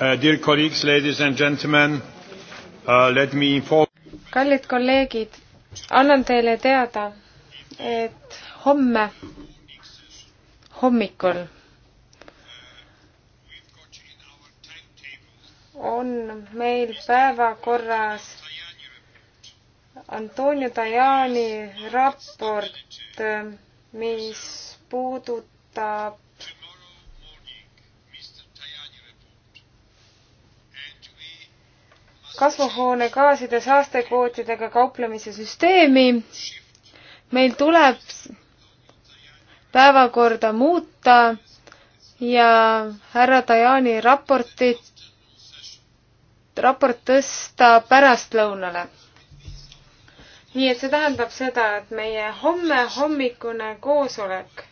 Uh, dear colleagues, ladies and gentlemen, uh, let me inform kallid kolleegid, annan teile teada, et homme hommikul on meil päevakorras Antonio Tajani raport, mis puudutab kasvuhoonegaaside saastekvootidega kauplemise süsteemi. meil tuleb päevakorda muuta ja härra Dajani raportit, raport tõsta pärastlõunale. nii et see tähendab seda, et meie homme hommikune koosolek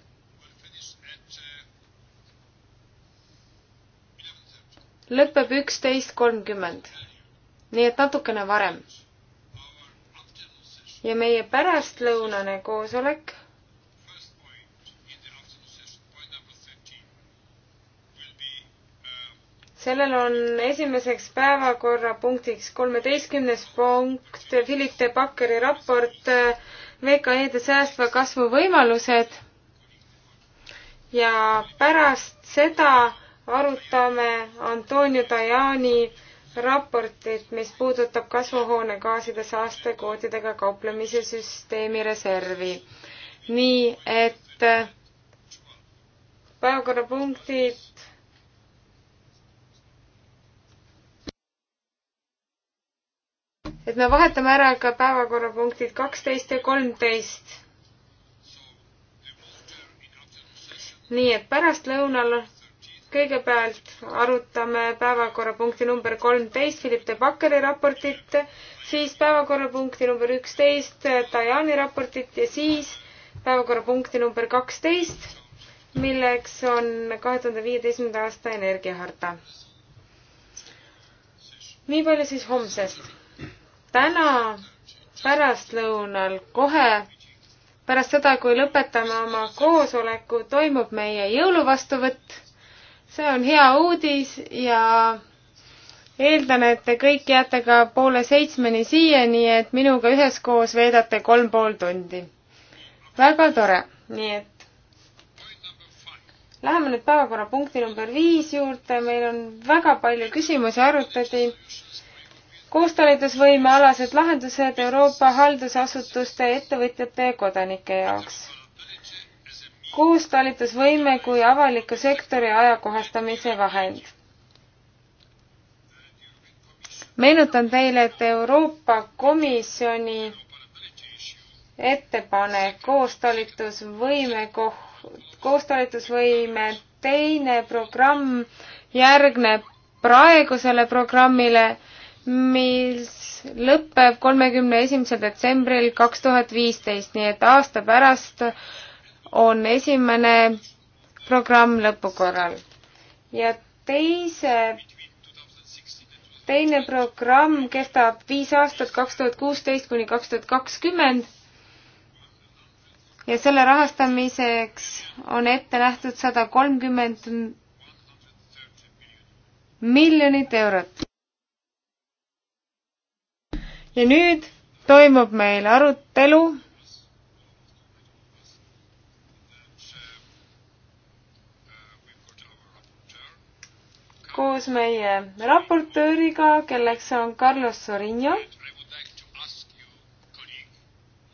lõpeb üksteist kolmkümmend nii et natukene varem. ja meie pärastlõunane koosolek sellel on esimeseks päevakorrapunktiks kolmeteistkümnes punkt Philip de Bakkeri raport VKE-de säästva kasvu võimalused. ja pärast seda arutame Antonio Tajani raportit, mis puudutab kasvuhoonegaaside saastekvootidega kauplemise süsteemi reservi. nii et päevakorrapunktid et me vahetame ära ka päevakorrapunktid kaksteist ja kolmteist. nii et pärastlõunal kõigepealt arutame päevakorrapunkti number kolmteist, Philip de Bakkeri raportit, siis päevakorrapunkti number üksteist, Dajani raportit ja siis päevakorrapunkti number kaksteist, milleks on kahe tuhande viieteistkümnenda aasta energiaharta. nii palju siis homsest. täna pärastlõunal kohe pärast seda, kui lõpetame oma koosoleku, toimub meie jõuluvastuvõtt see on hea uudis ja eeldan, et te kõik jääte ka poole seitsmeni siia, nii et minuga üheskoos veedate kolm pool tundi. väga tore, nii et läheme nüüd päevakorrapunkti number viis juurde, meil on väga palju küsimusi arutati. koostalitusvõimealased lahendused Euroopa haldusasutuste, ettevõtjate ja kodanike jaoks koostalitusvõime kui avaliku sektori ajakohastamise vahend. meenutan teile, et Euroopa Komisjoni ettepanek koostalitusvõime koht, koostalitusvõime teine programm järgneb praegusele programmile, mis lõpeb kolmekümne esimesel detsembril kaks tuhat viisteist, nii et aasta pärast on esimene programm lõpukorral ja teise, teine programm kestab viis aastat, kaks tuhat kuusteist kuni kaks tuhat kakskümmend ja selle rahastamiseks on ette nähtud sada kolmkümmend miljonit eurot. ja nüüd toimub meil arutelu koos meie raportööriga, kelleks on Carlos Sorinio.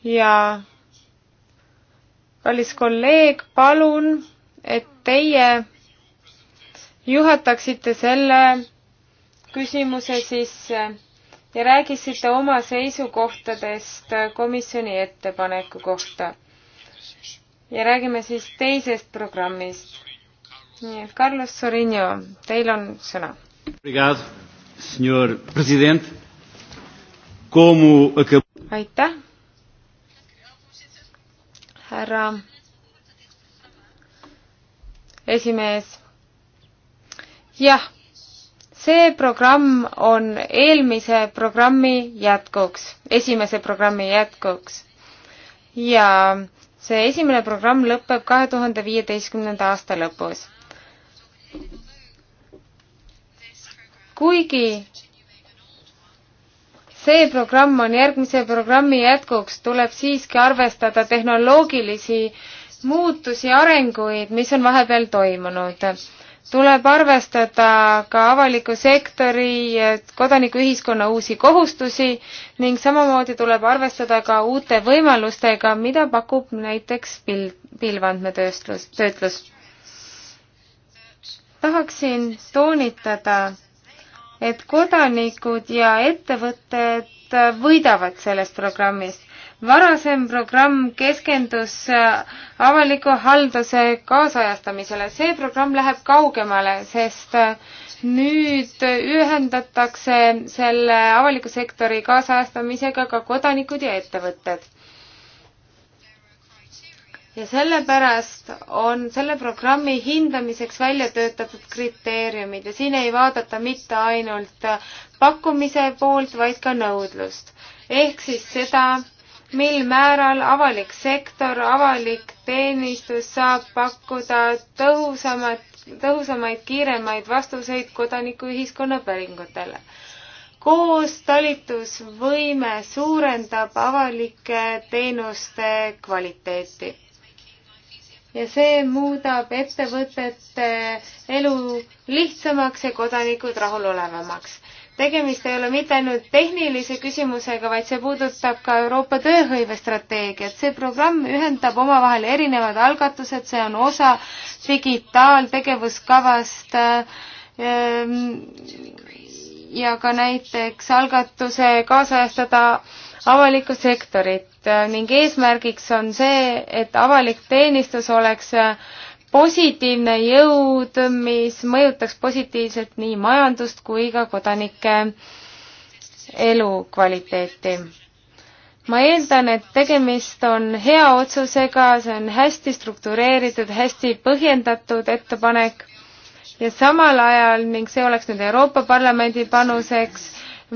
ja kallis kolleeg, palun, et teie juhataksite selle küsimuse sisse ja räägiksite oma seisukohtadest komisjoni ettepaneku kohta. ja räägime siis teisest programmist nii et Carlos Sorinio, teil on sõna. aitäh, härra esimees. jah, see programm on eelmise programmi jätkuks, esimese programmi jätkuks. ja see esimene programm lõpeb kahe tuhande viieteistkümnenda aasta lõpus kuigi see programm on järgmise programmi jätkuks, tuleb siiski arvestada tehnoloogilisi muutusi, arenguid, mis on vahepeal toimunud. tuleb arvestada ka avaliku sektori, kodanikuühiskonna uusi kohustusi ning samamoodi tuleb arvestada ka uute võimalustega, mida pakub näiteks pil-, pilvandmetööstus, töötlus tahaksin toonitada, et kodanikud ja ettevõtted võidavad sellest programmist. varasem programm keskendus avaliku halduse kaasajastamisele, see programm läheb kaugemale, sest nüüd ühendatakse selle avaliku sektori kaasajastamisega ka kodanikud ja ettevõtted ja sellepärast on selle programmi hindamiseks välja töötatud kriteeriumid ja siin ei vaadata mitte ainult pakkumise poolt, vaid ka nõudlust. ehk siis seda, mil määral avalik sektor, avalik teenistus saab pakkuda tõhusamat, tõhusamaid, kiiremaid vastuseid kodanikuühiskonna päringutele. koos talitusvõime suurendab avalike teenuste kvaliteeti ja see muudab ettevõtete elu lihtsamaks ja kodanikud rahulolevamaks. tegemist ei ole mitte ainult tehnilise küsimusega, vaid see puudutab ka Euroopa tööhõivestrateegiat. see programm ühendab omavahel erinevad algatused, see on osa digitaaltegevuskavast äh, ja ka näiteks algatuse kaasajastada avalikku sektorit ning eesmärgiks on see, et avalik teenistus oleks positiivne jõud, mis mõjutaks positiivselt nii majandust kui ka kodanike elukvaliteeti. ma eeldan, et tegemist on hea otsusega, see on hästi struktureeritud, hästi põhjendatud ettepanek ja samal ajal ning see oleks nüüd Euroopa Parlamendi panuseks,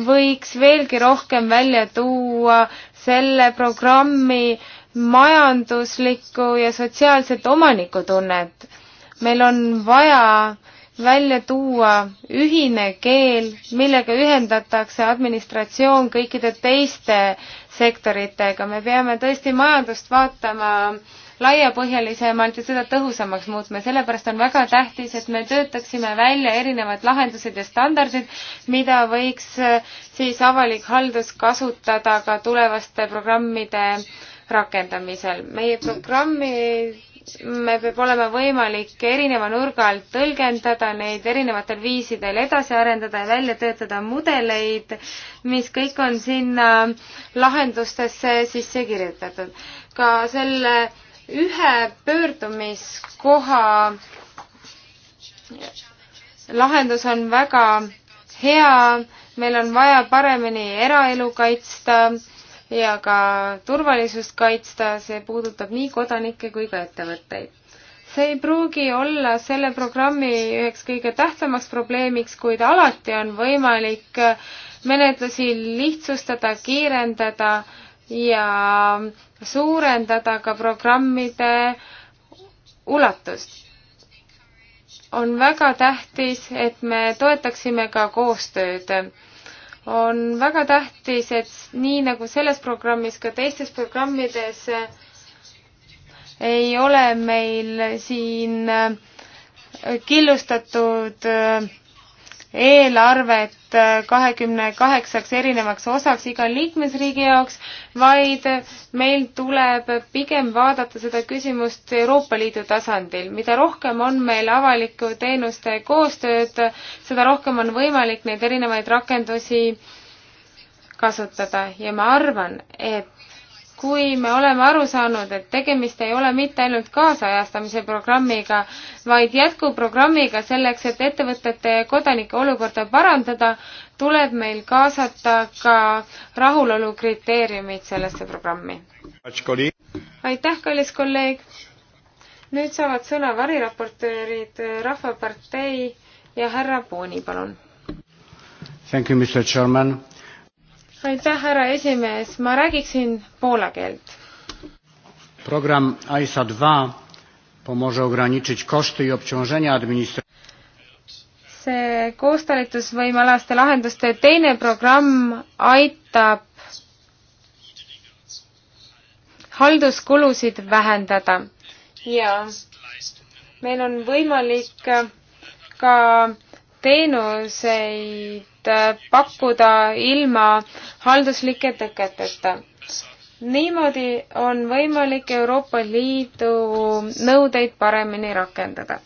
võiks veelgi rohkem välja tuua selle programmi majanduslikku ja sotsiaalset omanikutunnet. meil on vaja välja tuua ühine keel, millega ühendatakse administratsioon kõikide teiste sektoritega. me peame tõesti majandust vaatama äh, laiapõhjalisemalt ja seda tõhusamaks muutma. sellepärast on väga tähtis, et me töötaksime välja erinevad lahendused ja standardid, mida võiks äh, siis avalik haldus kasutada ka tulevaste programmide rakendamisel. meie programmi me peab olema võimalik erineva nurga alt tõlgendada, neid erinevatel viisidel edasi arendada ja välja töötada mudeleid, mis kõik on sinna lahendustesse sisse kirjutatud. ka selle ühe pöördumiskoha lahendus on väga hea, meil on vaja paremini eraelu kaitsta ja ka turvalisust kaitsta, see puudutab nii kodanikke kui ka ettevõtteid. see ei pruugi olla selle programmi üheks kõige tähtsamaks probleemiks, kuid alati on võimalik menetlusi lihtsustada, kiirendada ja suurendada ka programmide ulatust. on väga tähtis, et me toetaksime ka koostööd. on väga tähtis, et nii nagu selles programmis, ka teistes programmides ei ole meil siin killustatud äh, eelarvet äh, kahekümne kaheksaks erinevaks osaks iga liikmesriigi jaoks, vaid meil tuleb pigem vaadata seda küsimust Euroopa Liidu tasandil. mida rohkem on meil avaliku teenuste koostööd, seda rohkem on võimalik neid erinevaid rakendusi kasutada ja ma arvan, et kui me oleme aru saanud, et tegemist ei ole mitte ainult kaasajastamise programmiga, vaid jätkuprogrammiga selleks, et ettevõtete ja kodanike olukorda parandada, tuleb meil kaasata ka rahulolu kriteeriumid sellesse programmi. aitäh, kallis kolleeg! nüüd saavad sõna variraportöörid äh, Rahvapartei ja härra Pooni, palun! Thank you, Mr Chairman aitäh, härra esimees, ma räägiksin poola keelt. programm ISA dva pomoże ograniczyć koszty i obciążenia administracji see koostalitusvõimealaste lahenduste teine programm aitab halduskulusid vähendada ja meil on võimalik ka teenuseid Äh, pakkuda ilma halduslike tõketeta. niimoodi on võimalik Euroopa Liidu nõudeid paremini rakendada.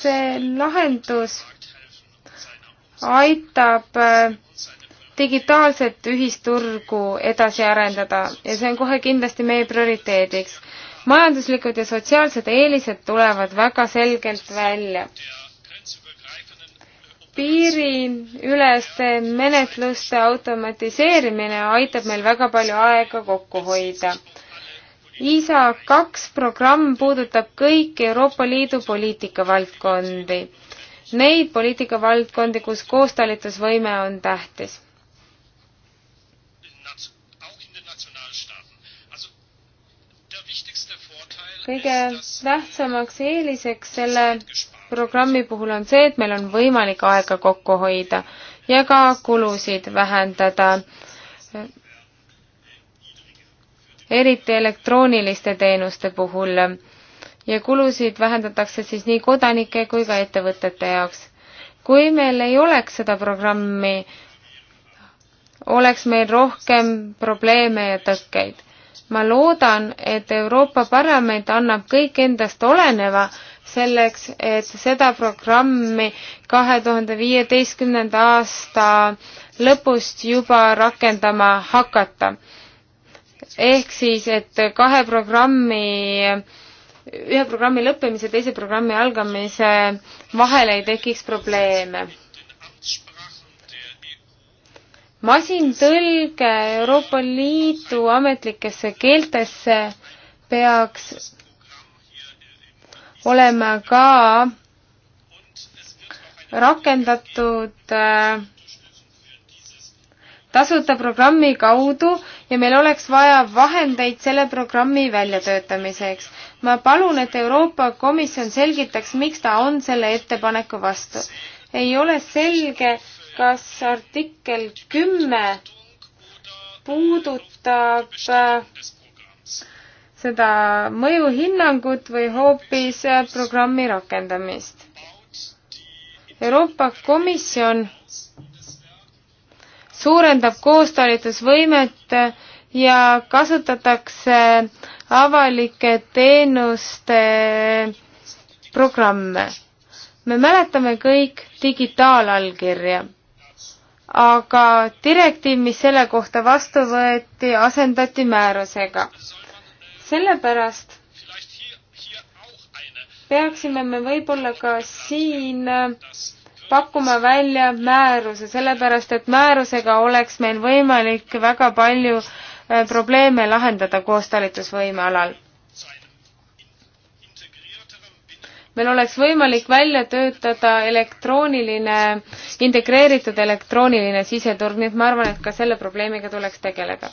see lahendus aitab äh, digitaalset ühisturgu edasi arendada ja see on kohe kindlasti meie prioriteediks. majanduslikud ja sotsiaalsed eelised tulevad väga selgelt välja piiriüleste menetluste automatiseerimine aitab meil väga palju aega kokku hoida. ISA kaks programm puudutab kõiki Euroopa Liidu poliitikavaldkondi, neid poliitikavaldkondi, kus koostalitusvõime on tähtis. kõige tähtsamaks eeliseks selle programmi puhul on see, et meil on võimalik aega kokku hoida ja ka kulusid vähendada. eriti elektrooniliste teenuste puhul ja kulusid vähendatakse siis nii kodanike kui ka ettevõtete jaoks. kui meil ei oleks seda programmi, oleks meil rohkem probleeme ja tõkkeid. ma loodan, et Euroopa Parlament annab kõik endast oleneva selleks, et seda programmi kahe tuhande viieteistkümnenda aasta lõpust juba rakendama hakata. ehk siis, et kahe programmi, ühe programmi lõppemise, teise programmi algamise vahel ei tekiks probleeme. masintõlge Euroopa Liidu ametlikesse keeltesse peaks olema ka rakendatud äh, tasuta programmi kaudu ja meil oleks vaja vahendeid selle programmi väljatöötamiseks. ma palun, et Euroopa Komisjon selgitaks, miks ta on selle ettepaneku vastu. ei ole selge, kas artikkel kümme puudutab äh, seda mõjuhinnangut või hoopis äh, programmi rakendamist. Euroopa Komisjon suurendab koostalitusvõimet äh, ja kasutatakse avalike teenuste äh, programme. me mäletame kõik digitaalallkirja, aga direktiiv, mis selle kohta vastu võeti, asendati määrusega sellepärast peaksime me võib-olla ka siin äh, pakkuma välja määruse, sellepärast et määrusega oleks meil võimalik väga palju äh, probleeme lahendada koostalitusvõime alal. meil oleks võimalik välja töötada elektrooniline, integreeritud elektrooniline siseturg, nii et ma arvan, et ka selle probleemiga tuleks tegeleda.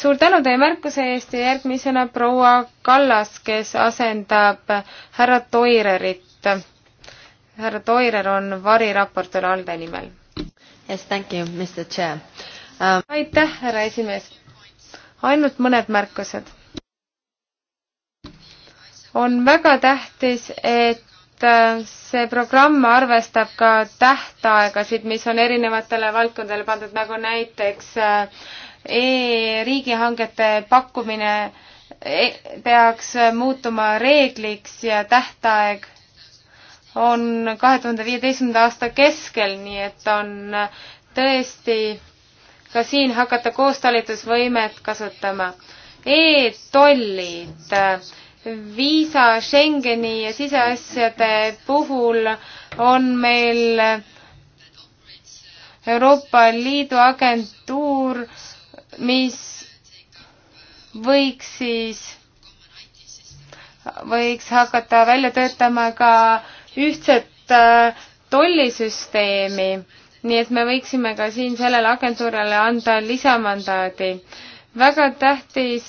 suur tänu teie märkuse eest ja järgmisena proua Kallas, kes asendab härra Toirerit. härra Toirer on variraportöör ALDE nimel. Yes, thank you, Mr Chair um.... aitäh, härra esimees. ainult mõned märkused on väga tähtis, et äh, see programm arvestab ka tähtaegasid, mis on erinevatele valdkondadele pandud, nagu näiteks äh, e-riigihangete pakkumine e-, peaks äh, muutuma reegliks ja tähtaeg on kahe tuhande viieteistkümnenda aasta keskel, nii et on tõesti ka siin hakata koostalitusvõimet kasutama e. E-tollid viisa Schengeni ja siseasjade puhul on meil Euroopa Liidu agentuur, mis võiks siis, võiks hakata välja töötama ka ühtset äh, tollisüsteemi, nii et me võiksime ka siin sellele agentuurile anda lisamandaadi. väga tähtis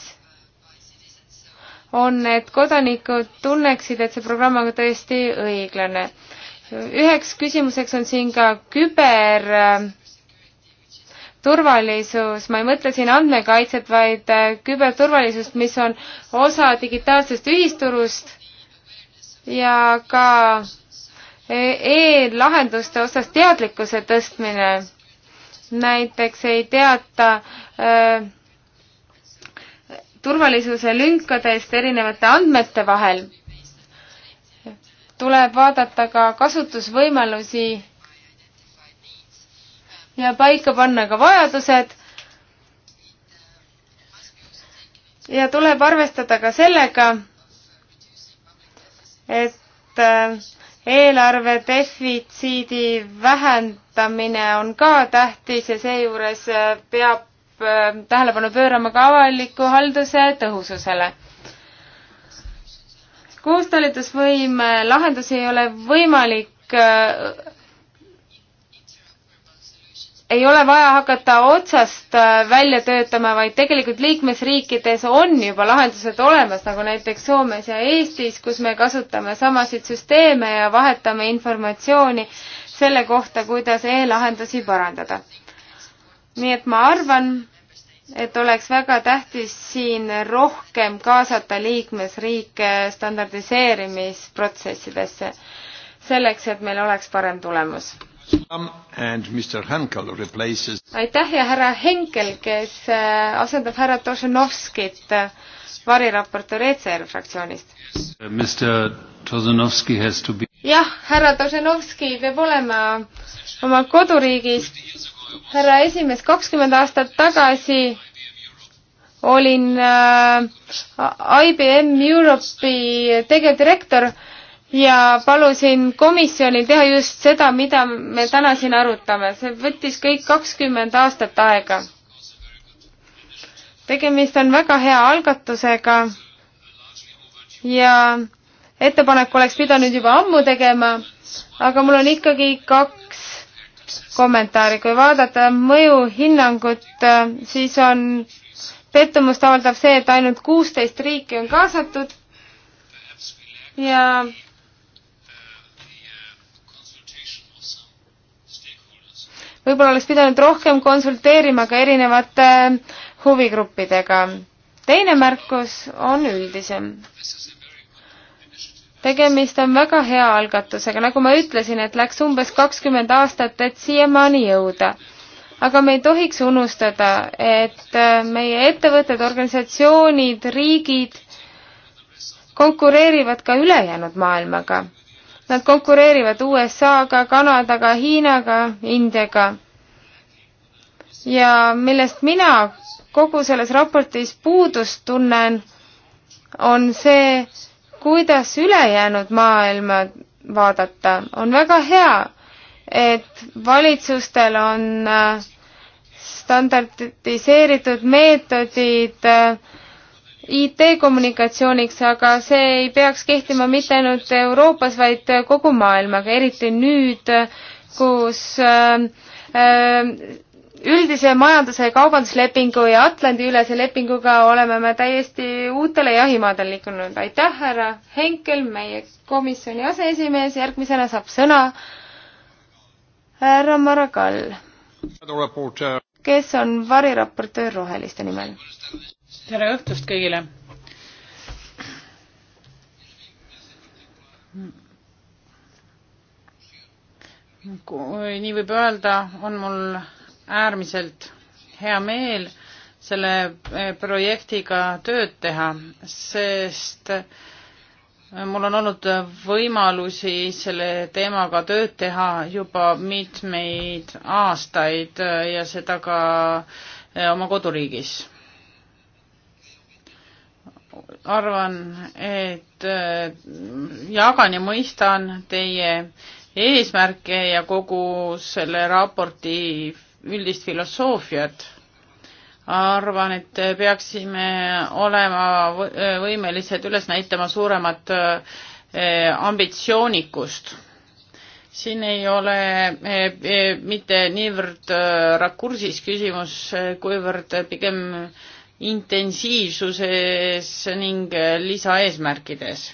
on, et kodanikud tunneksid, et see programm on tõesti õiglane. üheks küsimuseks on siin ka küber äh, turvalisus, ma ei mõtle siin andmekaitset, vaid äh, küberturvalisust, mis on osa digitaalsest ühisturust ja ka äh, e-lahenduste osas teadlikkuse tõstmine. näiteks ei teata äh, turvalisuse lünkadest erinevate andmete vahel. tuleb vaadata ka kasutusvõimalusi ja paika panna ka vajadused. ja tuleb arvestada ka sellega, et äh, eelarve defitsiidi vähendamine on ka tähtis ja seejuures äh, peab Äh, tähelepanu pöörama ka avaliku halduse tõhususele. koostalitusvõime lahendusi ei ole võimalik äh, ei ole vaja hakata otsast äh, välja töötama, vaid tegelikult liikmesriikides on juba lahendused olemas, nagu näiteks Soomes ja Eestis, kus me kasutame samasid süsteeme ja vahetame informatsiooni selle kohta, kuidas e-lahendusi parandada nii et ma arvan, et oleks väga tähtis siin rohkem kaasata liikmesriike standardiseerimisprotsessidesse, selleks et meil oleks parem tulemus. Um, replaces... aitäh ja härra Henkel, kes äh, asendab härra Tošenovskit äh, variraportööri ECR fraktsioonist. Uh, jah, härra Tošenovski peab olema oma koduriigis härra esimees, kakskümmend aastat tagasi olin äh, IBM Europe'i tegevdirektor ja palusin komisjonil teha just seda, mida me täna siin arutame. see võttis kõik kakskümmend aastat aega. tegemist on väga hea algatusega ja ettepanek oleks pidanud juba ammu tegema, aga mul on ikkagi kaks kommentaari. kui vaadata mõjuhinnangut, äh, siis on pettumust avaldav see, et ainult kuusteist riiki on kaasatud ja võib-olla oleks pidanud rohkem konsulteerima ka erinevate huvigruppidega. teine märkus on üldisem tegemist on väga hea algatusega, nagu ma ütlesin, et läks umbes kakskümmend aastat, et siiamaani jõuda. aga me ei tohiks unustada, et äh, meie ettevõtted, organisatsioonid, riigid konkureerivad ka ülejäänud maailmaga. Nad konkureerivad USA-ga, Kanadaga, Hiinaga, Indiaga. ja millest mina kogu selles raportis puudust tunnen, on see, kuidas ülejäänud maailma vaadata, on väga hea, et valitsustel on äh, standardiseeritud meetodid äh, IT-kommunikatsiooniks, aga see ei peaks kehtima mitte ainult Euroopas, vaid kogu maailmaga, eriti nüüd, kus äh, äh, üldise majanduse ja kaubanduslepingu ja Atlandi-ülese lepinguga oleme me täiesti uutele jahimaadele liikunud. aitäh, härra Henkel, meie komisjoni aseesimees, järgmisena saab sõna härra Maragall, kes on variraportöör Roheliste nimel. tere õhtust kõigile! nii võib öelda, on mul äärmiselt hea meel selle eh, projektiga tööd teha, sest eh, mul on olnud võimalusi selle teemaga tööd teha juba mitmeid aastaid eh, ja seda ka oma koduriigis. arvan, et jagan ja mõistan teie eesmärke ja kogu selle raporti üldist filosoofiat. arvan, et peaksime olema võimelised üles näitama suuremat eh, ambitsioonikust. siin ei ole eh, eh, mitte niivõrd rakursis küsimus, kuivõrd pigem intensiivsuses ning lisaeesmärkides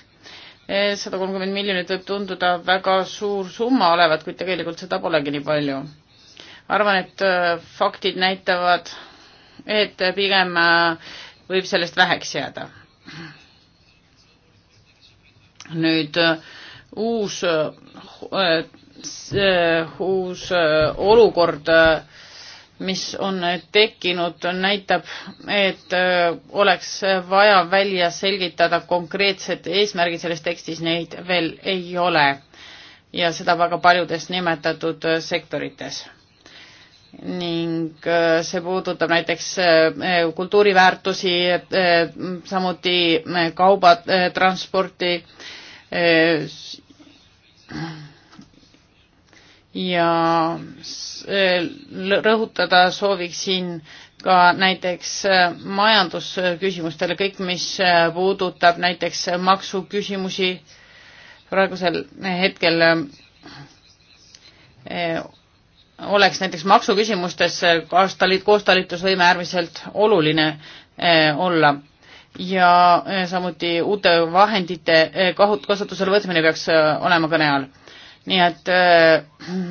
sada kolmkümmend miljonit võib tunduda väga suur summa olevat, kuid tegelikult seda polegi nii palju arvan, et äh, faktid näitavad, et äh, pigem äh, võib sellest väheks jääda. nüüd uus, uus olukord, mis on tekkinud, näitab, et oleks vaja välja selgitada konkreetsed eesmärgid selles tekstis, neid veel ei ole ja seda väga paljudes nimetatud sektorites ning äh, see puudutab näiteks kultuuriväärtusi, samuti kaubad, transporti ja rõhutada sooviksin ka näiteks äh, majandusküsimustele, kõik, mis äh, puudutab näiteks maksuküsimusi praegusel hetkel oleks näiteks maksuküsimustes kaastalit-, koostalitusvõime äärmiselt oluline eh, olla ja eh, samuti uute vahendite eh, kasutusele võtmine peaks olema kõne all. nii et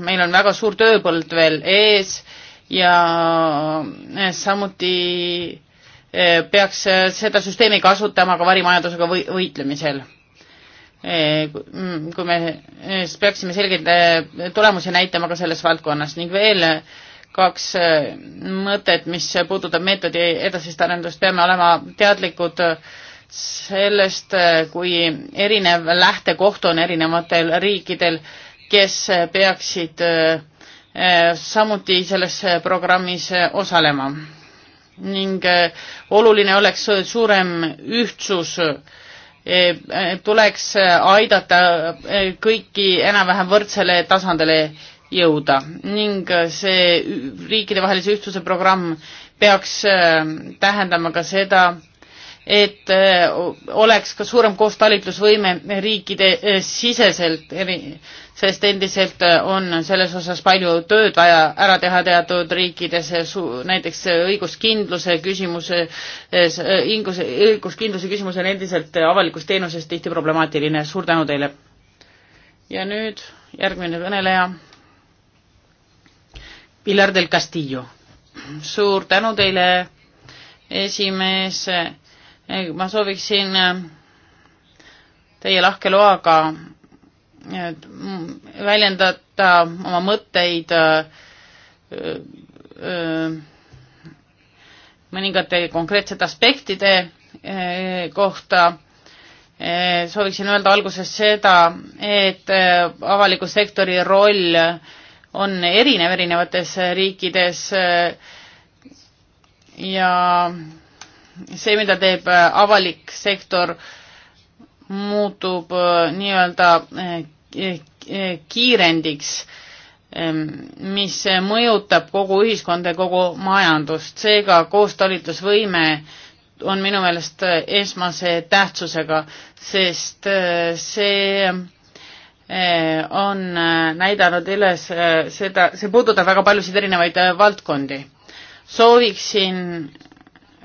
meil on väga suur tööpõld veel ees ja samuti peaks seda süsteemi kasutama ka varimajandusega või-, võitlemisel. Eh, mm, kui me eh, siis peaksime selgeid eh, tulemusi näitama ka selles valdkonnas ning veel kaks mõtet, mis puudutab meetodi edasist arendust, peame olema teadlikud sellest, kui erinev lähtekoht on erinevatel riikidel, kes peaksid samuti selles programmis osalema. ning oluline oleks suurem ühtsus äh, Eh, tuleks eh, aidata eh, kõiki enam-vähem võrdsele tasandile jõuda ning see riikidevahelise ühtsuse programm peaks tähendama ka seda, et oleks ka suurem koostalitlusvõime riikide siseselt sest endiselt äh, on selles osas palju tööd vaja ära teha teatud riikides, äh, näiteks äh, õiguskindluse küsimuse, õiguskindluse küsimus on endiselt avalikus teenuses tihti problemaatiline, suur tänu teile. ja nüüd järgmine kõneleja, Pilar del Castillo. suur tänu teile, esimees, ma sooviksin teie lahke loaga Mm, väljendada oma mõtteid äh, äh, mõningate konkreetsete aspektide äh, kohta sooviksin öelda alguses seda, et avaliku sektori roll on erinev erinevates riikides ja see, mida teeb avalik sektor, muutub nii-öelda kiirendiks, ehm, mis mõjutab kogu ühiskonda ja kogu majandust, seega koostalitlusvõime on minu meelest esmase tähtsusega, sest eh, see eh, on eh, näidanud üles seda, see puudutab väga paljusid erinevaid valdkondi. sooviksin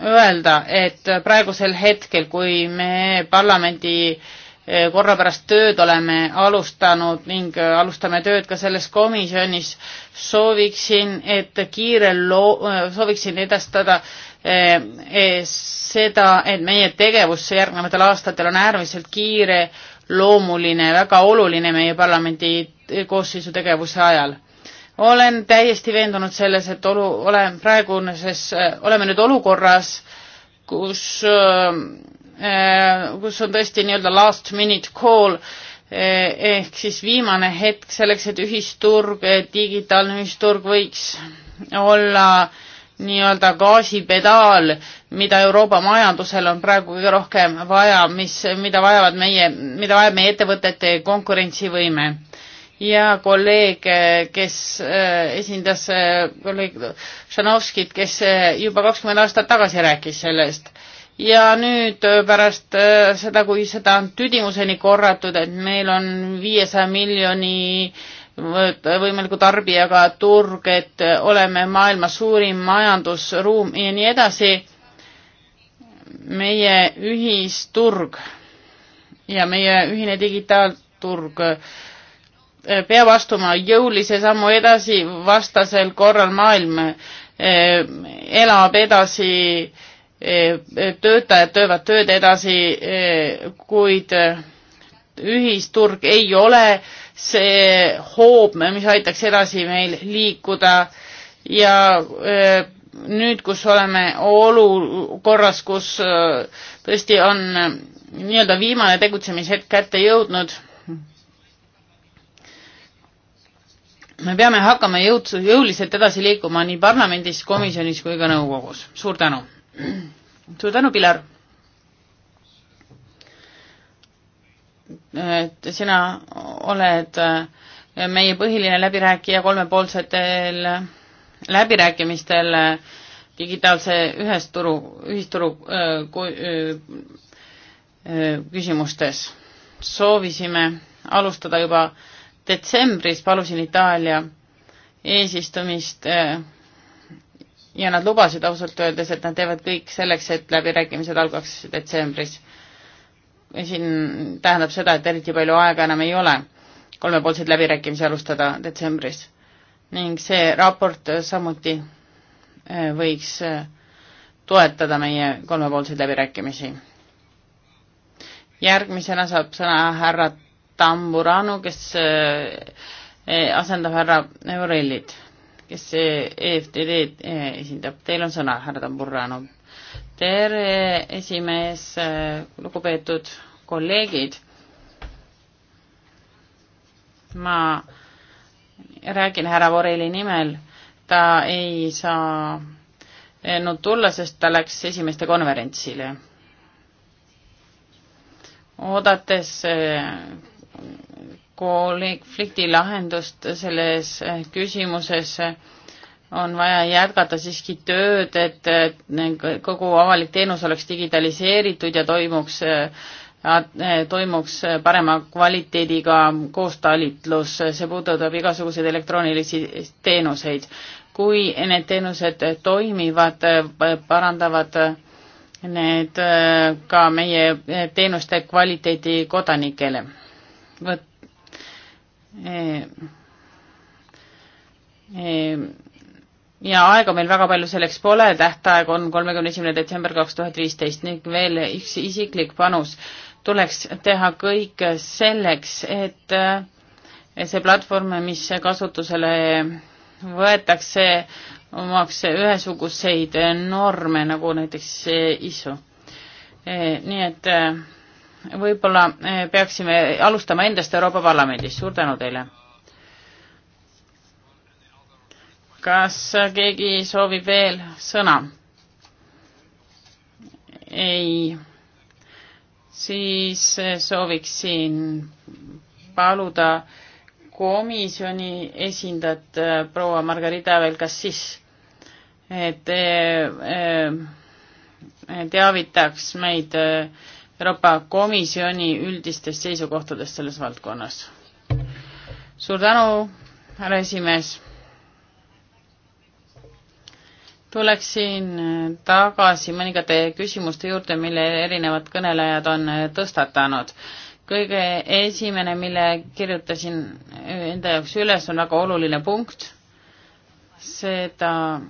öelda, et praegusel hetkel, kui me parlamendi äh, korra pärast tööd oleme alustanud ning äh, alustame tööd ka selles komisjonis. sooviksin, et kiirel loo-, äh, sooviksin edastada äh, seda, et meie tegevus järgnevatel aastatel on äärmiselt kiire, loomuline, väga oluline meie parlamendi koosseisu tegevuse ajal olen täiesti veendunud selles, et olu, olen praeguses, oleme nüüd olukorras, kus Äh, kus on tõesti nii-öelda last minute call äh, ehk siis viimane hetk selleks, et ühisturg, digitaalne ühisturg võiks olla nii-öelda gaasipedaal, mida Euroopa majandusel on praegu kõige rohkem vaja, mis, mida vajavad meie, mida vajab meie ettevõtete konkurentsivõime. ja kolleeg, kes äh, esindas kolleeg Šanovskit, kes juba kakskümmend aastat tagasi rääkis sellest ja nüüd äh, pärast äh, seda, kui seda on tüdimuseni korratud, et meil on viiesaja miljoni äh, võimaliku tarbijaga turg, et oleme maailma suurim majandusruum ja nii edasi, meie ühisturg ja meie ühine digitaalturg peab astuma jõulise sammu edasi, vastasel korral maailm elab edasi äh, töötajad töövad tööd edasi, kuid ühisturg ei ole see hoob, mis aitaks edasi meil liikuda ja e, nüüd, kus oleme olukorras, kus e, tõesti on nii-öelda viimane tegutsemishetk kätte jõudnud, me peame hakkama jõud-, jõuliselt edasi liikuma nii parlamendis, komisjonis kui ka nõukogus. suur tänu! suur tänu, Pilar. et sina oled äh, meie põhiline läbirääkija kolmepoolsetel äh, läbirääkimistel äh, digitaalse ühesturu, ühisturu küsimustes. soovisime alustada juba detsembris, palusin Itaalia eesistumist ja nad lubasid ausalt öeldes, et nad teevad kõik selleks, et läbirääkimised algaks detsembris. siin tähendab seda, et eriti palju aega enam ei ole kolmepoolseid läbirääkimisi alustada detsembris. ning see raport samuti eh, võiks eh, toetada meie kolmepoolseid läbirääkimisi. järgmisena saab sõna härra Tamburanu, kes eh, asendab härra Eurellit kes EFTD-d e eh, esindab. Teil on sõna, härra Tamburano. tere, esimees, eh, lugupeetud kolleegid. ma räägin härra Voreli nimel, ta ei saa no tulla, sest ta läks esimeste konverentsile. oodates eh, konflikti lahendust selles küsimuses on vaja jätkata siiski tööd, et kogu avalik teenus oleks digitaliseeritud ja toimuks, toimuks parema kvaliteediga koostalitlus, see puudutab igasuguseid elektroonilisi teenuseid. kui need teenused toimivad, parandavad need ka meie teenuste kvaliteedi kodanikele. vot ja aega meil väga palju selleks pole, tähtaeg on kolmekümne esimene detsember kaks tuhat viisteist ning veel üks isiklik panus tuleks teha kõik selleks, et äh, see platvorm, mis kasutusele võetakse, omaks ühesuguseid norme, nagu näiteks ISO. nii et äh, võib-olla eh, peaksime alustama endast Euroopa Parlamendis, suur tänu teile. kas keegi soovib veel sõna? ei, siis eh, sooviksin paluda komisjoni esindajat eh, proua Margarita Velkassis, et te teavitaks meid äh, Euroopa Komisjoni üldistest seisukohtadest selles valdkonnas. suur tänu, härra esimees. tuleksin tagasi mõningate küsimuste juurde, mille erinevad kõnelejad on tõstatanud. kõige esimene, mille kirjutasin enda jaoks üles, on väga oluline punkt. seda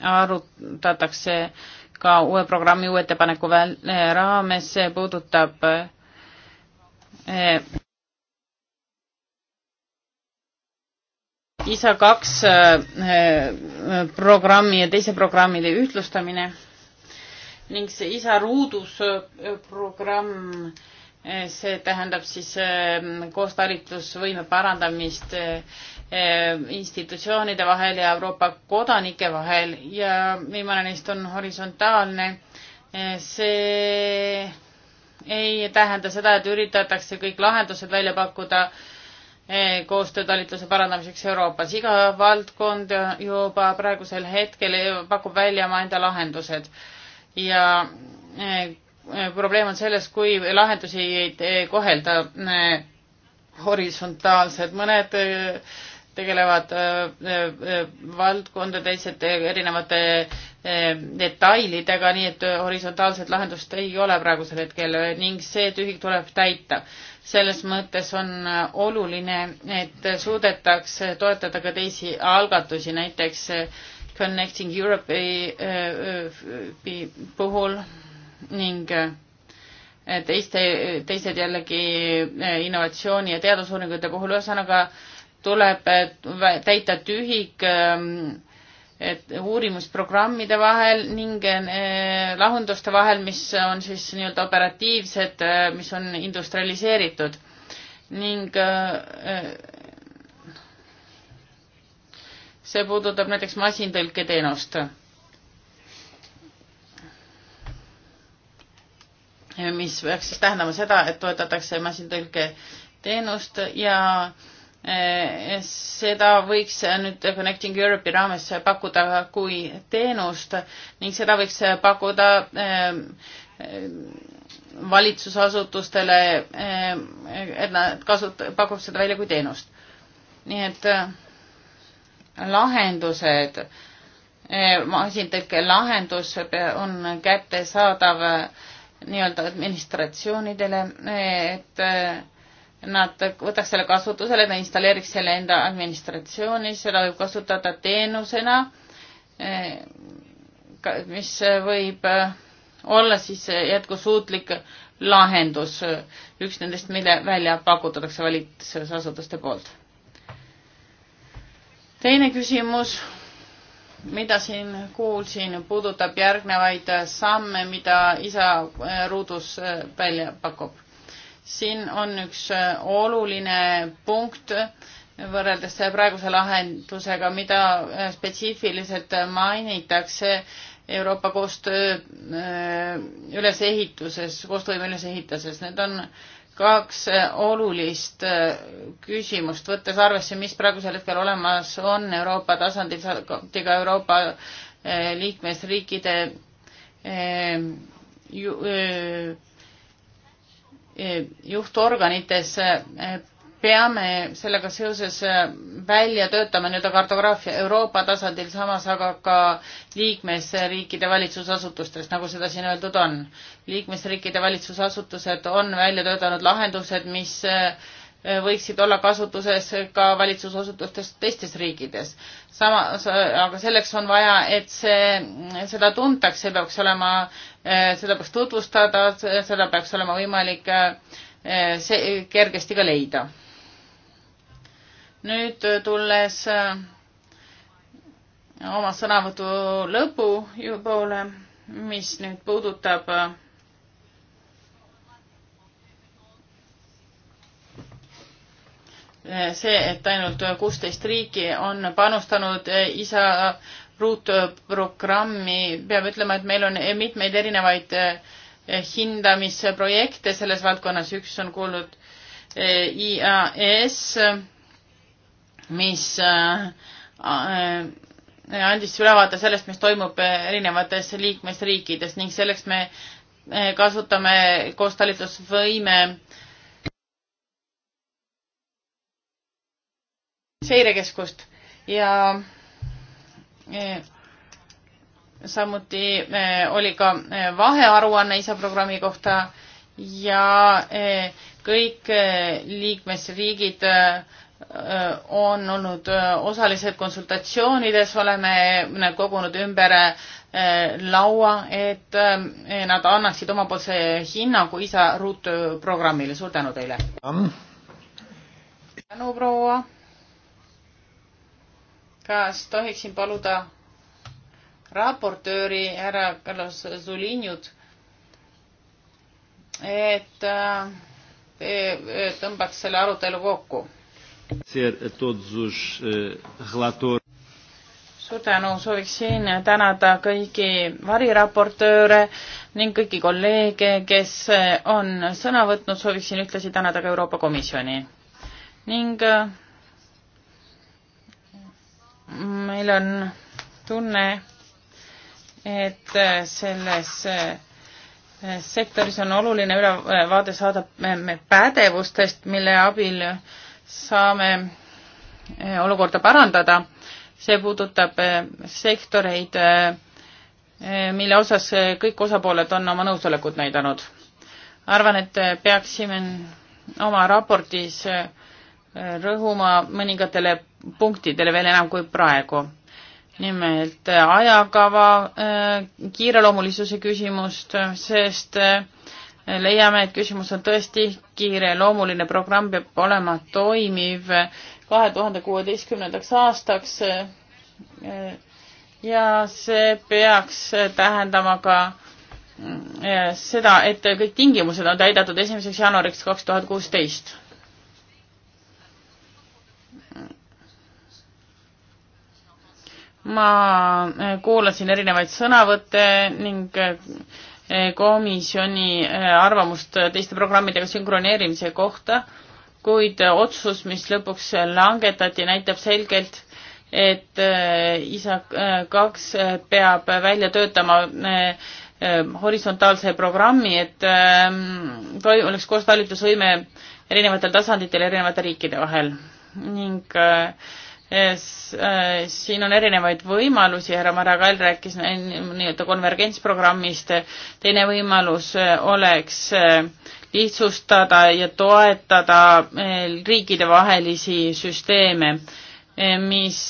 arutatakse äh, ka uue programmi uue ettepaneku eh, raames, see puudutab eh, ISA kaks eh, programmi ja teise programmide ühtlustamine ning see ISA ruudus programm see tähendab siis koostalitlusvõime parandamist Eh, institutsioonide vahel ja Euroopa kodanike vahel ja viimane neist on horisontaalne. Eh, see ei tähenda seda, et üritatakse kõik lahendused välja pakkuda eh, koostöötalitluse parandamiseks Euroopas. iga valdkond juba praegusel hetkel pakub välja omaenda lahendused ja probleem on selles, kui lahendusi ei kohelda horisontaalselt. mõned tegelevad äh, äh, äh, valdkondade teised erinevate detailidega, nii et horisontaalset lahendust ei ole praegusel hetkel ning see tühik tuleb täita. selles mõttes on oluline, et suudetakse toetada ka teisi algatusi, näiteks Connecting Europe'i puhul ning teiste, teised jällegi innovatsiooni ja teadusuuringute puhul, ühesõnaga äh, tuleb täita tühik ähm, et uurimusprogrammide vahel ning äh, lahenduste vahel, mis on siis nii-öelda operatiivsed, äh, mis on industrialiseeritud ning äh, see puudutab näiteks masintõlketeenust. mis peaks siis tähendama seda, et toetatakse masintõlketeenust ja äh, Eh, seda võiks nüüd Connecting Europe'i raames pakkuda kui teenust ning seda võiks pakkuda eh, valitsusasutustele, eh, et nad kasut-, pakub seda välja kui teenust. nii et lahendused, masintõkke lahendus on kättesaadav nii-öelda administratsioonidele, et nad võtaks selle kasutusele, ta installeeriks selle enda administratsiooni, seda võib kasutada teenusena, eh, mis võib eh, olla siis jätkusuutlik lahendus, eh, üks nendest, mille välja pakutatakse valitsusasutuste poolt. teine küsimus, mida siin kuulsin, puudutab järgnevaid samme, mida isa ruudus välja pakub siin on üks äh, oluline punkt võrreldes praeguse lahendusega, mida äh, spetsiifiliselt mainitakse Euroopa koostöö äh, ülesehituses, koostöövõime ülesehituses. Need on kaks olulist küsimust, võttes arvesse, mis praegusel hetkel olemas on Euroopa tasandil, samuti ka Euroopa liikmesriikide ju, juhtorganites peame sellega seoses välja töötama nii-öelda kartograafia Euroopa tasandil, samas aga ka liikmesriikide valitsusasutustes, nagu seda siin öeldud on. liikmesriikide valitsusasutused on välja töötanud lahendused, mis äh, Äh, võiksid olla kasutuses ka valitsusasutustes teistes riikides. samas, aga selleks on vaja, et see, seda tuntaks, see peaks olema, äh, seda peaks tutvustada, seda peaks olema võimalik äh, see kergesti ka leida. nüüd tulles oma sõnavõtu lõpu poole, mis nüüd puudutab see, et ainult kuusteist riiki on panustanud eh, isa ruutprogrammi, peab ütlema, et meil on eh, mitmeid erinevaid eh, hindamisprojekte selles valdkonnas, üks on kuulnud IAS, mis andis ülevaate sellest, mis toimub erinevates liikmesriikides ning selleks me kasutame koostalitusvõime seirekeskust ja eh, samuti eh, oli ka eh, vahearuanne ISA programmi kohta ja kõik liikmesriigid on olnud osalised konsultatsioonides, oleme kogunud ümber laua, et nad annaksid omapoolse hinnangu ISA ruutprogrammile. suur tänu teile! tänu, proua! kas tohiksin paluda raportööri härra Carlos Zulinjut, et te äh, äh, tõmbaks selle arutelu kokku. Äh, suur tänu, sooviksin tänada kõiki variraportööre ning kõiki kolleege, kes on sõna võtnud, sooviksin ühtlasi tänada ka Euroopa Komisjoni ning meil on tunne, et selles eh, sektoris on oluline ülevaade saada pädevustest, mille abil saame eh, olukorda parandada. see puudutab eh, sektoreid, mille osas kõik osapooled on oma nõusolekut näidanud. arvan, et peaksime oma raportis äh, rõhuma mõningatele punktidele veel enam kui praegu. nimelt äh, ajakava, äh, kiireloomulisuse küsimust, sest äh, leiame, et küsimus on tõesti kiireloomuline, programm peab olema toimiv kahe tuhande kuueteistkümnendaks aastaks ja see peaks tähendama ka seda, et kõik tingimused on täidetud esimeseks jaanuariks kaks tuhat kuusteist ma eh, kuulasin erinevaid sõnavõtte ning eh, komisjoni eh, arvamust teiste programmidega sünkroneerimise kohta, kuid otsus, mis lõpuks langetati, näitab selgelt, et ISA kaks peab välja töötama horisontaalse programmi, et oleks koos talitusvõime erinevatel tasanditel erinevate riikide vahel ning äh, Äh, siin on erinevaid võimalusi, härra Maragall rääkis nii-öelda konvergentsprogrammist, teine võimalus äh, oleks äh, lihtsustada ja toetada riikidevahelisi süsteeme, mis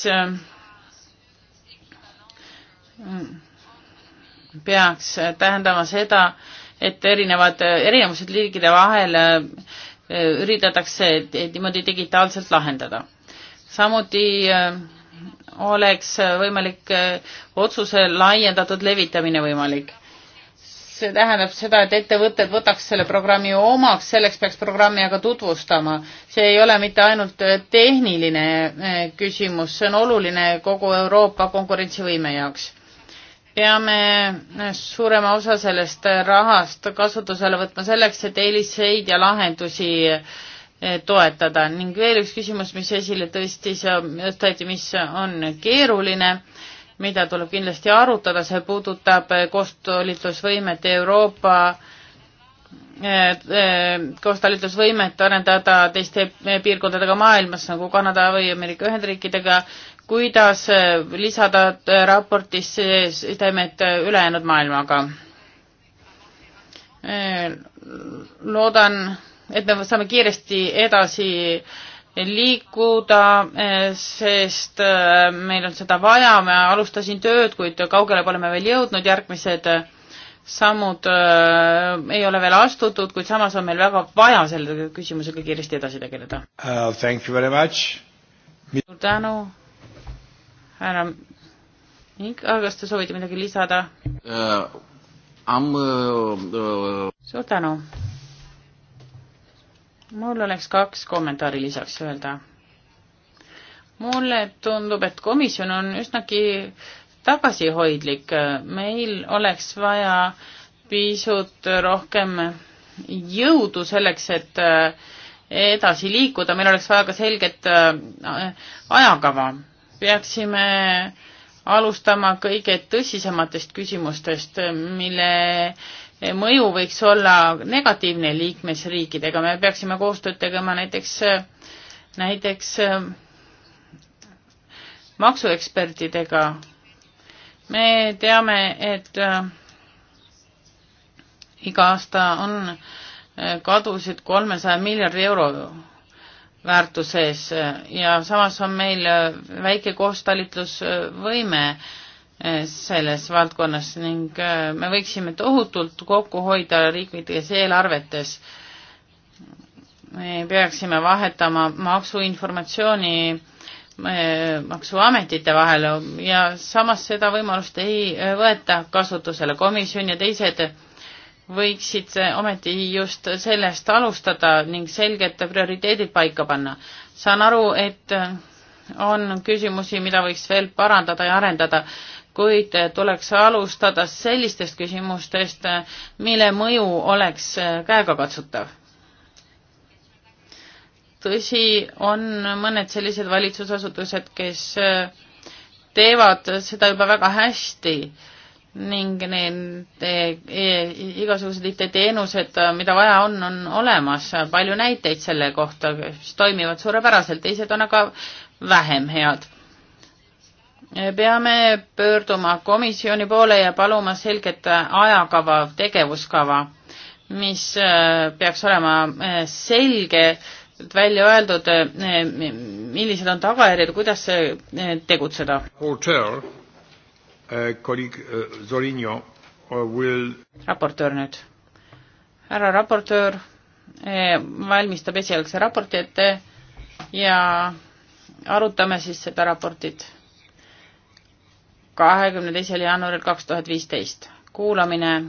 peaks tähendama seda, et erinevad, erinevused liigide vahel üritatakse niimoodi digitaalselt lahendada samuti äh, oleks äh, võimalik äh, otsuse laiendatud levitamine võimalik. see tähendab seda, et ettevõtted võtaks selle programmi omaks, selleks peaks programmi aga tutvustama. see ei ole mitte ainult tehniline küsimus, see on oluline kogu Euroopa konkurentsivõime jaoks. peame suurema osa sellest rahast kasutusele võtma selleks, et eeliseid ja lahendusi äh, Eh, toetada ning veel üks küsimus, mis esile tõstis ja tõsteti, mis on keeruline, mida tuleb kindlasti arutada, see puudutab eh, koostalitlusvõimet Euroopa eh, koostalitlusvõimet arendada teiste piirkondadega maailmas nagu Kanada või Ameerika Ühendriikidega, kuidas lisada raportisse sidemed ülejäänud maailmaga. loodan et me saame kiiresti edasi liikuda, sest äh, meil on seda vaja, ma alustasin tööd, kuid kaugele pole me veel jõudnud, järgmised sammud äh, ei ole veel astutud, kuid samas on meil väga vaja selle küsimusega kiiresti edasi tegeleda uh,. Thank you very much. suur tänu, härra Mink, kas te soovite midagi lisada uh,? Uh, uh... suur tänu mul oleks kaks kommentaari lisaks öelda. mulle tundub, et komisjon on üsnagi tagasihoidlik, meil oleks vaja pisut rohkem jõudu selleks, et äh, edasi liikuda, meil oleks vaja ka selget äh, ajakava. peaksime alustama kõige tõsisematest küsimustest, mille mõju võiks olla negatiivne liikmesriikidega, me peaksime koostööd tegema näiteks, näiteks maksuekspertidega. me teame, et iga aasta on kadusid kolmesaja miljardi euro väärtuses ja samas on meil väike koostalitlusvõime selles valdkonnas ning äh, me võiksime tohutult kokku hoida riiklikes eelarvetes. me peaksime vahetama maksuinformatsiooni äh, maksuametite vahel ja samas seda võimalust ei äh, võeta kasutusele. komisjon ja teised võiksid ometi just sellest alustada ning selged prioriteedid paika panna. saan aru, et on küsimusi, mida võiks veel parandada ja arendada kuid tuleks alustada sellistest küsimustest, mille mõju oleks käegakatsutav. tõsi, on mõned sellised valitsusasutused, kes teevad seda juba väga hästi ning need e-, igasugused IT-teenused, mida vaja on, on olemas, palju näiteid selle kohta, mis toimivad suurepäraselt, teised on aga vähem head peame pöörduma komisjoni poole ja paluma selget ajakava, tegevuskava, mis äh, peaks olema äh, selge, välja öeldud, äh, millised on tagajärjed, kuidas tegutseda. raportöör nüüd. härra raportöör valmistab esialgse raporti ette ja arutame siis seda raportit kahekümne teisel jaanuaril kaks tuhat viisteist. kuulamine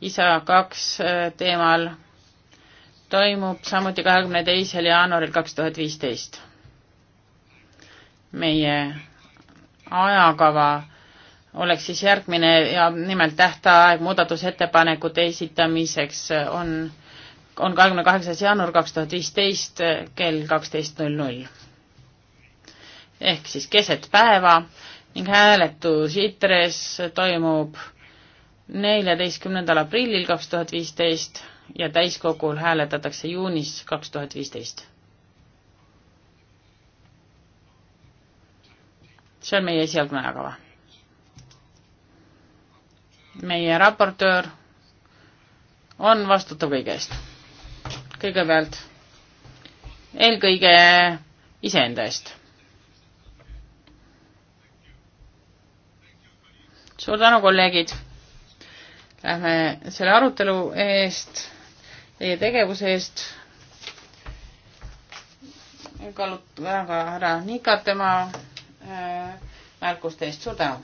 isa kaks äh, teemal toimub samuti kahekümne teisel jaanuaril kaks tuhat viisteist. meie ajakava oleks siis järgmine ja nimelt tähtaeg muudatusettepanekute esitamiseks on, on kahekümne kaheksas jaanuar kaks tuhat viisteist äh, kell kaksteist null null. ehk siis keset päeva ning hääletus ITRES toimub neljateistkümnendal aprillil kaks tuhat viisteist ja täiskogul hääletatakse juunis kaks tuhat viisteist. see on meie esialgne ajakava. meie raportöör on vastutav kõige eest. kõigepealt eelkõige iseenda eest suur tänu, kolleegid. Lähme selle arutelu eest, teie tegevuse eest. kallut-, väga härra Nikat tema äh, märkuste eest, suur tänu.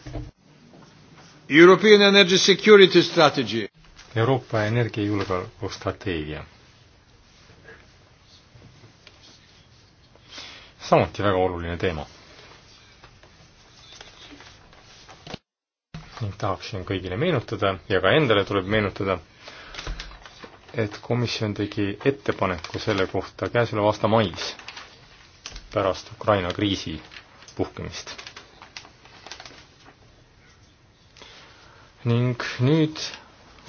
European Energy Security Strategy. Euroopa energiajulgeoleku strateegia. samuti väga oluline teema ning tahaksin kõigile meenutada ja ka endale tuleb meenutada, et komisjon tegi ettepaneku selle kohta käesoleva aasta mais pärast Ukraina kriisi puhkemist. ning nüüd,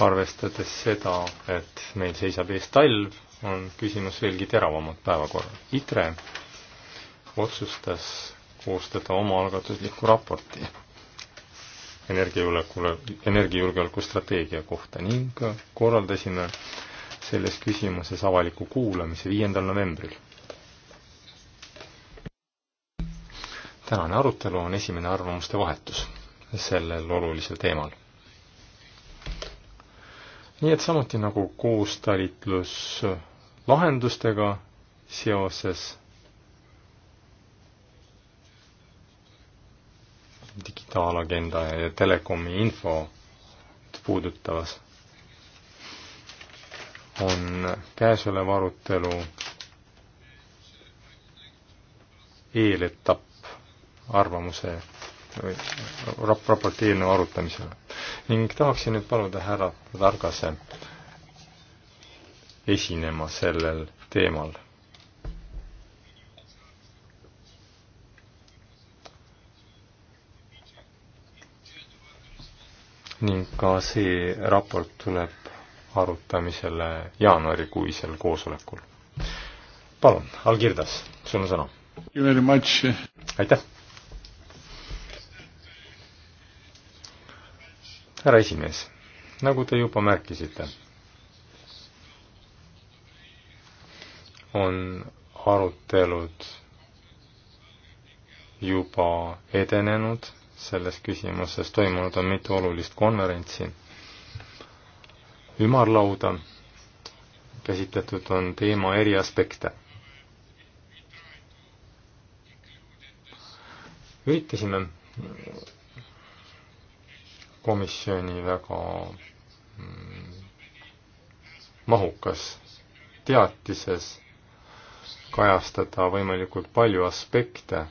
arvestades seda, et meil seisab ees talv, on küsimus veelgi teravamalt päevakorral. ITRE otsustas koostada omaalgatusliku raporti energiajulgeoleku, energiajulgeoleku strateegia kohta ning korraldasime selles küsimuses avaliku kuulamise viiendal novembril. tänane arutelu on esimene arvamuste vahetus sellel olulisel teemal. nii et samuti nagu koostalitlus lahendustega seoses digitaalagenda ja telekomi info puudutavas on käesolev arutelu eeletapp arvamuse või rap-, raporti eelnõu arutamisele. ning tahaksin nüüd paluda härra Targase esinema sellel teemal ning ka see raport tuleb arutamisele jaanuarikuisel koosolekul. palun, Algirdas, sul on sõna. aitäh. härra esimees, nagu te juba märkisite, on arutelud juba edenenud selles küsimuses, toimunud on mitu olulist konverentsi. ümarlauda käsitletud on teema eri aspekte. üritasime komisjoni väga mm, mahukas teatises kajastada võimalikult palju aspekte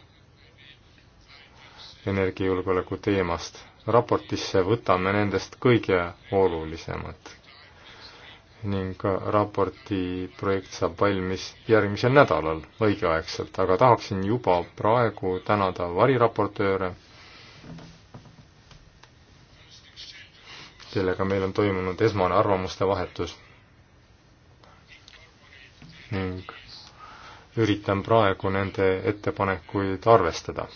energiajulgeoleku teemast. raportisse võtame nendest kõige olulisemad ning raporti projekt saab valmis järgmisel nädalal õigeaegselt, aga tahaksin juba praegu tänada variraportööre, kellega meil on toimunud esmane arvamuste vahetus ning üritan praegu nende ettepanekuid arvestada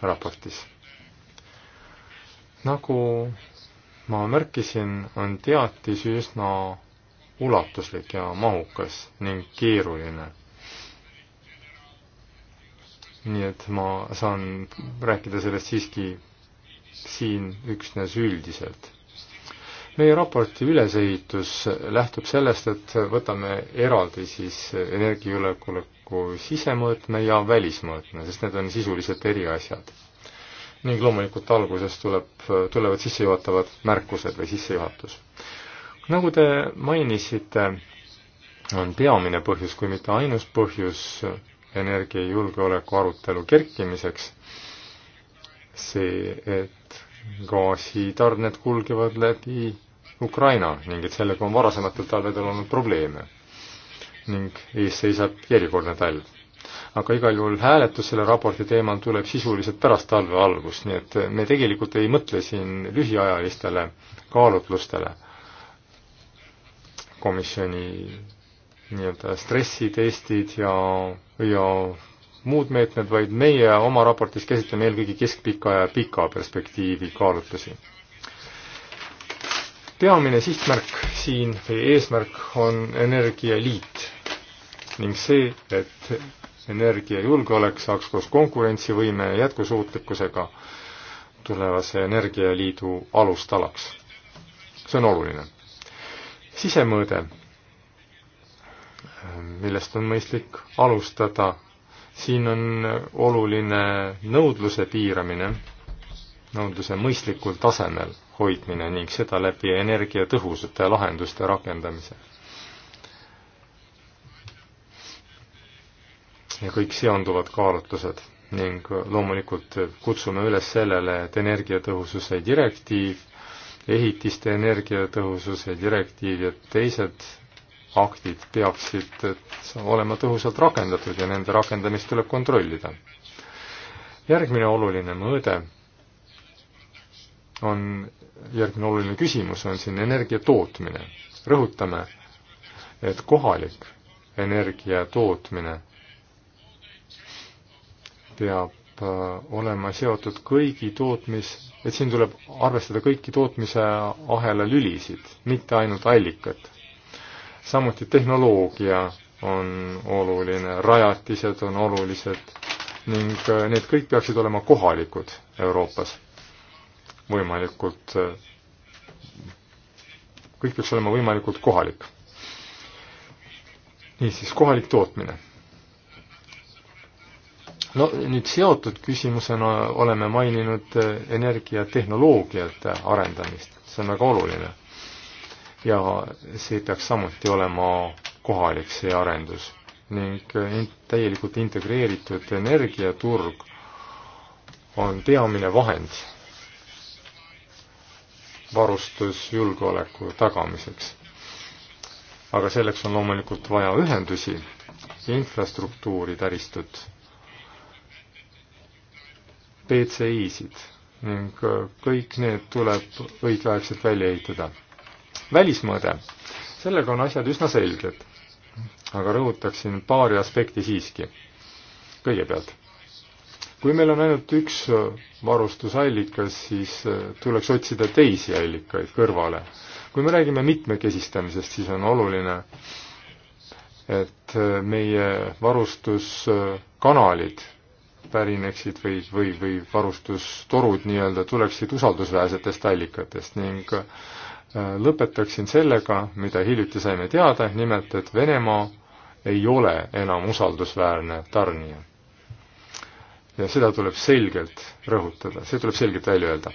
raportis. nagu ma märkisin, on teatis üsna ulatuslik ja mahukas ning keeruline nii et ma saan rääkida sellest siiski siin üksnes üldiselt meie raporti ülesehitus lähtub sellest, et võtame eraldi siis energiajulgeoleku sisemõõtme ja välismõõtme, sest need on sisuliselt eri asjad. ning loomulikult alguses tuleb, tulevad sissejuhatavad märkused või sissejuhatus. nagu te mainisite, on peamine põhjus, kui mitte ainus põhjus energiajulgeoleku arutelu kerkimiseks see, et gaasitarned kulgevad läbi Ukraina ning et sellega on varasematel talvedel olnud probleeme ning ees seisab järjekordne talv. aga igal juhul hääletus selle raporti teemal tuleb sisuliselt pärast talve algust, nii et me tegelikult ei mõtle siin lühiajalistele kaalutlustele komisjoni nii-öelda stressitestid ja, ja muud meetmed, vaid meie oma raportis käsitleme eelkõige keskpika ja pika perspektiivi kaalutlusi peamine sihtmärk siin või eesmärk on energialiit ning see, et energiajulgeolek saaks koos konkurentsivõime ja jätkusuutlikkusega tulevase energialiidu alustalaks. see on oluline. sisemõõde, millest on mõistlik alustada, siin on oluline nõudluse piiramine, nõudluse mõistlikul tasemel hoidmine ning seda läbi energiatõhusate lahenduste rakendamise. ja kõik seonduvad kaalutlused ning loomulikult kutsume üles sellele, et energiatõhususe direktiiv, ehitiste energiatõhususe direktiiv ja teised aktid peaksid olema tõhusalt rakendatud ja nende rakendamist tuleb kontrollida. järgmine oluline mõõde on järgmine oluline küsimus on siin energia tootmine. rõhutame, et kohalik energia tootmine peab äh, olema seotud kõigi tootmis, et siin tuleb arvestada kõiki tootmise ahela lülisid, mitte ainult allikat. samuti tehnoloogia on oluline, rajatised on olulised ning äh, need kõik peaksid olema kohalikud Euroopas võimalikult, kõik peaks olema võimalikult kohalik. niisiis, kohalik tootmine. no nüüd seotud küsimusena oleme maininud energiatehnoloogiate arendamist, see on väga oluline. ja see peaks samuti olema kohalik, see arendus ning täielikult integreeritud energiaturg on peamine vahend varustusjulgeoleku tagamiseks. aga selleks on loomulikult vaja ühendusi, infrastruktuuri, taristut, BCI-sid ning äh, kõik need tuleb õigeaegselt välja ehitada. välismõõde, sellega on asjad üsna selged, aga rõhutaksin paari aspekti siiski. kõigepealt kui meil on ainult üks äh, varustusallikas, siis äh, tuleks otsida teisi allikaid kõrvale. kui me räägime mitmekesistamisest, siis on oluline, et äh, meie varustuskanalid pärineksid või, või, või varustustorud nii-öelda tuleksid usaldusväärsetest allikatest ning lõpetaksin sellega, mida hiljuti saime teada, nimelt et Venemaa ei ole enam usaldusväärne tarnija ja seda tuleb selgelt rõhutada, see tuleb selgelt välja öelda.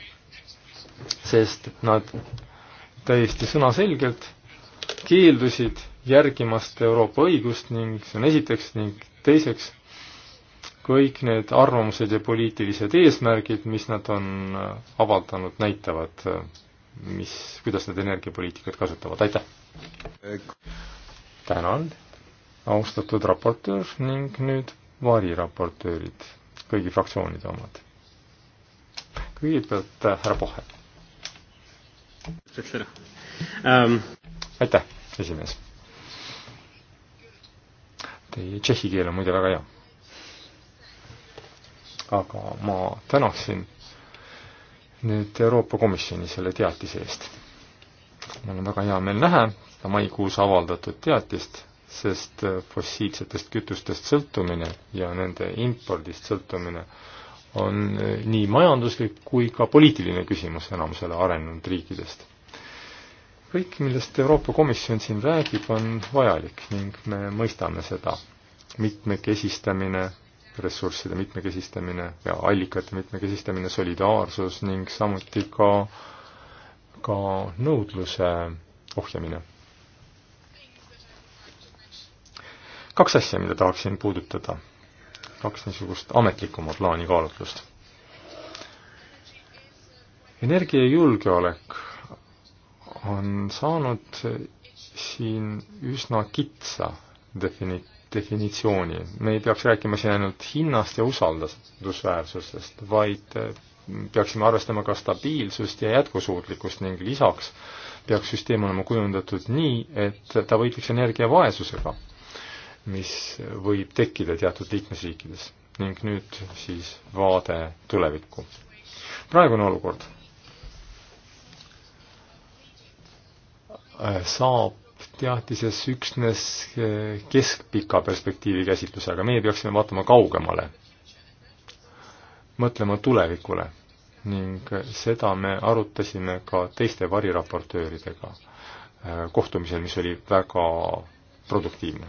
sest nad täiesti sõnaselgelt keeldusid järgimast Euroopa õigust ning see on esiteks ning teiseks kõik need arvamused ja poliitilised eesmärgid, mis nad on äh, avaldanud, näitavad, äh, mis, kuidas nad energiapoliitikat kasutavad, aitäh! tänan, austatud raportöör ning nüüd variraportöörid kõigi fraktsioonide omad. kõigepealt äh, härra Pohe. Ähm. aitäh, esimees. Teie tšehhi keel on muide väga hea. aga ma tänaksin nüüd Euroopa Komisjoni selle teatise eest. mul on väga hea meel näha seda maikuus avaldatud teatist sest äh, fossiilsetest kütustest sõltumine ja nende impordist sõltumine on äh, nii majanduslik kui ka poliitiline küsimus enamusele arenenud riikidest. kõik, millest Euroopa Komisjon siin räägib, on vajalik ning me mõistame seda. mitmekesistamine, ressursside mitmekesistamine ja allikate mitmekesistamine, solidaarsus ning samuti ka, ka nõudluse ohjamine kaks asja, mida tahaksin puudutada. kaks niisugust ametlikuma plaani kaalutlust. energiajulgeolek on saanud siin üsna kitsa defini-, definitsiooni. me ei peaks rääkima siin ainult hinnast ja usaldusväärsusest, vaid mm, peaksime arvestama ka stabiilsust ja jätkusuutlikkust ning lisaks peaks süsteem olema kujundatud nii, et ta võitleks energiavaesusega mis võib tekkida teatud liikmesriikides ning nüüd siis vaade tulevikku. praegune olukord äh, saab teatises üksnes äh, keskpika perspektiivi käsitluse, aga meie peaksime vaatama kaugemale, mõtlema tulevikule ning äh, seda me arutasime ka teiste variraportööridega kohtumisel, mis oli väga produktiivne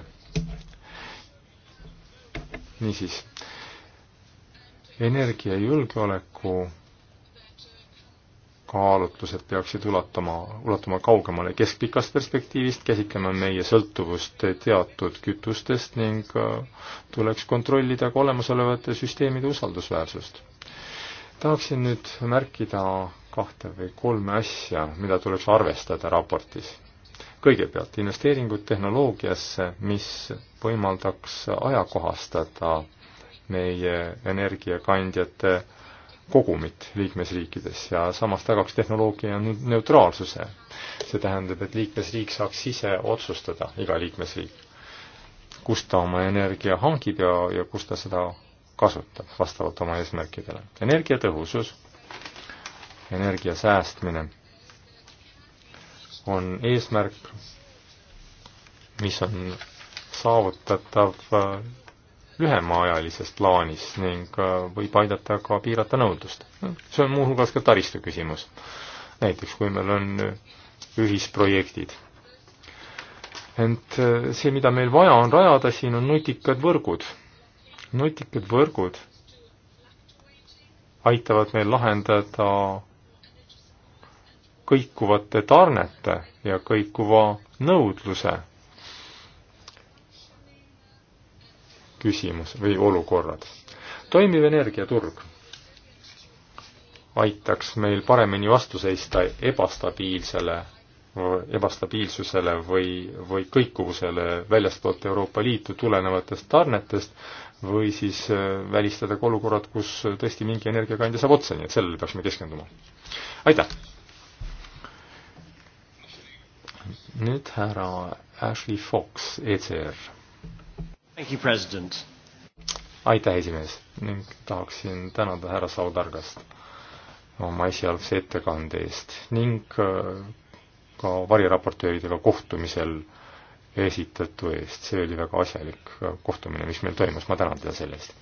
niisiis, energiajulgeoleku kaalutlused peaksid ulatuma, ulatuma kaugemale keskpikast perspektiivist, käsitlema meie sõltuvust teatud kütustest ning äh, tuleks kontrollida ka olemasolevate süsteemide usaldusväärsust. tahaksin nüüd märkida kahte või kolme asja, mida tuleks arvestada raportis kõigepealt investeeringud tehnoloogiasse, mis võimaldaks ajakohastada meie energiakandjate kogumit liikmesriikides ja samas tagaks tehnoloogia neutraalsuse. see tähendab, et liikmesriik saaks ise otsustada, iga liikmesriik, kust ta oma energia hangib ja, ja kus ta seda kasutab vastavalt oma eesmärkidele. energiatõhusus, energia säästmine on eesmärk, mis on saavutatav äh, lühemaajalises plaanis ning äh, võib aidata ka piirata nõudlust. see on muuhulgas ka taristu küsimus. näiteks kui meil on äh, ühisprojektid. ent see, mida meil vaja on rajada siin, on nutikad võrgud. nutikad võrgud aitavad meil lahendada kõikuvate tarnete ja kõikuva nõudluse küsimus või olukorrad. toimiv energiaturg aitaks meil paremini vastu seista ebastabiilsele, ebastabiilsusele või, või kõikuvusele väljastpoolt Euroopa Liitu tulenevatest tarnetest või siis äh, välistada ka olukorrad, kus tõesti mingi energiakandja saab otsa, nii et sellele peaksime keskenduma. aitäh! nüüd härra Ashley Fox, ECR. aitäh, esimees ning tahaksin tänada härra Saudargast oma esialgse ettekande eest ning äh, ka variraportööridega kohtumisel esitatu eest, see oli väga asjalik äh, kohtumine, mis meil toimus, ma tänan teda selle eest.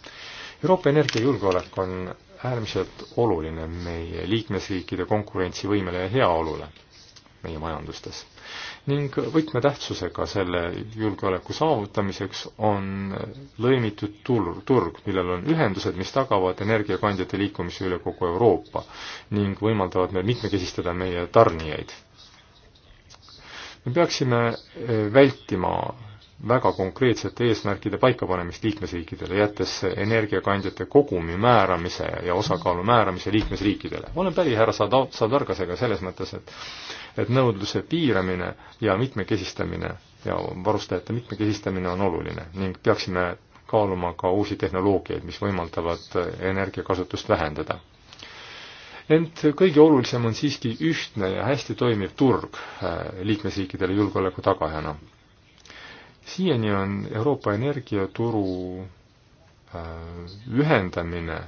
Euroopa energiajulgeolek on äärmiselt oluline meie liikmesriikide konkurentsivõimele ja heaolule meie majandustes. ning võtmetähtsusega selle julgeoleku saavutamiseks on lõimitud turg, turg, millel on ühendused, mis tagavad energiakandjate liikumise üle kogu Euroopa ning võimaldavad meil mitmekesistada meie tarnijaid. me peaksime eh, vältima väga konkreetsete eesmärkide paikapanemist liikmesriikidele, jättes energiakandjate kogumi määramise ja osakaalu määramise liikmesriikidele. olen päri härra Sada-, Sadargasega selles mõttes, et et nõudluse piiramine ja mitmekesistamine ja varustajate mitmekesistamine on oluline ning peaksime kaaluma ka uusi tehnoloogiaid, mis võimaldavad energiakasutust vähendada. ent kõige olulisem on siiski ühtne ja hästi toimiv turg äh, liikmesriikidele julgeoleku tagajana siiani on Euroopa energiaturu äh, ühendamine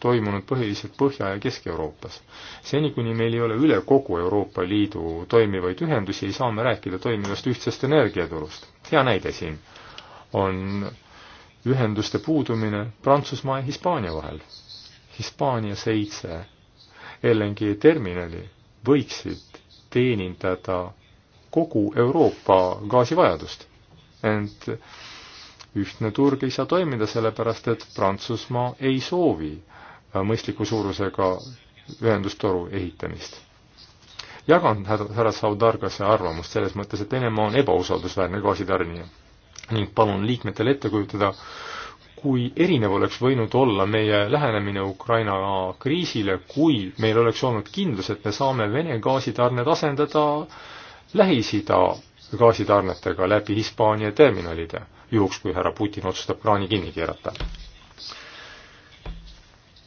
toimunud põhiliselt Põhja- ja Kesk-Euroopas. seni, kuni meil ei ole üle kogu Euroopa Liidu toimivaid ühendusi, ei saa me rääkida toimivast ühtsest energiaturust. hea näide siin on ühenduste puudumine Prantsusmaa ja Hispaania vahel. Hispaania seitse LNG terminali võiksid teenindada kogu Euroopa gaasivajadust ent ühtne turg ei saa toimida, sellepärast et Prantsusmaa ei soovi äh, mõistliku suurusega ühendustoru ehitamist. jagan härra Saudargase arvamust selles mõttes, et Venemaa on ebausaldusväärne gaasitarnija ning palun liikmetel ette kujutada, kui erinev oleks võinud olla meie lähenemine Ukraina kriisile, kui meil oleks olnud kindlus, et me saame Vene gaasitarned asendada Lähis-Ida gaasitarnetega läbi Hispaania terminalide, juhuks kui härra Putin otsustab kraani kinni keerata.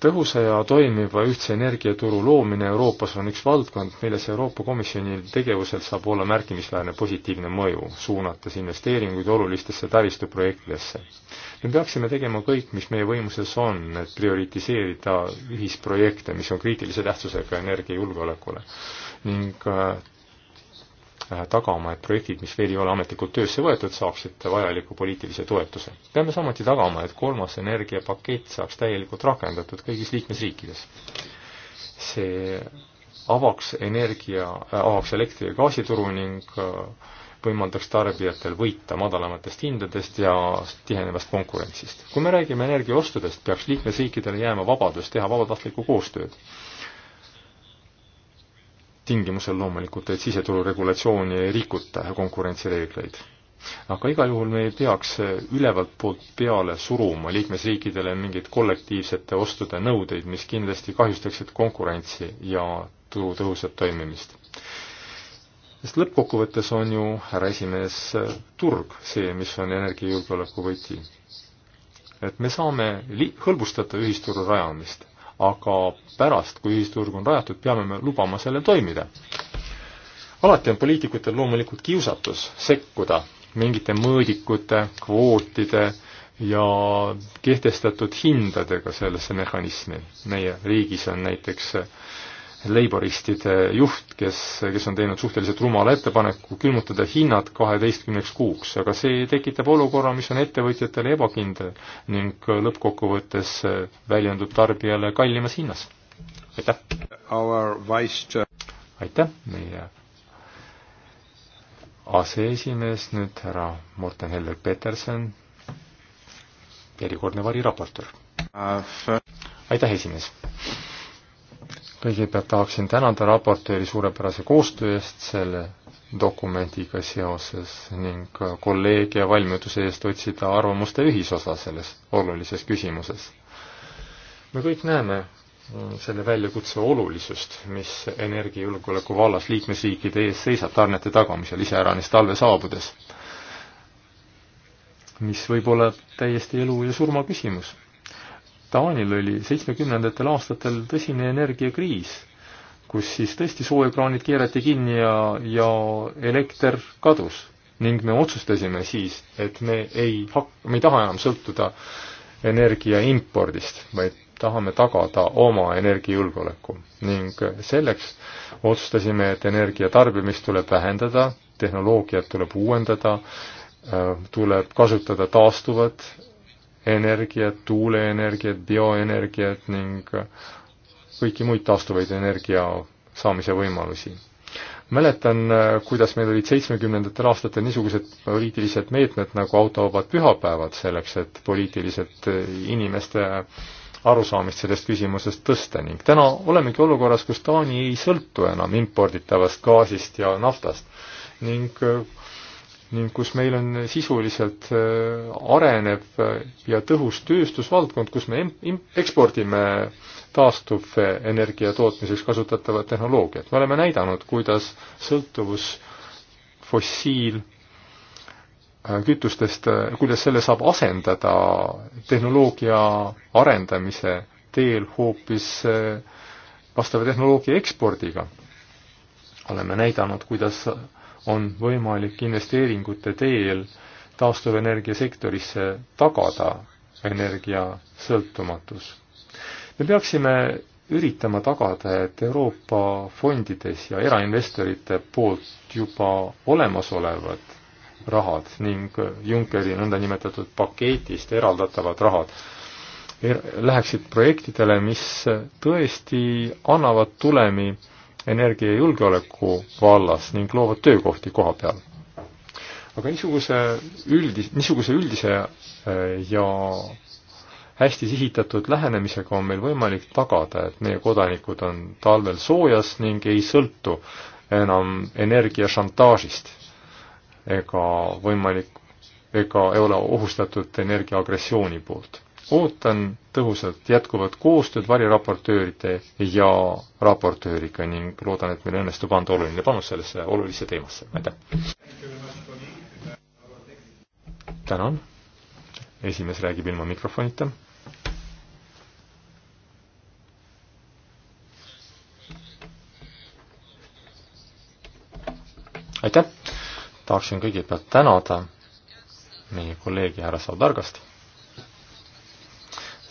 tõhusa ja toimiva ühtse energiaturu loomine Euroopas on üks valdkond, milles Euroopa Komisjoni tegevusel saab olla märkimisväärne positiivne mõju, suunates investeeringuid olulistesse taristuprojektidesse. me peaksime tegema kõik, mis meie võimuses on, et prioritiseerida ühisprojekte, mis on kriitilise tähtsusega energiajulgeolekule ning äh, tagama, et projektid, mis veel ei ole ametlikult töösse võetud, saaksid vajaliku poliitilise toetuse. peame samuti tagama, et kolmas energiapakett saaks täielikult rakendatud kõigis liikmesriikides. see avaks energia, äh, avaks elektri- ja gaasituru ning äh, võimaldaks tarbijatel võita madalamatest hindadest ja tihenevast konkurentsist. kui me räägime energiaostudest, peaks liikmesriikidele jääma vabadus teha vabatahtlikku koostööd tingimusel loomulikult, et siseturu regulatsiooni ei rikuta ja konkurentsireegleid. aga igal juhul me ei peaks ülevalt poolt peale suruma liikmesriikidele mingeid kollektiivsete ostude nõudeid, mis kindlasti kahjustaksid konkurentsi ja turu tõhusat toimimist. sest lõppkokkuvõttes on ju, härra esimees, turg see, mis on energiajulgeoleku võti. et me saame li-, hõlbustada ühisturu rajamist aga pärast, kui ühisturg on rajatud, peame me lubama sellel toimida. alati on poliitikutel loomulikult kiusatus sekkuda mingite mõõdikute, kvootide ja kehtestatud hindadega sellesse mehhanismi. meie riigis on näiteks leiboristide juht, kes, kes on teinud suhteliselt rumala ettepaneku külmutada hinnad kaheteistkümneks kuuks, aga see tekitab olukorra, mis on ettevõtjatele ebakindel ning lõppkokkuvõttes väljendub tarbijale kallimas hinnas. aitäh! aitäh, meie aseesimees nüüd härra Morten Heller Peterson, järjekordne variraportor. Uh, aitäh, esimees! kõigepealt tahaksin tänada raportööri suurepärase koostöö eest selle dokumendiga seoses ning kolleegia valmiduse eest otsida arvamuste ühisosa selles olulises küsimuses. me kõik näeme selle väljakutse olulisust, mis energiajulgeoleku vallas liikmesriikide ees seisab tarnete tagamisel iseäranis talve saabudes, mis võib olla täiesti elu ja surma küsimus Taanil oli seitsmekümnendatel aastatel tõsine energiakriis, kus siis tõesti sooekraanid keerati kinni ja, ja elekter kadus. ning me otsustasime siis, et me ei hak-, me ei taha enam sõltuda energia impordist, vaid tahame tagada oma energiajulgeoleku. ning selleks otsustasime, et energia tarbimist tuleb vähendada, tehnoloogiat tuleb uuendada, äh, tuleb kasutada taastuvat energiat, tuuleenergiat, bioenergiat ning kõiki muid taastuvaid energia saamise võimalusi. mäletan, kuidas meil olid seitsmekümnendatel aastatel niisugused poliitilised meetmed nagu autovabad pühapäevad selleks, et poliitiliselt inimeste arusaamist sellest küsimusest tõsta ning täna olemegi olukorras, kus Taani ei sõltu enam imporditavast gaasist ja naftast ning ning kus meil on sisuliselt äh, arenev äh, ja tõhus tööstusvaldkond, kus me ekspordime taastuvenergia tootmiseks kasutatavat tehnoloogiat. me oleme näidanud, kuidas sõltuvus fossiilkütustest, äh, kuidas selle saab asendada tehnoloogia arendamise teel hoopis vastava tehnoloogia ekspordiga. oleme näidanud, kuidas on võimalik investeeringute teel taastuvenergia sektorisse tagada energia sõltumatus. me peaksime üritama tagada, et Euroopa fondides ja erainvestorite poolt juba olemasolevad rahad ning Junckeri nõndanimetatud paketist eraldatavad rahad er-, läheksid projektidele, mis tõesti annavad tulemi äh, energiajulgeoleku vallas ning loovad töökohti koha peal. aga niisuguse üldis, niisuguse üldise äh, ja hästi sihitatud lähenemisega on meil võimalik tagada, et meie kodanikud on talvel soojas ning ei sõltu enam energia šantaažist ega võimalik, ega ei ole ohustatud energia agressiooni poolt ootan tõhusalt jätkuvat koostööd variraportööride ja raportööriga ning loodan, et meil õnnestub anda oluline panus sellesse olulisse teemasse, aitäh! tänan, esimees räägib ilma mikrofonita. aitäh, tahaksin kõigepealt tänada meie kolleegi härra Saudargast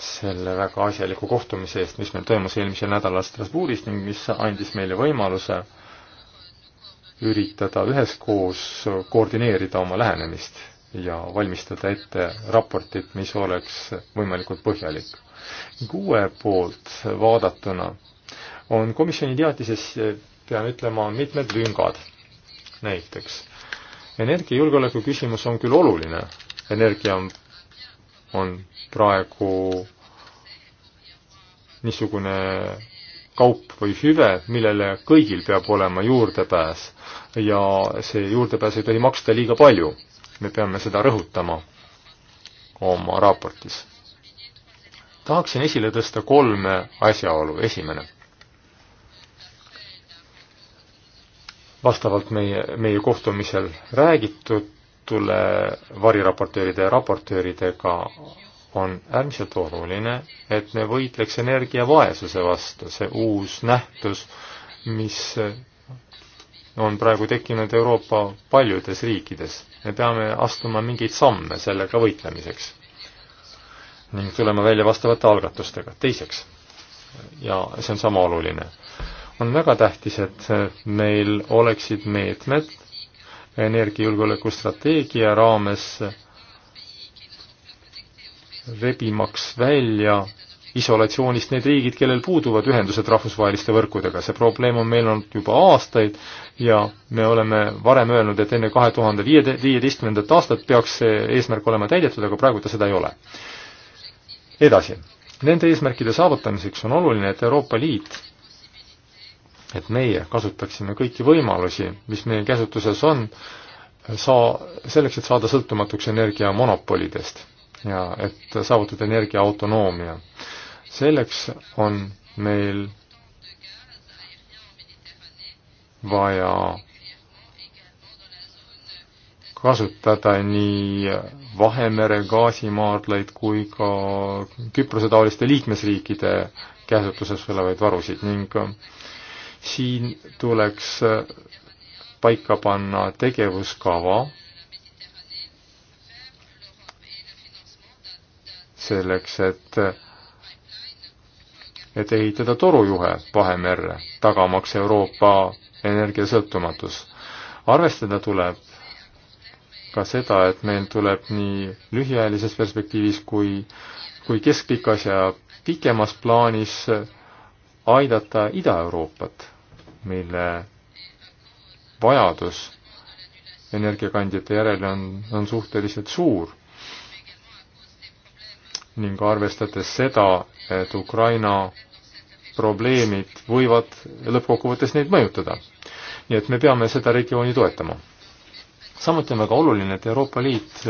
selle väga asjaliku kohtumise eest, mis meil toimus eelmisel nädalal Strasbourgis ning mis andis meile võimaluse üritada üheskoos koordineerida oma lähenemist ja valmistada ette raportit, mis oleks võimalikult põhjalik. kuue poolt vaadatuna on komisjoni teatises, pean ütlema, mitmed lüngad. näiteks energiajulgeoleku küsimus on küll oluline, energia on on praegu niisugune kaup või hüve, millele kõigil peab olema juurdepääs ja see juurdepääs ei tohi maksta liiga palju. me peame seda rõhutama oma raportis. tahaksin esile tõsta kolme asjaolu, esimene. vastavalt meie, meie kohtumisel räägitud kohtule variraportööride ja raportööridega on äärmiselt oluline, et me võitleks energiavaesuse vastu, see uus nähtus, mis on praegu tekkinud Euroopa paljudes riikides. me peame astuma mingeid samme sellega võitlemiseks ning tulema välja vastavate algatustega. teiseks, ja see on sama oluline, on väga tähtis, et meil oleksid meetmed, energiajulgeoleku strateegia raames rebimaks välja isolatsioonist need riigid, kellel puuduvad ühendused rahvusvaheliste võrkudega. see probleem on meil olnud juba aastaid ja me oleme varem öelnud, et enne kahe tuhande viieteistkümnendat aastat peaks see eesmärk olema täidetud, aga praegu ta seda ei ole. edasi. Nende eesmärkide saavutamiseks on oluline, et Euroopa Liit et meie kasutaksime kõiki võimalusi, mis meie käsutuses on, saa, selleks, et saada sõltumatuks energiamonopolidest ja et saavutada energiaautonoomia. selleks on meil vaja kasutada nii Vahemere gaasimaardlaid kui ka Küprose taoliste liikmesriikide käsutuses olevaid varusid ning äh, siin tuleks äh, paika panna tegevuskava selleks, et äh, et ehitada torujuhe Vahemerre, tagamaks Euroopa energiasõltumatus. arvestada tuleb ka seda, et meil tuleb nii lühiajalises perspektiivis kui, kui keskpikas ja pikemas plaanis äh, aidata Ida-Euroopat, mille vajadus energiakandjate järele on, on suhteliselt suur ning arvestades seda, et Ukraina probleemid võivad lõppkokkuvõttes neid mõjutada. nii et me peame seda regiooni toetama. samuti on väga oluline, et Euroopa Liit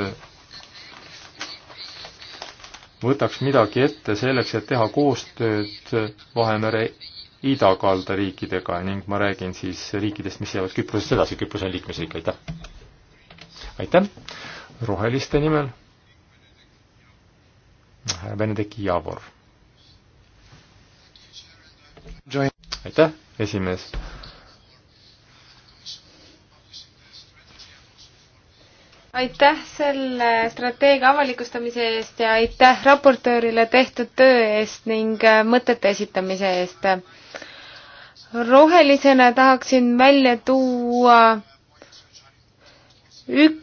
võtaks midagi ette selleks, et teha koostööd Vahemere idakalda riikidega ning ma räägin siis riikidest, mis jäävad Küprosest edasi, Küpros on liikmesriik, aitäh! aitäh! roheliste nimel härra Benedek Javor. aitäh, esimees! aitäh selle strateegia avalikustamise eest ja aitäh raportöörile tehtud töö eest ning äh, mõtete esitamise eest. rohelisena tahaksin välja tuua ük-,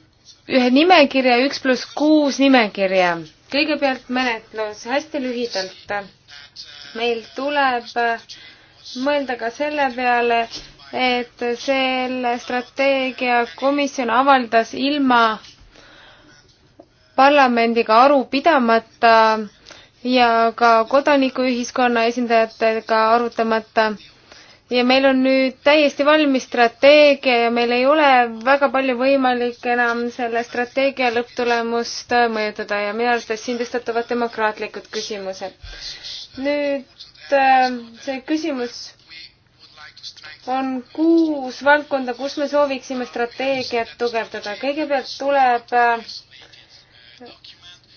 ühe nimekirja, üks pluss kuus nimekirja. kõigepealt menetlus, hästi lühidalt. meil tuleb äh, mõelda ka selle peale, et selle strateegia komisjon avaldas ilma parlamendiga aru pidamata ja ka kodanikuühiskonna esindajatega arutamata. ja meil on nüüd täiesti valmis strateegia ja meil ei ole väga palju võimalik enam selle strateegia lõpptulemust mõjutada ja minu arvates siin tõstatuvad demokraatlikud küsimused. nüüd äh, see küsimus on kuus valdkonda, kus me sooviksime strateegiat tugevdada. kõigepealt tuleb äh,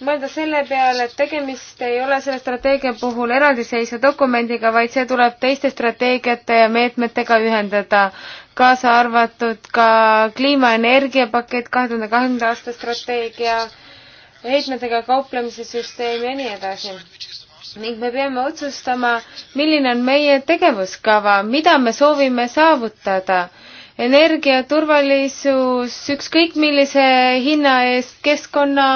mõelda selle peale, et tegemist ei ole selle strateegia puhul eraldiseisva dokumendiga, vaid see tuleb teiste strateegiate ja meetmetega ühendada, kaasa arvatud ka kliimaenergiapakett, kahe tuhande kahekümnenda aasta strateegia, heitmetega kauplemise süsteem ja nii edasi ning me peame otsustama, milline on meie tegevuskava, mida me soovime saavutada. energiaturvalisus ükskõik millise hinna eest keskkonna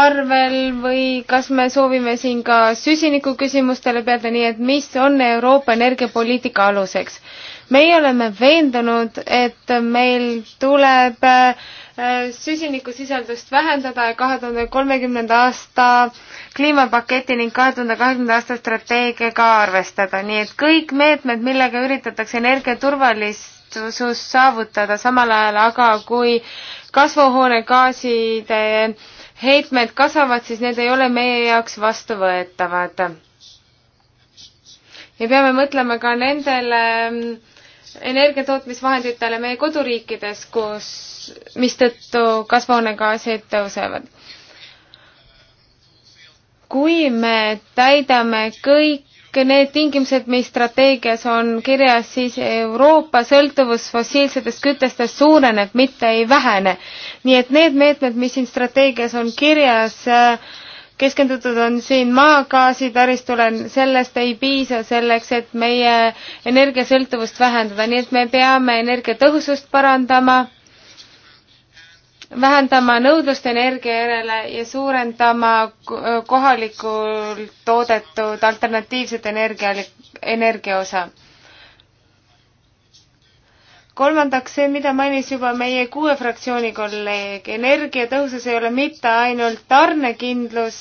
arvel või kas me soovime siin ka süsiniku küsimustele peale, nii et mis on Euroopa energiapoliitika aluseks? meie oleme veendunud, et meil tuleb äh, Äh, süsinikusisaldust vähendada ja kahe tuhande kolmekümnenda aasta kliimapaketi ning kahe tuhande kahekümnenda aasta strateegiaga arvestada, nii et kõik meetmed, millega üritatakse energiaturvalisust saavutada, samal ajal aga kui kasvuhoonegaaside heitmed kasvavad, siis need ei ole meie jaoks vastuvõetavad. ja peame mõtlema ka nendele mm, energiatootmisvahenditele meie koduriikides, kus, mistõttu kasvuhoonegaasid tõusevad. kui me täidame kõik need tingimused, mis strateegias on kirjas, siis Euroopa sõltuvus fossiilsetest kütestest suureneb, mitte ei vähene. nii et need meetmed, mis siin strateegias on kirjas äh,, keskendutud on siin maagaasitaristule, sellest ei piisa selleks, et meie energiasõltuvust vähendada, nii et me peame energiatõhusust parandama, vähendama nõudlust energia järele ja suurendama kohalikult toodetud alternatiivset energia, energia osa kolmandaks see, mida mainis juba meie kuue fraktsiooni kolleeg, energiatõhusus ei ole mitte ainult tarnekindlus,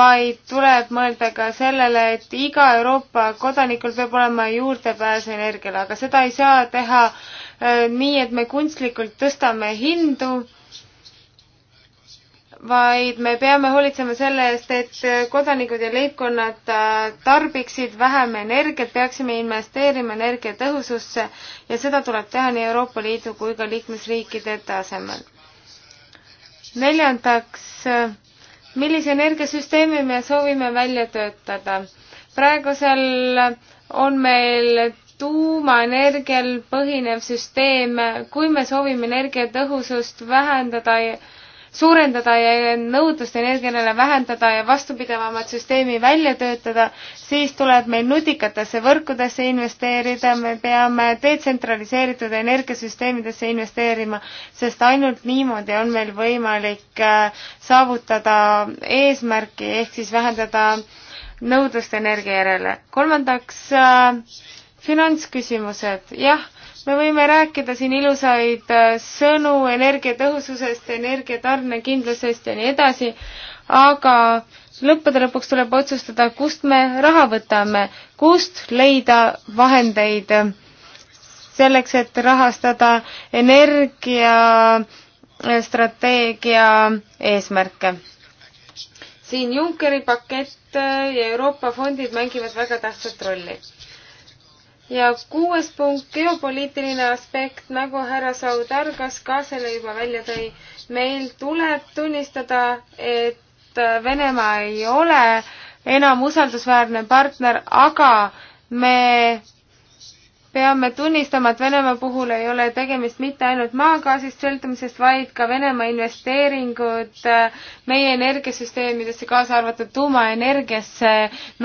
vaid tuleb mõelda ka sellele, et iga Euroopa kodanikul peab olema juurdepääs energiale, aga seda ei saa teha äh, nii, et me kunstlikult tõstame hindu äh, vaid me peame hoolitsema selle eest, et kodanikud ja leibkonnad äh, tarbiksid vähem energiat, peaksime investeerima energiatõhususse ja seda tuleb teha nii Euroopa Liidu kui ka liikmesriikide tasemel. neljandaks, millise energiasüsteemi me soovime välja töötada? praegusel on meil tuumaenergial põhinev süsteem, kui me soovime energiatõhusust vähendada ja suurendada ja nõudlust energiale vähendada ja vastupidavamat süsteemi välja töötada, siis tuleb meil nutikatesse võrkudesse investeerida, me peame detsentraliseeritud energiasüsteemidesse investeerima, sest ainult niimoodi on meil võimalik äh, saavutada eesmärki ehk siis vähendada nõudlust energia järele. kolmandaks äh, finantsküsimused, jah, me võime rääkida siin ilusaid äh, sõnu energiatõhususest, energiatarnekindlusest ja nii edasi, aga lõppude lõpuks tuleb otsustada, kust me raha võtame, kust leida vahendeid selleks, et rahastada energiastrateegia eesmärke. siin Junckeri pakett äh, ja Euroopa fondid mängivad väga tähtsat rolli ja kuues punkt, geopoliitiline aspekt, nagu härra Saudargas ka selle juba välja tõi, meil tuleb tunnistada, et Venemaa ei ole enam usaldusväärne partner, aga me peame tunnistama, et Venemaa puhul ei ole tegemist mitte ainult maagaasist sõltumisest, vaid ka Venemaa investeeringud äh, meie energiasüsteemidesse, kaasa arvatud tuumaenergiasse,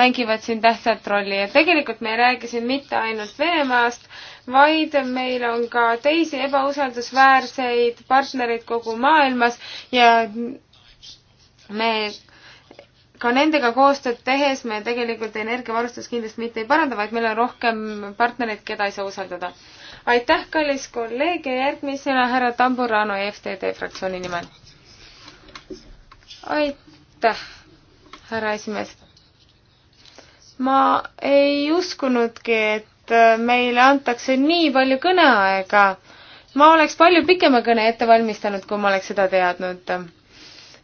mängivad siin tähtsat rolli ja tegelikult me ei räägi siin mitte ainult Venemaast, vaid meil on ka teisi ebausaldusväärseid partnereid kogu maailmas ja me ka nendega koostööd tehes me tegelikult energiavarustuskindlust mitte ei paranda, vaid meil on rohkem partnereid, keda ei saa usaldada. aitäh, kallis kolleeg ja järgmisena härra Tamburano EFTD fraktsiooni nimel. aitäh, härra esimees. ma ei uskunudki, et meile antakse nii palju kõneaega. ma oleks palju pikema kõne ette valmistanud, kui ma oleks seda teadnud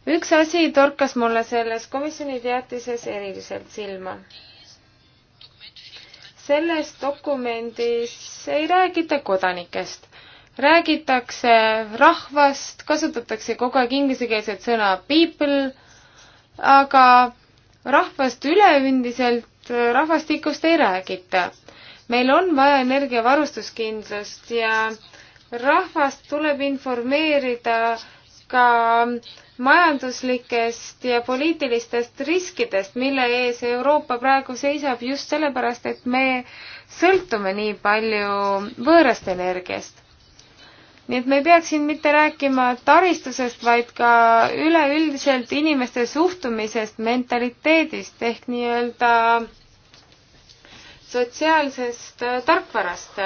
üks asi torkas mulle selles komisjoni teatises eriliselt silma. selles dokumendis ei räägita kodanikest, räägitakse rahvast, kasutatakse kogu aeg inglisekeelset sõna people, aga rahvast üleüldiselt rahvastikust ei räägita. meil on vaja energiavarustuskindlust ja rahvast tuleb informeerida äh, ka majanduslikest ja poliitilistest riskidest, mille ees Euroopa praegu seisab just sellepärast, et me sõltume nii palju võõrast energiast. nii et me ei peaks siin mitte rääkima taristusest, vaid ka üleüldiselt inimeste suhtumisest, mentaliteedist ehk nii-öelda sotsiaalsest tarkvarast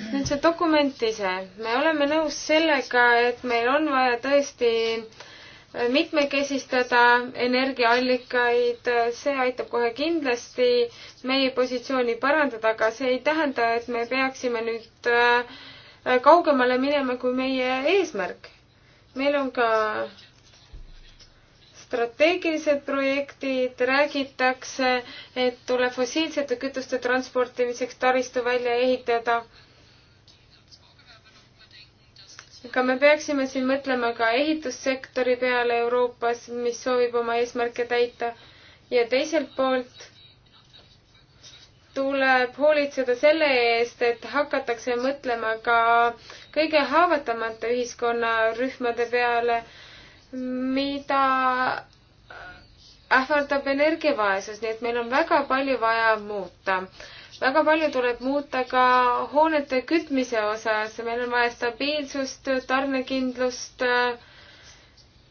nüüd see dokument ise. me oleme nõus sellega, et meil on vaja tõesti mitmekesistada energiaallikaid, see aitab kohe kindlasti meie positsiooni parandada, aga see ei tähenda, et me peaksime nüüd äh, kaugemale minema kui meie eesmärk. meil on ka strateegilised projektid, räägitakse, et tuleb fossiilsete kütuste transportimiseks taristu välja ehitada aga me peaksime siin mõtlema ka ehitussektori peale Euroopas, mis soovib oma eesmärke täita ja teiselt poolt tuleb hoolitseda selle eest, et hakatakse mõtlema ka kõige haavatavamate ühiskonnarühmade peale, mida ähvardab energiavaesus, nii et meil on väga palju vaja muuta väga palju tuleb muuta ka hoonete kütmise osas, meil on vaja stabiilsust, tarnekindlust äh,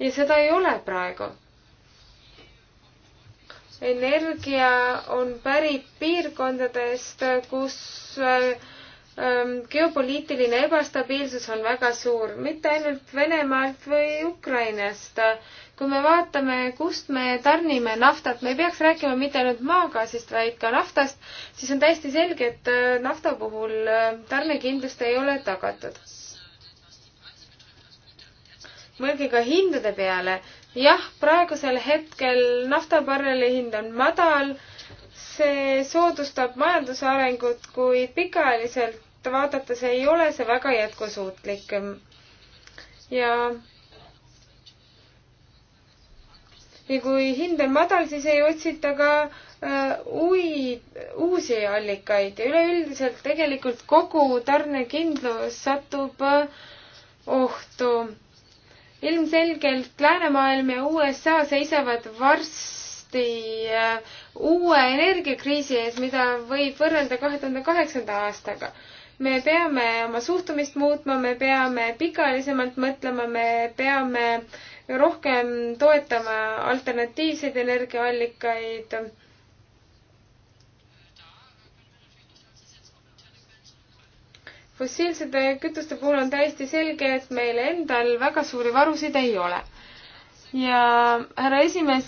ja seda ei ole praegu energia on pärit piirkondadest, kus äh, ähm, geopoliitiline ebastabiilsus on väga suur, mitte ainult Venemaalt või Ukrainast, kui me vaatame, kust me tarnime naftat, me ei peaks rääkima mitte ainult maagaasist, vaid ka naftast, siis on täiesti selge, et äh, nafta puhul äh, tarnekindlust ei ole tagatud. mõelge ka hindade peale. jah, praegusel hetkel naftabarreli hind on madal, see soodustab majanduse arengut, kuid pikaajaliselt vaadates ei ole see väga jätkusuutlik. ja ja kui hind on madal, siis ei otsita ka äh, ui, uusi allikaid ja üleüldiselt tegelikult kogu tarnekindlus satub äh, ohtu. ilmselgelt läänemaailm ja USA seisavad varsti äh, uue energiakriisi ees, mida võib võrrelda kahe tuhande kaheksanda aastaga me peame oma suhtumist muutma, me peame pikaajalisemalt mõtlema, me peame äh, rohkem toetama alternatiivseid energiaallikaid. fossiilsete kütuste puhul on täiesti selge, et meil endal väga suuri varusid ei ole. ja härra esimees,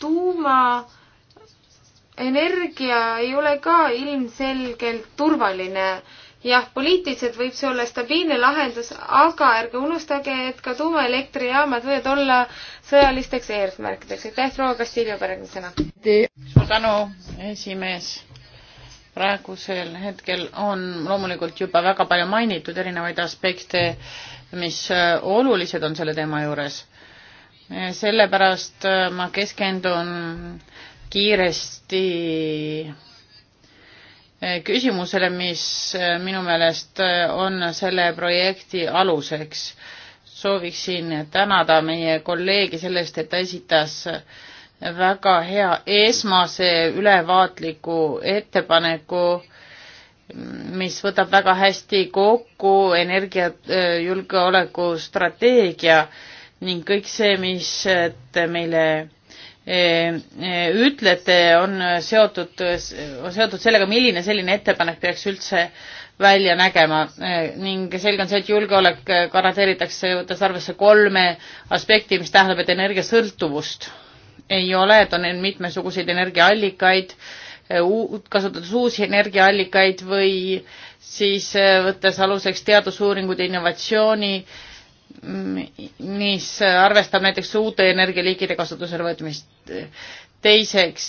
tuumaenergia ei ole ka ilmselgelt turvaline jah, poliitiliselt võib see olla stabiilne lahendus, aga ärge unustage, et ka tuumaelektrijaamad võivad olla sõjalisteks eesmärkideks. aitäh, proua Kastiljo, järgmisena. suur tänu, esimees. praegusel hetkel on loomulikult juba väga palju mainitud erinevaid aspekte, mis äh, olulised on selle teema juures. Äh, sellepärast äh, ma keskendun kiiresti Eh, küsimusele, mis eh, minu meelest eh, on selle projekti aluseks. sooviksin tänada meie kolleegi selle eest, et ta esitas väga hea esmase ülevaatliku ettepaneku, mis võtab väga hästi kokku energiajulgeoleku strateegia ning kõik see, mis meile Eh, eh, ütlete, on seotud, on seotud sellega, milline selline ettepanek peaks üldse välja nägema eh, ning selge on see, et julgeolek garanteeritakse võttes arvesse kolme aspekti, mis tähendab, et energiasõltuvust ei ole, et on mitmesuguseid energiaallikaid, kasutades uusi energiaallikaid või siis võttes aluseks teadusuuringud ja innovatsiooni äh, mis arvestab näiteks uute energialiikide kasutusele võtmist. teiseks,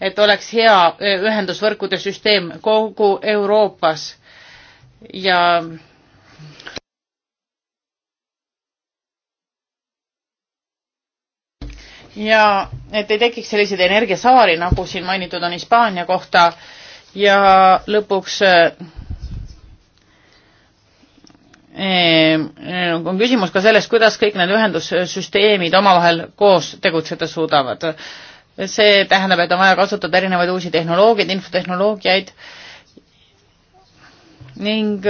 et oleks hea ühendusvõrkude süsteem kogu Euroopas ja ja et ei tekiks selliseid energiasaari, nagu siin mainitud on Hispaania kohta ja lõpuks Ehm, ehm, on küsimus ka selles, kuidas kõik need ühendussüsteemid omavahel koos tegutseda suudavad. see tähendab, et on vaja kasutada erinevaid uusi tehnoloogiaid, infotehnoloogiaid ning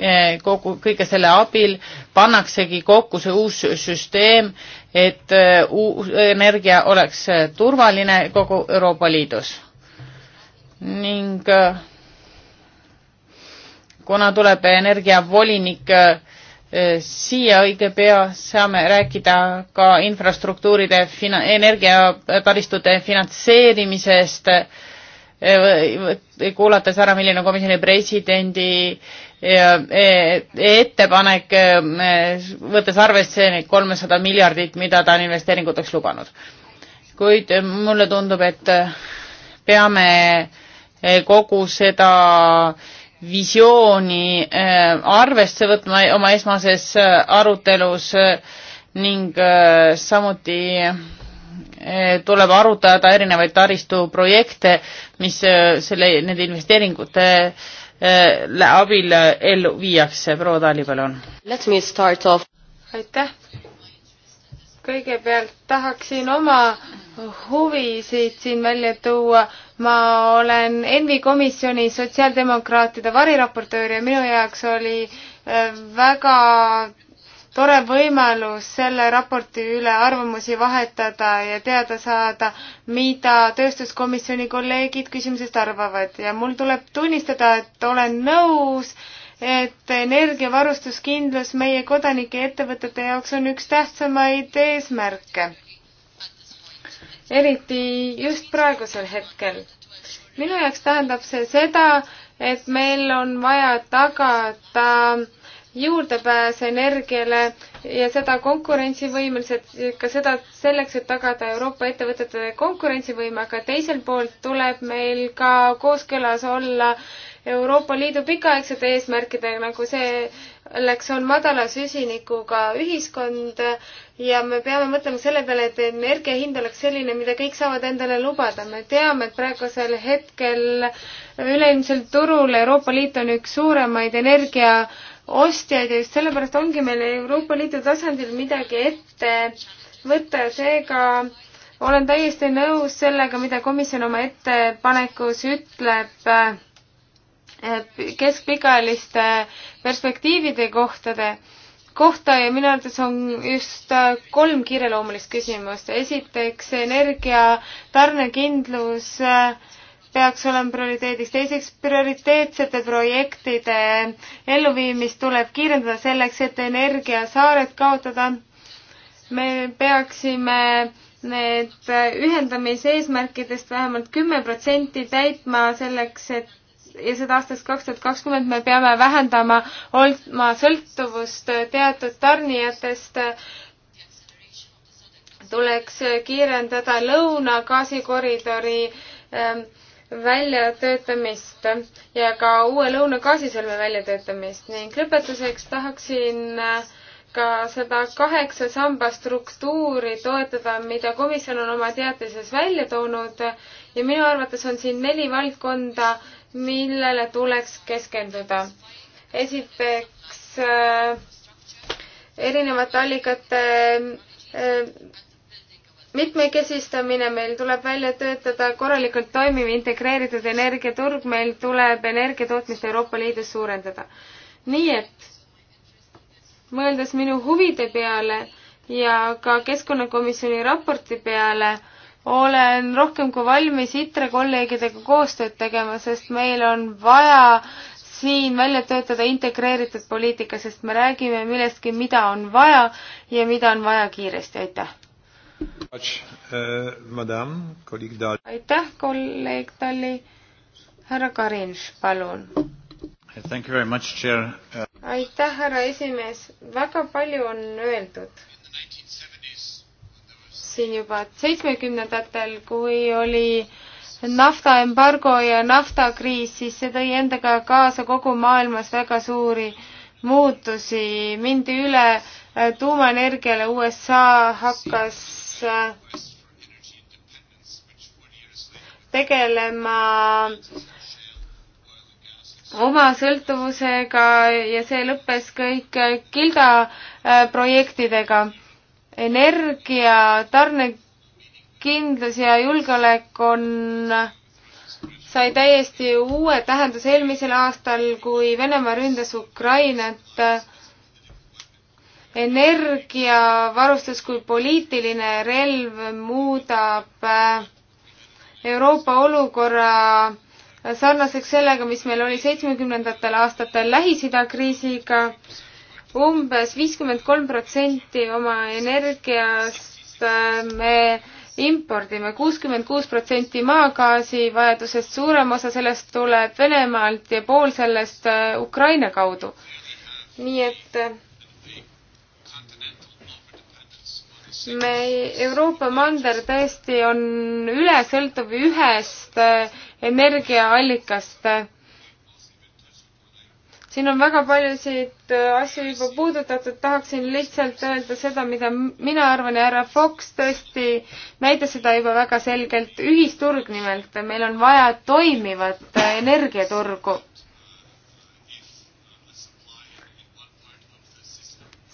eh, kogu, kõige selle abil pannaksegi kokku see uus süsteem, et eh, uus energia oleks turvaline kogu Euroopa Liidus. ning äh, kuna tuleb energiavolinik eh, siia õige pea, saame rääkida ka infrastruktuuride fina-, energiataristute finantseerimisest, eh, kuulates ära, milline on komisjoni presidendi eh, ettepanek, võttes arvesse neid kolmesada miljardit, mida ta on investeeringuteks lubanud. kuid mulle tundub, et peame kogu seda äh, visiooni äh, arvesse võtma oma esmases äh, arutelus äh, ning samuti tuleb arutada erinevaid taristuprojekte, mis selle, nende investeeringute abil ellu viiakse. proua Tali, palun. aitäh kõigepealt tahaksin oma huvisid siin välja tuua. ma olen ENVI komisjoni sotsiaaldemokraatide variraportöör ja minu jaoks oli äh, väga tore võimalus selle raporti üle arvamusi vahetada ja teada saada, mida tööstuskomisjoni kolleegid küsimusest arvavad ja mul tuleb tunnistada, et olen nõus äh, et energiavarustuskindlus meie kodanike ja ettevõtete jaoks on üks tähtsamaid eesmärke. eriti just praegusel hetkel. minu jaoks tähendab see seda, et meil on vaja tagada juurdepääs energiale ja seda konkurentsivõimeliselt, ka seda selleks, et tagada Euroopa ettevõtete konkurentsivõime, aga teiselt poolt tuleb meil ka kooskõlas olla Euroopa Liidu pikaaegsete eesmärkidega, nagu selleks on madala süsinikuga ühiskond ja me peame mõtlema selle peale, et energia hind oleks selline, mida kõik saavad endale lubada. me teame, et praegusel hetkel üleilmsel turul Euroopa Liit on üks suuremaid energiaostjaid ja just sellepärast ongi meil Euroopa Liidu tasandil midagi ette võtta ja seega olen täiesti nõus sellega, mida komisjon oma ettepanekus ütleb keskpikaajaliste perspektiivide kohtade kohta ja minu arvates on just kolm kiireloomulist küsimust. esiteks, energia tarnekindlus äh, peaks olema prioriteediks. teiseks, prioriteetsete projektide elluviimist tuleb kiirendada selleks, et energiasaared kaotada. me peaksime need ühendamise eesmärkidest vähemalt kümme protsenti täitma selleks, et seda aastast kaks tuhat kakskümmend me peame vähendama oma sõltuvust teatud tarnijatest. tuleks kiirendada lõunagaasikoridori ähm, väljatöötamist ja ka uue lõunagaasisõlme väljatöötamist ning lõpetuseks tahaksin äh, ka seda kaheksa samba struktuuri toetada, mida komisjon on oma teatises välja toonud ja minu arvates on siin neli valdkonda, millele tuleks keskenduda. esiteks äh, erinevate allikate äh, mitmekesistamine, meil tuleb välja töötada korralikult toimiv integreeritud energiaturg, meil tuleb energiatootmist Euroopa Liidus suurendada. nii et mõeldes minu huvide peale ja ka Keskkonnakomisjoni raporti peale, olen rohkem kui valmis ITRE kolleegidega koostööd tegema, sest meil on vaja siin välja töötada integreeritud poliitika, sest me räägime millestki, mida on vaja ja mida on vaja kiiresti, aitäh. aitäh, kolleeg Talli. härra Karinš, palun. aitäh, härra esimees, väga palju on öeldud siin juba seitsmekümnendatel, kui oli naftaembargo ja naftakriis, siis see tõi endaga kaasa kogu maailmas väga suuri muutusi, mindi üle äh, tuumaenergiale, USA hakkas äh, tegelema äh, oma sõltuvusega ja see lõppes kõik Gilda projektidega energia tarnekindlus ja julgeolek on, sai täiesti uue tähenduse eelmisel aastal, kui Venemaa ründas Ukrainat. energiavarustus kui poliitiline relv muudab äh, Euroopa olukorra sarnaseks sellega, mis meil oli seitsmekümnendatel aastatel Lähis-Ida kriisiga umbes viiskümmend kolm protsenti oma energiast äh, me impordime, kuuskümmend kuus protsenti maagaasi vajadusest, suurem osa sellest tuleb Venemaalt ja pool sellest äh, Ukraina kaudu. nii et äh, me, Euroopa mander tõesti on üle sõltuv ühest energiaallikast siin on väga paljusid äh, asju juba puudutatud, tahaksin lihtsalt öelda seda, mida mina arvan ja härra Fox tõesti näitas seda juba väga selgelt. ühisturg nimelt, meil on vaja toimivat äh, energiaturgu.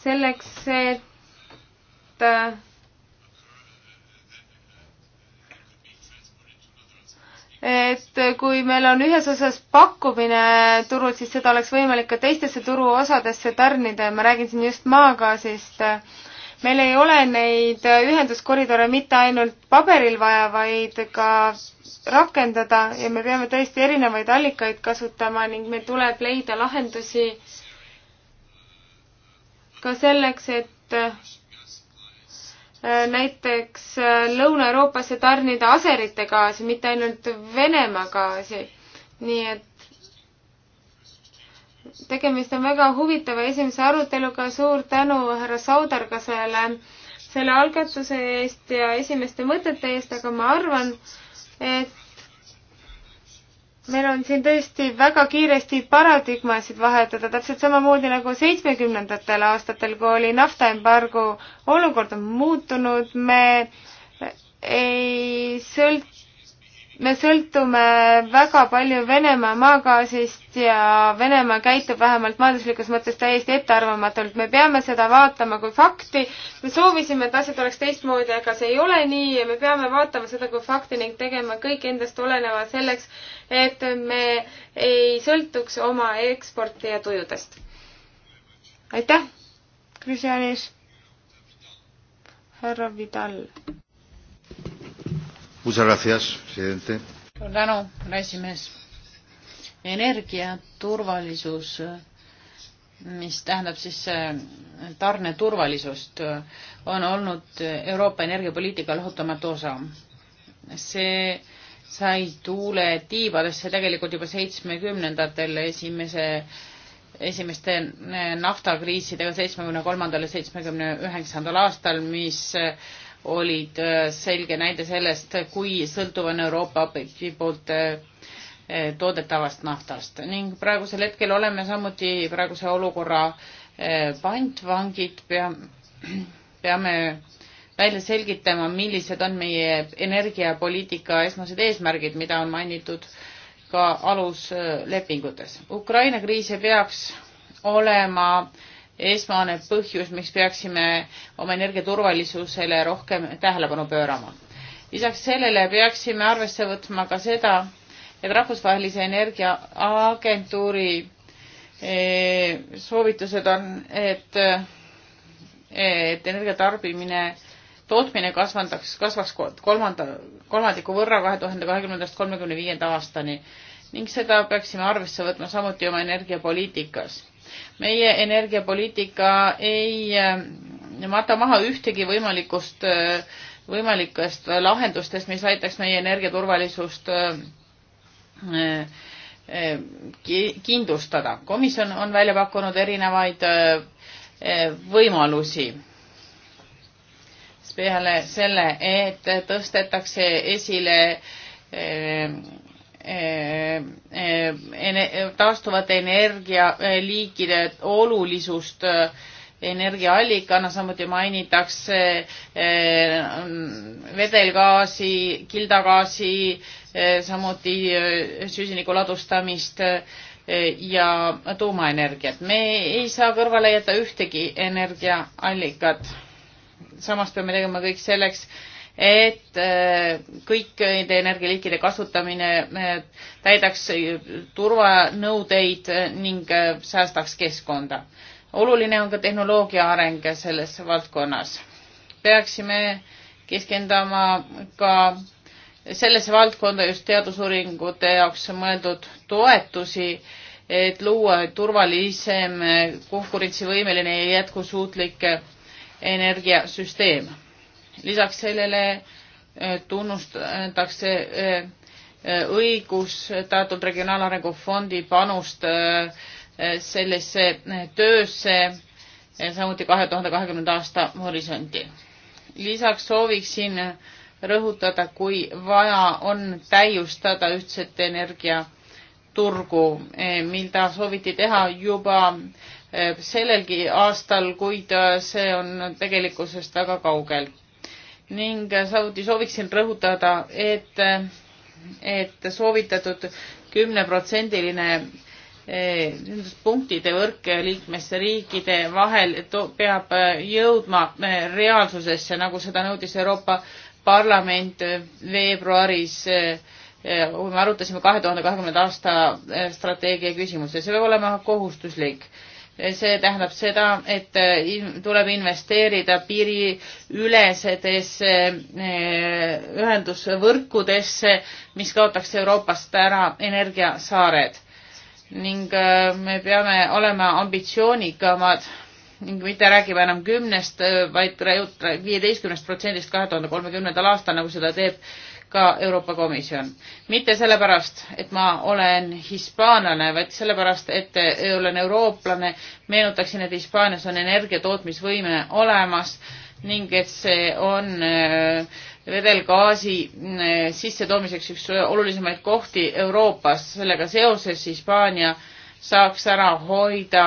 selleks, et äh, et kui meil on ühes osas pakkumine turul, siis seda oleks võimalik ka teistesse turuosadesse tarnida ja ma räägin siin just maagaasist. meil ei ole neid ühenduskoridore mitte ainult paberil vaja, vaid ka rakendada ja me peame tõesti erinevaid allikaid kasutama ning meil tuleb leida lahendusi ka selleks, et Äh, näiteks äh, Lõuna-Euroopasse tarnida aserite gaasi, mitte ainult Venemaa gaasi. nii et tegemist on väga huvitava esimese aruteluga, suur tänu härra Saudargasele selle algatuse eest ja esimeste mõtete eest, aga ma arvan, et meil on siin tõesti väga kiiresti paradigmasid vahetada, täpselt samamoodi nagu seitsmekümnendatel aastatel, kui oli naftaembargo, olukord on muutunud, me ei sõlt-, me sõltume väga palju Venemaa maagaasist ja Venemaa käitub vähemalt majanduslikus mõttes täiesti ettearvamatult. me peame seda vaatama kui fakti. me soovisime, et asjad oleks teistmoodi, aga see ei ole nii ja me peame vaatama seda kui fakti ning tegema kõik endast oleneva selleks, et me ei sõltuks oma eksporti ja tujudest. aitäh, Kristjanis. härra Vidal suur tänu, härra esimees. energiaturvalisus, mis tähendab siis eh, tarneturvalisust, on olnud Euroopa energiapoliitika lahutamatu osa. see sai tuule tiibadesse tegelikult juba seitsmekümnendatel esimese esimeste eh, naftakriisidega seitsmekümne kolmandal ja seitsmekümne üheksandal aastal, mis eh, olid äh, selge näide sellest, kui sõltuv on Euroopa APEC-i poolt äh, äh, toodetavast naftast ning praegusel hetkel oleme samuti praeguse olukorra pantvangid, pea, peame välja selgitama, millised on meie energiapoliitika esmased eesmärgid, mida on mainitud ka aluslepingutes. Ukraina kriis ei peaks olema äh, esmane põhjus, miks peaksime oma energiaturvalisusele rohkem tähelepanu pöörama. lisaks sellele peaksime arvesse võtma ka seda, et Rahvusvahelise Energiaagentuuri eh, soovitused on, et, et energia tarbimine, tootmine kasvandaks, kasvaks kolmanda, kolmandiku võrra kahe tuhande kahekümnendast kolmekümne viienda aastani ning seda peaksime arvesse võtma samuti oma energiapoliitikas meie energiapoliitika ei äh, mata maha ühtegi võimalikust, äh, võimalikest äh, lahendustest, mis aitaks meie energiaturvalisust kindlustada. komisjon on välja pakkunud erinevaid võimalusi. peale selle, et tõstetakse esile Eh, eh, taastuvate energialiikide olulisust eh, energiaallikana, samuti mainitakse vedelgaasi, kildagaasi, samuti süsiniku ladustamist ja tuumaenergiat. me ei saa kõrvale jätta ühtegi energiaallikat. samas peame tegema kõik selleks, et äh, kõikide energialiikide kasutamine äh, täidaks turvanõudeid äh, ning säästaks keskkonda. oluline on ka tehnoloogia areng selles valdkonnas. peaksime keskenduma ka sellesse valdkonda just teadusuuringute jaoks mõeldud toetusi, et luua turvalisem, konkurentsivõimeline ja jätkusuutlik energiasüsteem lisaks sellele äh, tunnustatakse äh, äh, õigustatult Regionaalarengu Fondi panust sellesse töösse, samuti kahe tuhande kahekümnenda aasta horisondi. lisaks sooviksin rõhutada, kui vaja on täiustada ühtset energiaturgu, mida sooviti teha juba sellelgi aastal, kuid see on tegelikkusest väga kaugel ning samuti sooviksin rõhutada, et, et soovitatud kümneprotsendiline eh, punktide võrk liikmesriikide vahel to, peab jõudma eh, reaalsusesse, nagu seda nõudis Euroopa Parlament eh, veebruaris, kui me arutasime kahe tuhande kahekümnenda aasta strateegia küsimusi, see peab olema kohustuslik see tähendab seda, et eh, tuleb investeerida piiriülesedesse eh, ühendusvõrkudesse, mis kaotaks Euroopast ära energiasaared. ning eh, me peame olema ambitsioonikamad ning mitte räägime enam kümnest vaid, vaid viieteistkümnest protsendist kahe tuhande kolmekümnendal aastal, nagu seda teeb ka Euroopa Komisjon. mitte sellepärast, et ma olen hispaanlane, vaid sellepärast, et olen eurooplane, meenutaksin, et Hispaanias on energiatootmisvõime olemas ning et see on äh, vedelgaasi äh, sissetoomiseks üks olulisemaid kohti Euroopas. sellega seoses Hispaania saaks ära hoida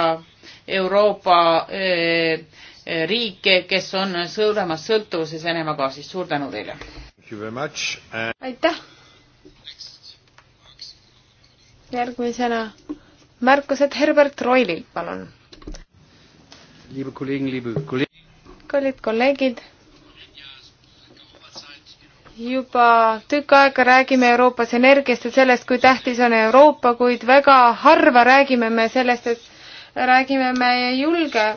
Euroopa äh, riike, kes on suuremas sõltuvuses Venemaa gaasist. suur tänu teile! aitäh! järgmisena märkused Herbert Roililt, palun. kallid kolleegid, juba tükk aega räägime Euroopas energiast ja sellest, kui tähtis on Euroopa, kuid väga harva räägime me sellest, et räägime me julge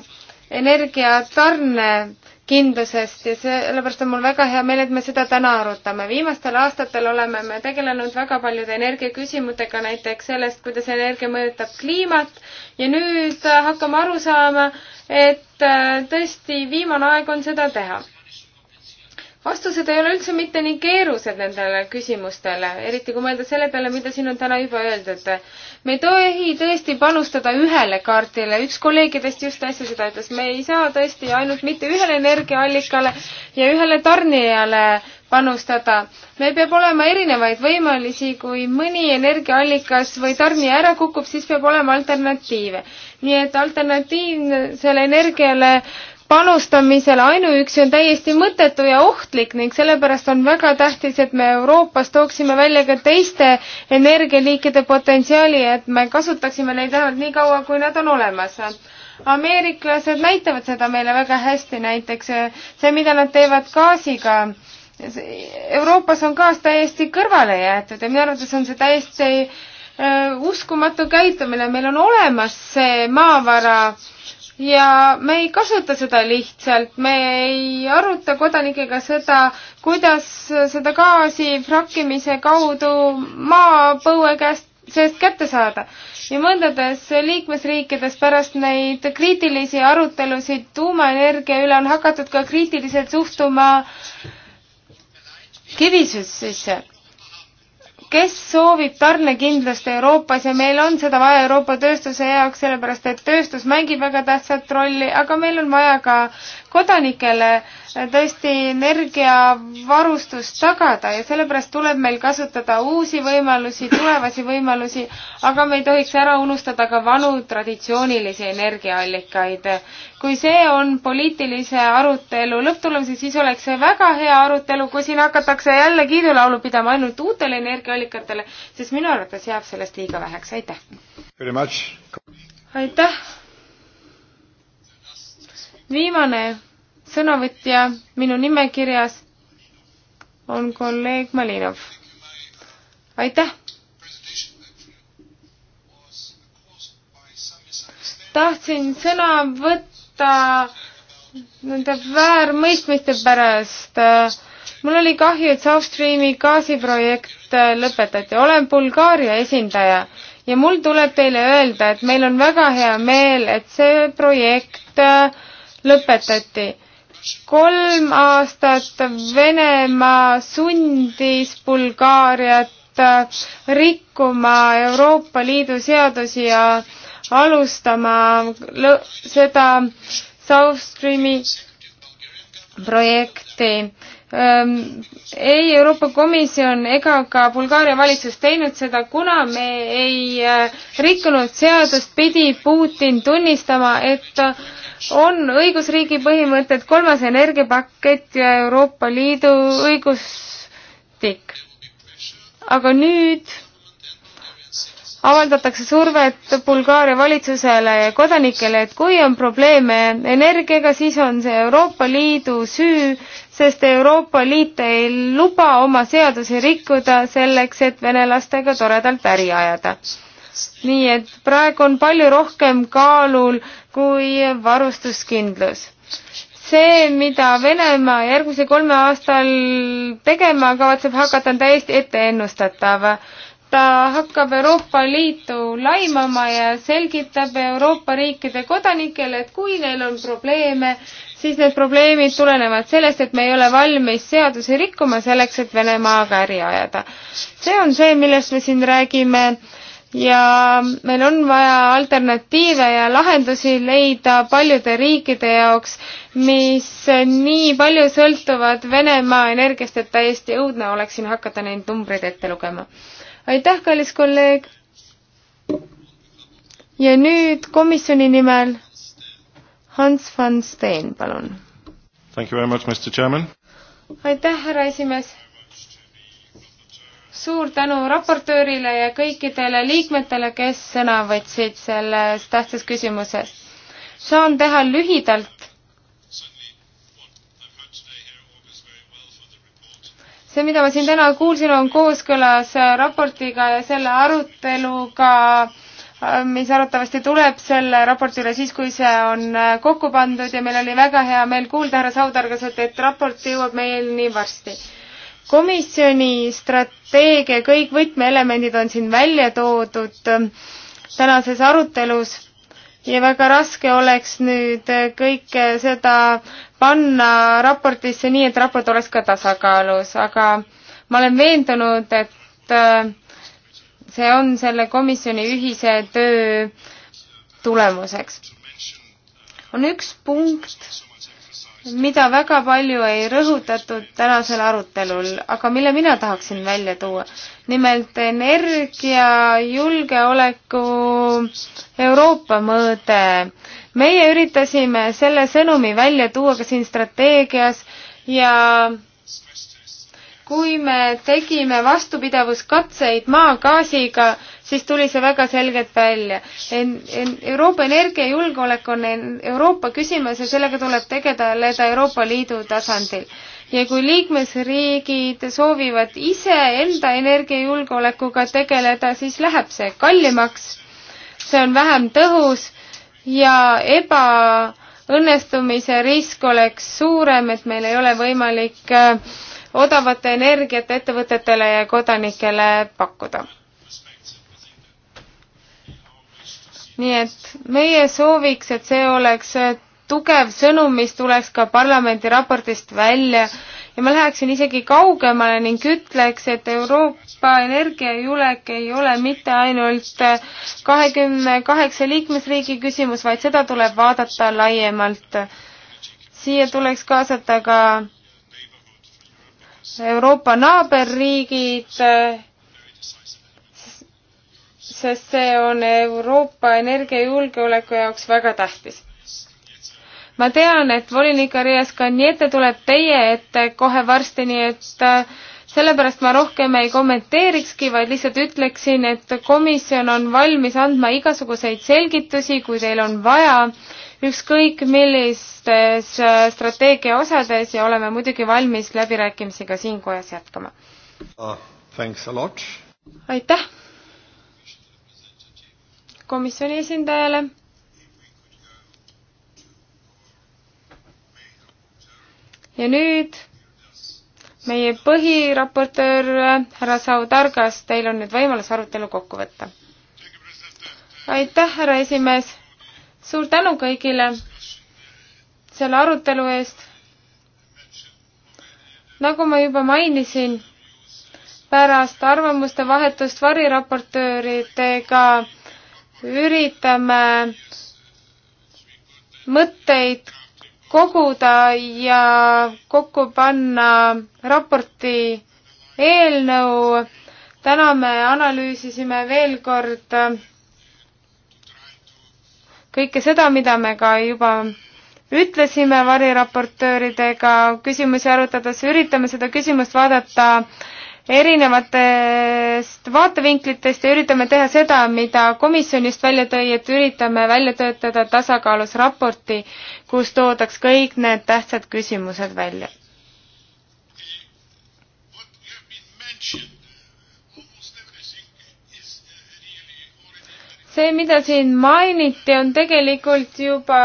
energiatarne kindlusest ja sellepärast on mul väga hea meel, et me seda täna arutame. viimastel aastatel oleme me tegelenud väga paljude energiaküsimustega, näiteks sellest, kuidas energia mõjutab kliimat ja nüüd hakkame aru saama, et äh, tõesti viimane aeg on seda teha vastused ei ole üldse mitte nii keerused nendele küsimustele, eriti kui mõelda selle peale, mida siin on täna juba öeldud. me ei tohi tõesti panustada ühele kaardile, üks kolleegidest just äsja seda ütles, me ei saa tõesti ainult mitte ühele energiaallikale ja ühele tarnijale panustada. meil peab olema erinevaid võimalusi, kui mõni energiaallikas või tarnija ära kukub, siis peab olema alternatiive. nii et alternatiiv selle energiale panustamisele ainuüksi on täiesti mõttetu ja ohtlik ning sellepärast on väga tähtis, et me Euroopas tooksime välja ka teiste energialiikide potentsiaali, et me kasutaksime neid ainult nii kaua, kui nad on olemas. ameeriklased näitavad seda meile väga hästi, näiteks see, mida nad teevad gaasiga. Euroopas on gaas täiesti kõrvale jäetud ja minu arvates on see täiesti äh, uskumatu käitumine, meil on olemas see maavara äh, ja me ei kasuta seda lihtsalt, me ei aruta kodanikega seda, kuidas seda gaasi frakkimise kaudu maapõue käest seest kätte saada. ja mõndades liikmesriikides pärast neid kriitilisi arutelusid tuumaenergia üle on hakatud ka kriitiliselt suhtuma kivisüssisse kes soovib tarnekindlust Euroopas ja meil on seda vaja Euroopa tööstuse jaoks, sellepärast et tööstus mängib väga tähtsat rolli, aga meil on vaja ka kodanikele tõesti energiavarustust tagada ja sellepärast tuleb meil kasutada uusi võimalusi, tulevasi võimalusi, aga me ei tohiks ära unustada ka vanu traditsioonilisi energiaallikaid. kui see on poliitilise arutelu lõpptulemuseks, siis oleks see väga hea arutelu, kui siin hakatakse jälle kiidulaulu pidama ainult uutele energiaallikatele, sest minu arvates jääb sellest liiga väheks, aitäh! aitäh! viimane sõnavõtja minu nimekirjas on kolleeg Malinov. aitäh! tahtsin sõna võtta nende väärmõistmiste pärast. mul oli kahju, et South Streami gaasiprojekt lõpetati. olen Bulgaaria esindaja ja mul tuleb teile öelda, et meil on väga hea meel, et see projekt äh, lõpetati. kolm aastat Venemaa sundis Bulgaariat rikkuma Euroopa Liidu seadusi ja alustama seda South Streami projekti ei Euroopa Komisjon ega ka Bulgaaria valitsus teinud seda, kuna me ei äh, rikkunud seadust, pidi Putin tunnistama, et äh, on õigusriigi põhimõtted, kolmas energiapakett ja Euroopa Liidu õigustik. aga nüüd avaldatakse survet Bulgaaria valitsusele ja kodanikele, et kui on probleeme energiaga, siis on see Euroopa Liidu süü, sest Euroopa Liit ei luba oma seadusi rikkuda selleks, et venelastega toredalt äri ajada. nii et praegu on palju rohkem kaalul kui varustuskindlus. see, mida Venemaa järgmise kolme aastal tegema kavatseb hakata, on täiesti etteennustatav ta hakkab Euroopa Liitu laimama ja selgitab Euroopa riikide kodanikele, et kui neil on probleeme, siis need probleemid tulenevad sellest, et me ei ole valmis seadusi rikkuma selleks, et Venemaaga äri ajada. see on see, millest me siin räägime ja meil on vaja alternatiive ja lahendusi leida paljude riikide jaoks, mis nii palju sõltuvad Venemaa energiast, et täiesti õudne oleks siin hakata neid numbreid ette lugema. aitäh, kallis kolleeg! ja nüüd komisjoni nimel Hans van Steen, palun. aitäh, härra esimees. suur tänu raportöörile ja kõikidele liikmetele, kes sõna võtsid selles tähtsas küsimuses. saan teha lühidalt. see, mida ma siin täna kuulsin, on kooskõlas raportiga ja selle aruteluga mis arvatavasti tuleb selle raporti üle siis, kui see on äh, kokku pandud ja meil oli väga hea meel kuulda härra Saudargaselt, et raport jõuab meieni varsti. komisjoni strateegia kõik võtmeelemendid on siin välja toodud äh, tänases arutelus ja väga raske oleks nüüd äh, kõike seda panna raportisse nii, et raport oleks ka tasakaalus, aga ma olen veendunud, et see on selle komisjoni ühise töö tulemuseks. on üks punkt, mida väga palju ei rõhutatud tänasel arutelul, aga mille mina tahaksin välja tuua. nimelt energiajulgeoleku Euroopa mõõde. meie üritasime selle sõnumi välja tuua ka siin strateegias ja kui me tegime vastupidavuskatseid maagaasiga, siis tuli see väga selgelt välja. En-, en-, Euroopa energiajulgeolek on Euroopa küsimus ja sellega tuleb tegeleda Euroopa Liidu tasandil. ja kui liikmesriigid soovivad iseenda energiajulgeolekuga tegeleda, siis läheb see kallimaks, see on vähem tõhus ja eba õnnestumise risk oleks suurem, et meil ei ole võimalik äh, odavat energiat ettevõtetele ja kodanikele pakkuda. nii et meie sooviks, et see oleks tugev sõnum, mis tuleks ka parlamendi raportist välja ja ma läheksin isegi kaugemale ning ütleks, et Euroopa energiajulek ei ole mitte ainult kahekümne kaheksa liikmesriigi küsimus, vaid seda tuleb vaadata laiemalt. siia tuleks kaasata ka Euroopa naaberriigid, sest see on Euroopa energiajulgeoleku jaoks väga tähtis. ma tean, et volinik Arias Kanjete tuleb teie ette kohe varsti, nii et äh, sellepärast ma rohkem ei kommenteerikski, vaid lihtsalt ütleksin, et komisjon on valmis andma igasuguseid selgitusi, kui teil on vaja ükskõik millistes äh, strateegia osades ja oleme muidugi valmis läbirääkimisi ka siin kojas jätkama uh,. aitäh komisjoni esindajale. ja nüüd meie põhiraportöör härra Saudargas, teil on nüüd võimalus arutelu kokku võtta. aitäh, härra esimees suur tänu kõigile selle arutelu eest. nagu ma juba mainisin, pärast arvamuste vahetust variraportööridega üritame mõtteid koguda ja kokku panna raporti eelnõu. täna me analüüsisime veel kord kõike seda, mida me ka juba ütlesime variraportööridega küsimusi arutades, üritame seda küsimust vaadata erinevatest vaatevinklitest ja üritame teha seda, mida komisjonist välja tõi, et üritame välja töötada tasakaalus raporti, kus toodaks kõik need tähtsad küsimused välja see, mida siin mainiti, on tegelikult juba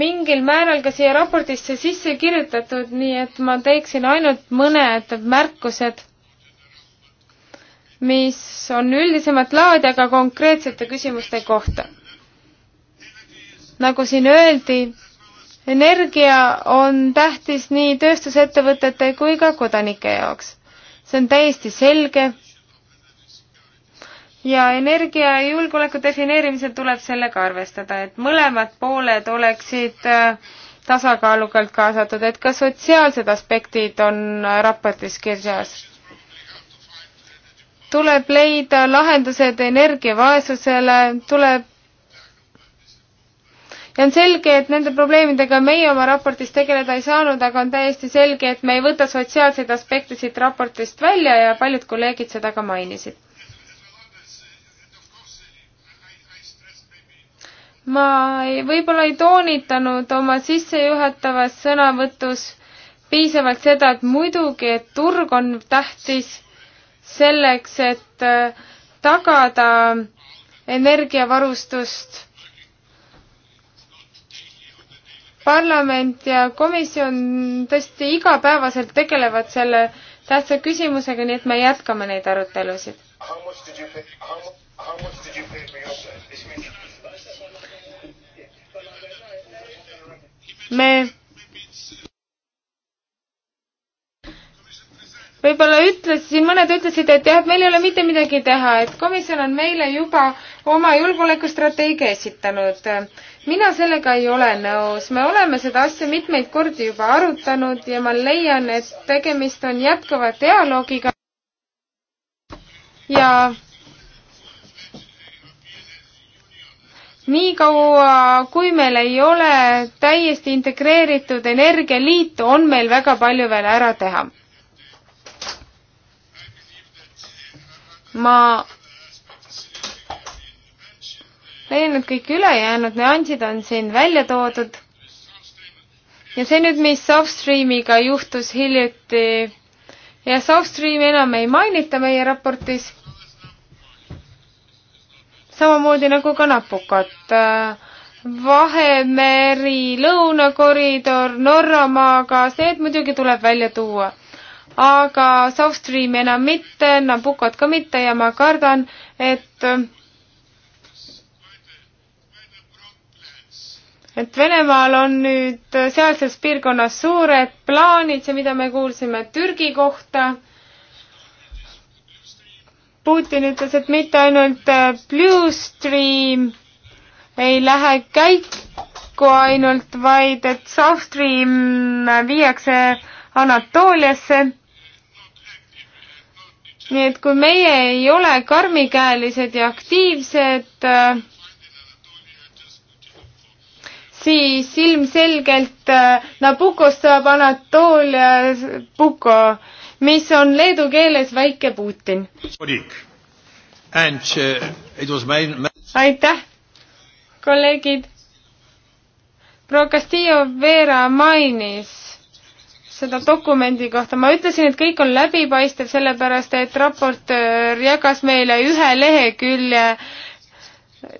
mingil määral ka siia raportisse sisse kirjutatud, nii et ma teeksin ainult mõned märkused, mis on üldisemat laadi, aga konkreetsete küsimuste kohta. nagu siin öeldi, energia on tähtis nii tööstusettevõtete kui ka kodanike jaoks. see on täiesti selge ja energiajulgeoleku defineerimisel tuleb sellega arvestada, et mõlemad pooled oleksid äh, tasakaalukalt kaasatud, et ka sotsiaalsed aspektid on äh, raportis kirjas. tuleb leida lahendused energiavaesusele, tuleb ja on selge, et nende probleemidega meie oma raportis tegeleda ei saanud, aga on täiesti selge, et me ei võta sotsiaalseid aspekte siit raportist välja ja paljud kolleegid seda ka mainisid ma ei, võib-olla ei toonitanud oma sissejuhatavas sõnavõtus piisavalt seda, et muidugi, et turg on tähtis selleks, et äh, tagada energiavarustust. parlament ja komisjon tõesti igapäevaselt tegelevad selle tähtsa küsimusega, nii et me jätkame neid arutelusid. How much did you pay, how, how much did you pay for your me võib-olla ütlesin, mõned ütlesid, et jah, et meil ei ole mitte midagi teha, et komisjon on meile juba oma julgeolekustrateegia esitanud. mina sellega ei ole nõus, me oleme seda asja mitmeid kordi juba arutanud ja ma leian, et tegemist on jätkuva dialoogiga. ja niikaua, kui meil ei ole täiesti integreeritud energialiitu, on meil väga palju veel ära teha. ma leian, et kõik ülejäänud nüansid on siin välja toodud. ja see nüüd, mis South Streamiga juhtus hiljuti ja South Streami enam ei mainita meie raportis samamoodi nagu ka napukat. Vahemeri lõunakoridor Norramaaga, need muidugi tuleb välja tuua. aga South Stream enam mitte, Nabucot ka mitte ja ma kardan, et et Venemaal on nüüd sealses piirkonnas suured plaanid, see, mida me kuulsime Türgi kohta Putin ütles, et mitte ainult äh, Blue Stream ei lähe käiku ainult, vaid et South Stream äh, viiakse Anatooliasse. nii et kui meie ei ole karmikäelised ja aktiivsed, äh, siis ilmselgelt Nabukost saab Anatoolia Puko äh, mis on leedu keeles väike Putin. Uh, aitäh, kolleegid. proua Castillo Vera mainis seda dokumendi kohta, ma ütlesin, et kõik on läbipaistev, sellepärast et raportöör jagas meile ühe lehekülje,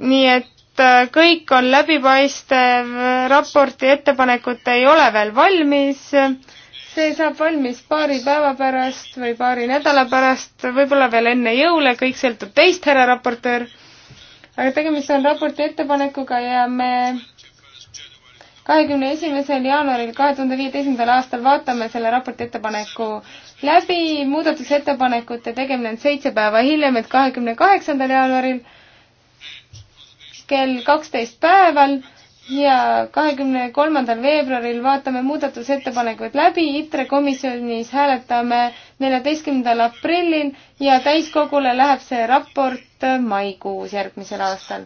nii et äh, kõik on läbipaistev, raporti ettepanekud ei ole veel valmis see saab valmis paari päeva pärast või paari nädala pärast, võib-olla veel enne jõule, kõik sõltub teist, härra raportöör. aga tegemist on raporti ettepanekuga ja me kahekümne esimesel jaanuaril kahe tuhande viieteistkümnendal aastal vaatame selle raporti ettepaneku läbi. muudatusettepanekute tegemine on seitse päeva hiljem, et kahekümne kaheksandal jaanuaril kell kaksteist päeval ja kahekümne kolmandal veebruaril vaatame muudatusettepanekud läbi, ITRE komisjonis hääletame neljateistkümnendal aprillil ja täiskogule läheb see raport maikuus järgmisel aastal.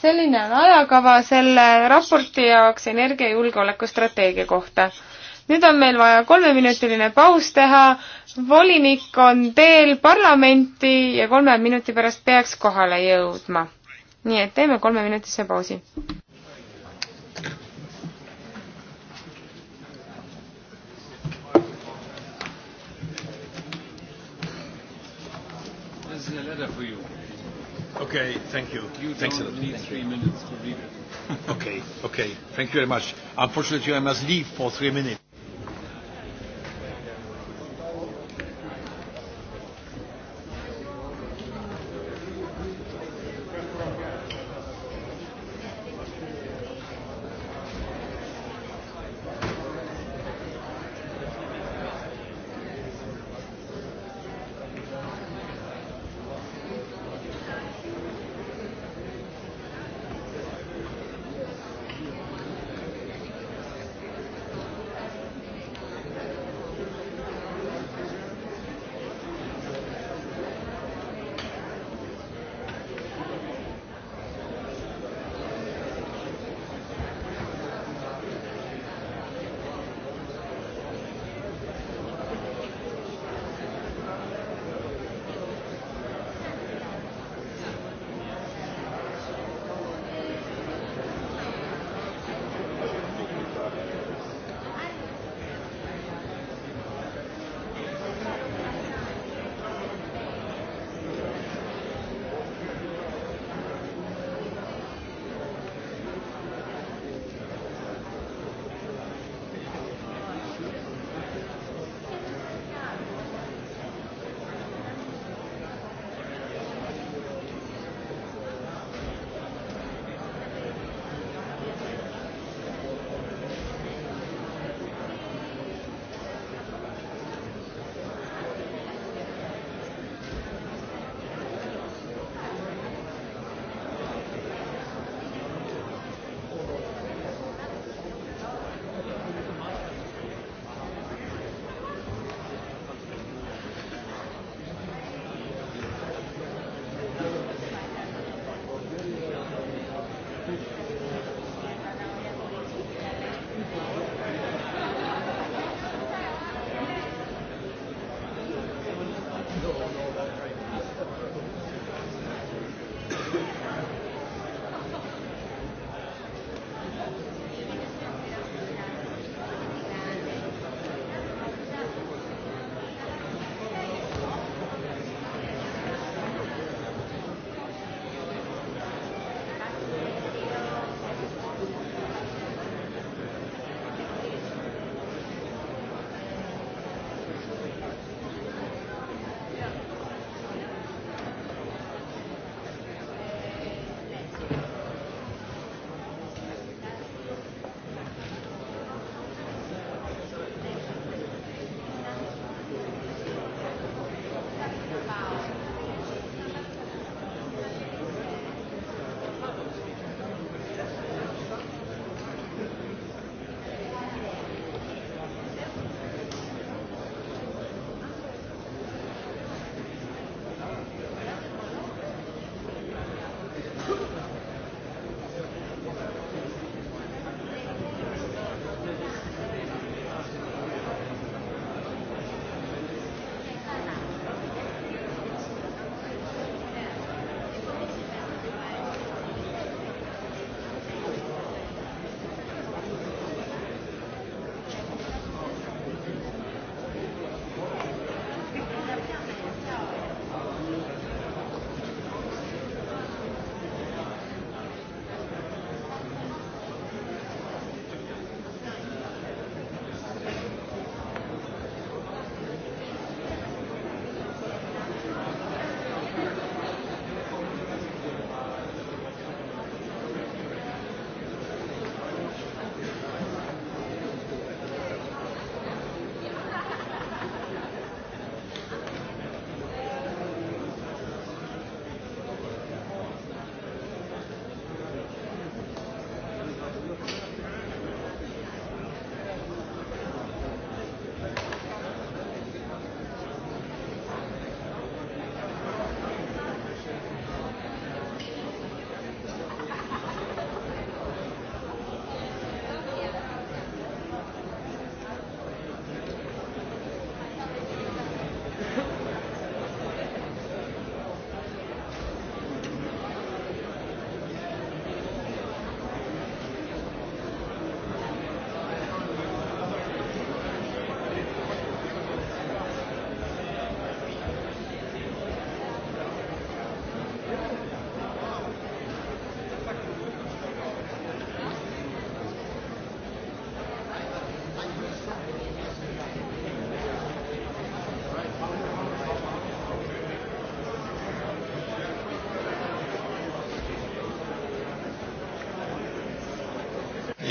selline on ajakava selle raporti jaoks energiajulgeoleku strateegia kohta. nüüd on meil vaja kolmeminutiline paus teha, volinik on teel parlamenti ja kolme minuti pärast peaks kohale jõudma. nii et teeme kolmeminutise pausi. better for you. Okay, thank you. You Thanks don't a lot. need thank three you. minutes to read it. okay, okay. Thank you very much. Unfortunately, I must leave for three minutes.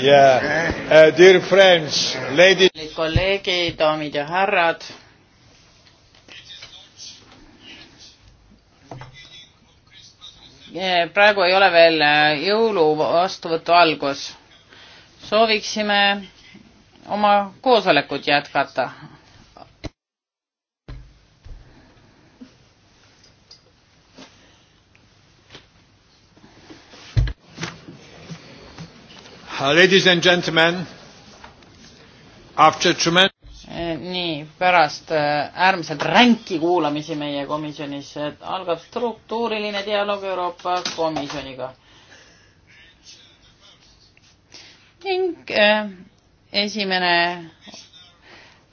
Yeah. Uh, dear friends, ladies. kolleegid, daamid ja härrad. praegu ei ole veel uh, jõulu vastuvõtu algus. sooviksime oma koosolekut jätkata, Uh, ladies and gentlemen, after tremendous eh, nii, pärast eh, äärmiselt ränki kuulamisi meie komisjonis eh, algab struktuuriline dialoog Euroopa Komisjoniga. ning eh, esimene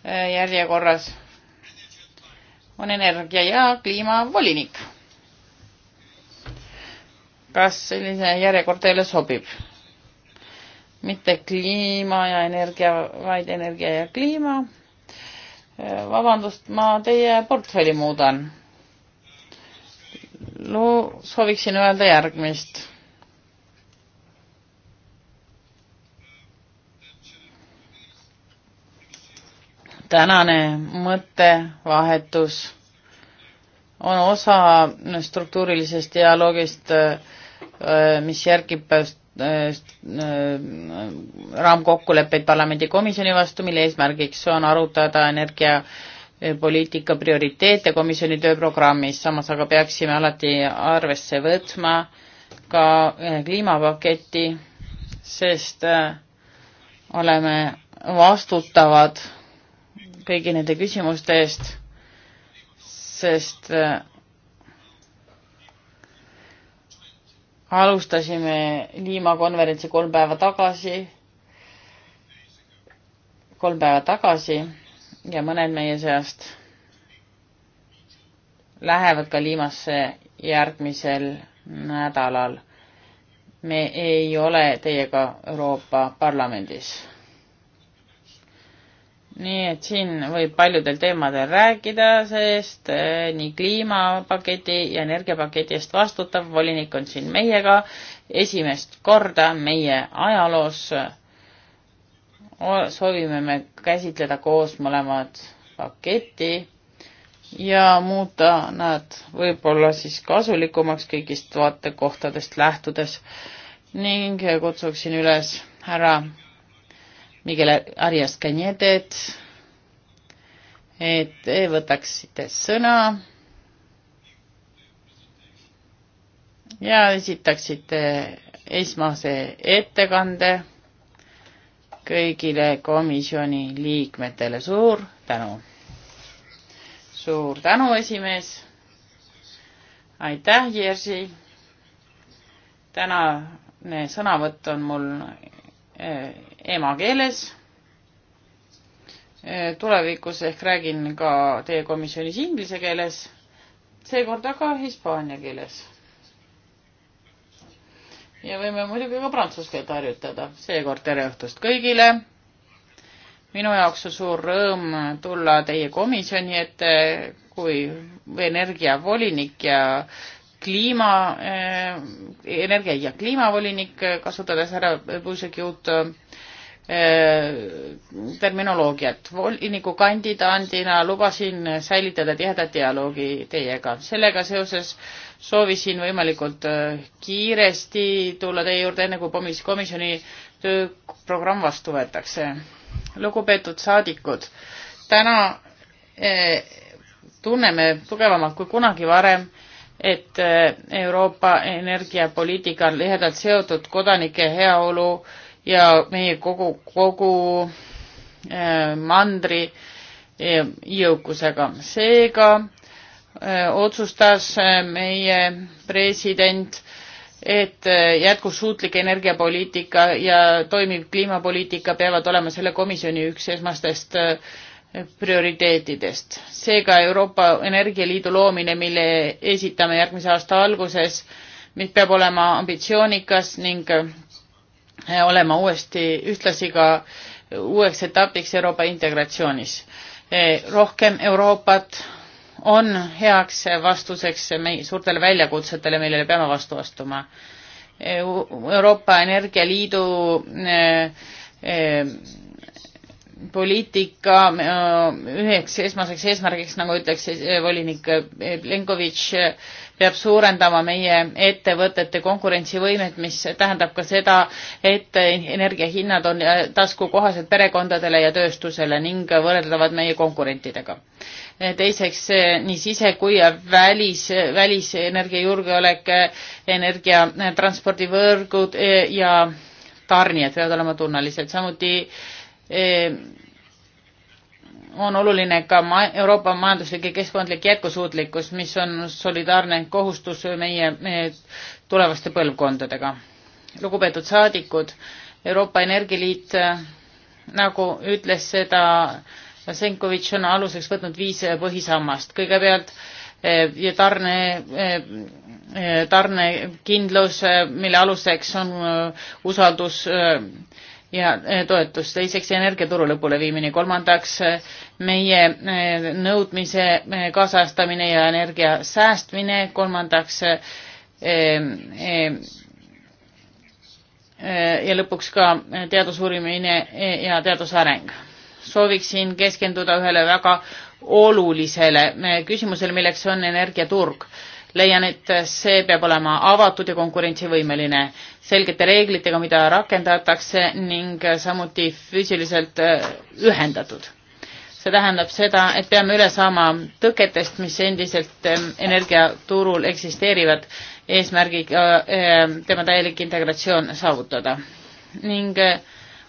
eh, järjekorras on energia ja kliimavolinik. kas selline järjekord teile sobib? mitte kliima ja energia, vaid energia ja kliima. Äh, vabandust, ma teie portfelli muudan. loo-, sooviksin öelda järgmist. tänane mõttevahetus on osa struktuurilisest dialoogist, äh, mis järgib Äh, äh, raamkokkuleppeid parlamendikomisjoni vastu, mille eesmärgiks on arutada energiapoliitika prioriteete komisjoni tööprogrammis, samas aga peaksime alati arvesse võtma ka äh, kliimapaketi, sest oleme vastutavad kõigi nende küsimuste eest, sest alustasime Liima konverentsi kolm päeva tagasi, kolm päeva tagasi ja mõned meie seast lähevad ka Liimasse järgmisel nädalal. me ei ole teiega Euroopa Parlamendis nii et siin võib paljudel teemadel rääkida, sest eh, nii kliimapaketi ja energiapaketi eest vastutav volinik on siin meiega esimest korda meie ajaloos. Eh, soovime me käsitleda koos mõlemad paketti ja muuta nad võib-olla siis kasulikumaks kõigist vaatekohtadest lähtudes ning kutsuksin üles härra Miguel Arias Cañetet, et te võtaksite sõna ja esitaksite esmase ettekande kõigile komisjoni liikmetele. suur tänu! suur tänu, esimees! aitäh, Jerzy! tänane sõnavõtt on mul Eh, emakeeles. Eh, tulevikus ehk räägin ka teie komisjonis inglise keeles, seekord aga hispaania keeles. ja võime muidugi ka prantsuse keelt harjutada, seekord tere õhtust kõigile. minu jaoks on suur rõõm tulla teie komisjoni ette kui energiavolinik ja kliima, eh, energia ja kliimavolinik, eh, kasutades ära Buzeki uut eh, terminoloogiat. voliniku kandidaandina lubasin säilitada tiheda dialoogi teiega. sellega seoses soovisin võimalikult kiiresti tulla teie juurde, enne kui komis-, komisjoni tööprogramm vastu võetakse. lugupeetud saadikud, täna tunneme tugevamalt kui kunagi varem et eh, Euroopa energiapoliitika on lihedalt seotud kodanike heaolu ja meie kogu, kogu eh, mandri eh, jõukusega. seega otsustas meie president, et jätkusuutlik energiapoliitika ja toimiv kliimapoliitika peavad olema selle komisjoni üks esmastest prioriteetidest. seega Euroopa Energialiidu loomine, mille esitame järgmise aasta alguses, mis peab olema ambitsioonikas ning äh, olema uuesti ühtlasi ka uueks etapiks Euroopa integratsioonis. Äh, rohkem Euroopat on heaks vastuseks meie suurtele väljakutsetele, millele peame vastu astuma. Äh, Euroopa Energialiidu äh, poliitika äh, üheks esmaseks eesmärgiks, nagu ütleks äh, volinik Plenkovitš, äh, peab suurendama meie ettevõtete konkurentsivõimet, mis tähendab ka seda, et energiahinnad on taskukohased perekondadele ja tööstusele ning võrreldavad meie konkurentidega. teiseks, nii sise- kui välis, välisenergiajulgeolek, energiatranspordivõrgud ja tarnijad peavad olema tunnalised, samuti Eh, on oluline ka ma Euroopa majanduslik ja keskkondlik jätkusuutlikkus, mis on solidaarne kohustus meie, meie tulevaste põlvkondadega. lugupeetud saadikud, Euroopa Energialiit, eh, nagu ütles seda Jasenkovitš, on aluseks võtnud viis põhisammast. kõigepealt eh, ja tarne, tarnekindlus, mille aluseks on usaldus ja eh, toetus, teiseks energiaturu lõpuleviimine, kolmandaks eh, meie eh, nõudmise kaasajastamine ja energia säästmine, kolmandaks ja lõpuks ka teadusuurimine ja teadusareng. sooviksin keskenduda ühele väga olulisele küsimusele, milleks on energiaturg leian, et see peab olema avatud ja konkurentsivõimeline, selgete reeglitega, mida rakendatakse ning samuti füüsiliselt äh, ühendatud. see tähendab seda, et peame üle saama tõketest, mis endiselt ähm, energiaturul eksisteerivad, eesmärgiga äh, äh, tema täielik integratsioon saavutada. ning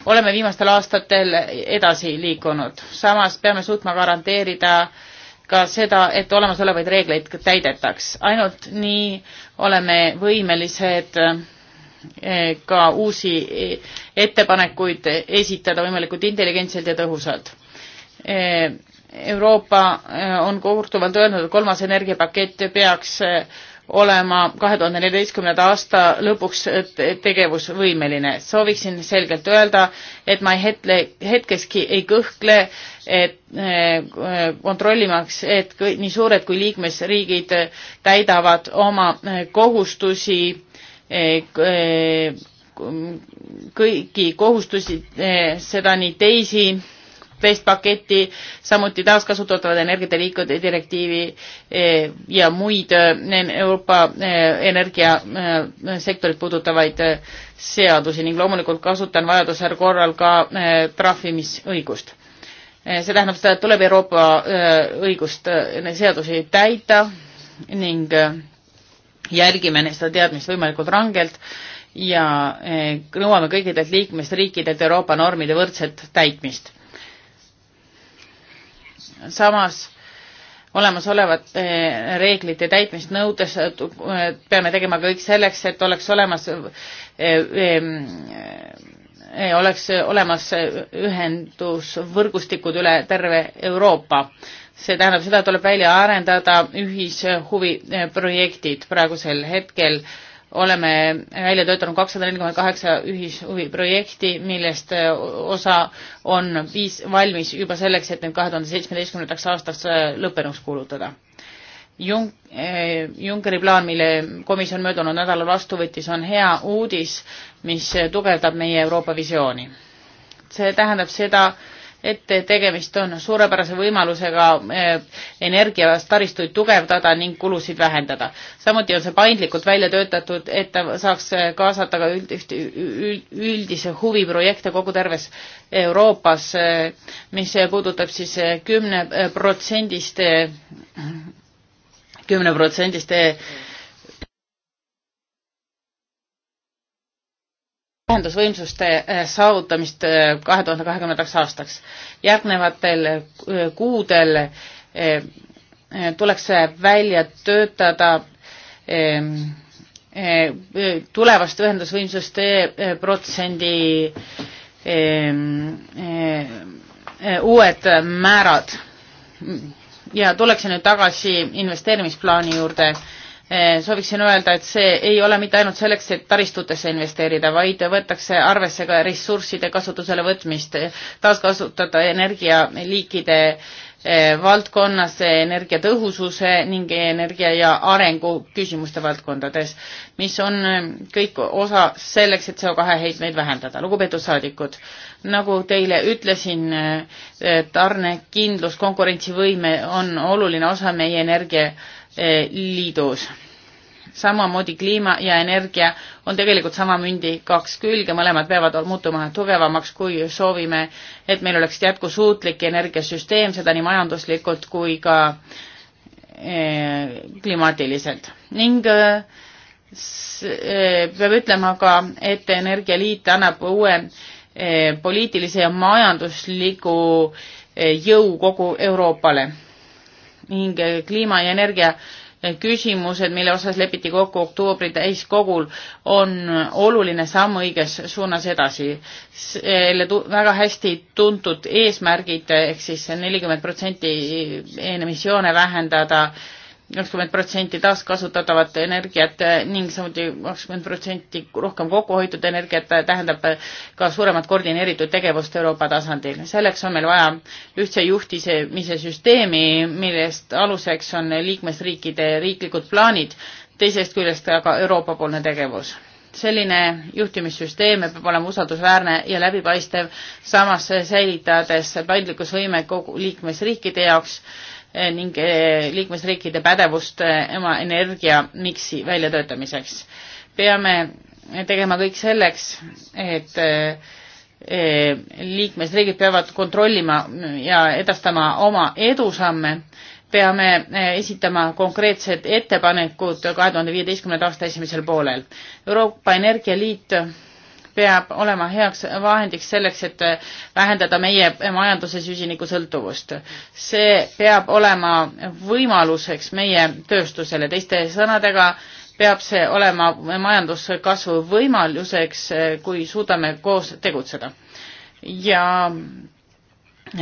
oleme viimastel aastatel edasi liikunud, samas peame suutma garanteerida äh, ka seda, et olemasolevaid reegleid täidetaks. ainult nii oleme võimelised eh, ka uusi eh, ettepanekuid esitada võimalikult intelligentselt ja tõhusalt. Eh, Euroopa on korduvalt öelnud, et kolmas energiapakett peaks olema kahe tuhande neljateistkümnenda aasta lõpuks tegevusvõimeline. sooviksin selgelt öelda, et ma hetle, hetkeski ei kõhkle, et eh, kontrollimaks, et kõik, nii suured kui liikmesriigid täidavad oma eh, kohustusi, eh, kõiki kohustusi, seda nii teisi teist paketti, samuti taaskasutatavad energialiikude direktiivi eh, ja muid eh, Euroopa eh, energiasektorit puudutavaid seadusi ning loomulikult kasutan vajadusel korral ka trahvimisõigust. see tähendab seda, et tuleb Euroopa õigust, seadusi täita ning jälgime seda teadmist võimalikult rangelt ja nõuame kõikidelt liikmesriikidelt Euroopa normide võrdset täitmist samas olemasolevate eh, reeglite täitmist nõudes eh, peame tegema kõik selleks, et oleks olemas, eh, oleks olemas ühendusvõrgustikud üle terve Euroopa. see tähendab seda, tuleb välja arendada ühishuviprojektid praegusel hetkel äh, oleme välja töötanud kakssada nelikümmend kaheksa ühishuviprojekti, millest äh, osa on viis valmis juba selleks, et need kahe tuhande seitsmeteistkümnendaks aastaks äh, lõppenuks kuulutada. Jung- eh,, äh, Junckeri plaan, mille komisjon möödunud nädalal vastu võttis, on hea uudis, mis tugevdab meie Euroopa visiooni. see tähendab seda, et tegemist on suurepärase võimalusega eh, energias taristuid tugevdada ning kulusid vähendada. samuti on see paindlikult välja töötatud, et ta saaks kaasata ka üld, üld, üldise huvi projekte kogu terves Euroopas, eh, mis puudutab siis eh, kümne protsendist, kümne protsendiste ühendusvõimsuste eh, saavutamist eh, kahe tuhande kahekümnendaks aastaks. järgnevatel eh, kuudel tuleks välja töötada tulevaste ühendusvõimsuste protsendi uued määrad ja tuleksin nüüd tagasi investeerimisplaani juurde Eh, sooviksin öelda, et see ei ole mitte ainult selleks, et taristutesse investeerida, vaid võetakse arvesse ka ressursside kasutusele võtmist, taaskasutada energialiikide eh, valdkonnas energiatõhususe ning energia ja arengu küsimuste valdkondades, mis on eh, kõik osa selleks, et CO2 heitmeid vähendada. lugupeetud saadikud, nagu teile ütlesin, tarnekindlus, konkurentsivõime on oluline osa meie energia liidus samamoodi kliima ja energia on tegelikult sama mündi kaks külge, mõlemad peavad muutuma tugevamaks, kui soovime, et meil oleks jätkusuutlik energiasüsteem, seda nii majanduslikult kui ka eh, klimaatiliselt ning eh, eh, peab ütlema ka, et Energialiit annab uue poliitilise ja majandusliku jõu kogu Euroopale ning kliima ja energia küsimused, mille osas lepiti kokku oktoobri täiskogul, on oluline samm õiges suunas edasi. selle väga hästi tuntud eesmärgid ehk siis nelikümmend protsenti emissioone vähendada kakskümmend protsenti taaskasutatavat energiat ning samuti kakskümmend protsenti rohkem kokkuhoitud energiat tähendab ka suuremat koordineeritud tegevust Euroopa tasandil. selleks on meil vaja ühtse juhtimise süsteemi, millest aluseks on liikmesriikide riiklikud plaanid, teisest küljest aga Euroopa-poolne tegevus selline juhtimissüsteem peab olema usaldusväärne ja läbipaistev, samas säilitades paindlikkusvõime kogu liikmesriikide jaoks äh, Eh, ning eh, liikmesriikide pädevust eh, oma energiamiksi väljatöötamiseks. peame tegema kõik selleks, et liikmesriigid peavad kontrollima ja edastama oma edusamme, peame esitama konkreetsed ettepanekud kahe tuhande viieteistkümnenda aasta esimesel poolel. Euroopa Energialiit peab olema heaks vahendiks selleks, et vähendada meie majanduse süsinikusõltuvust. see peab olema võimaluseks meie tööstusele, teiste sõnadega peab see olema majanduskasvu võimaluseks, kui suudame koos tegutseda. ja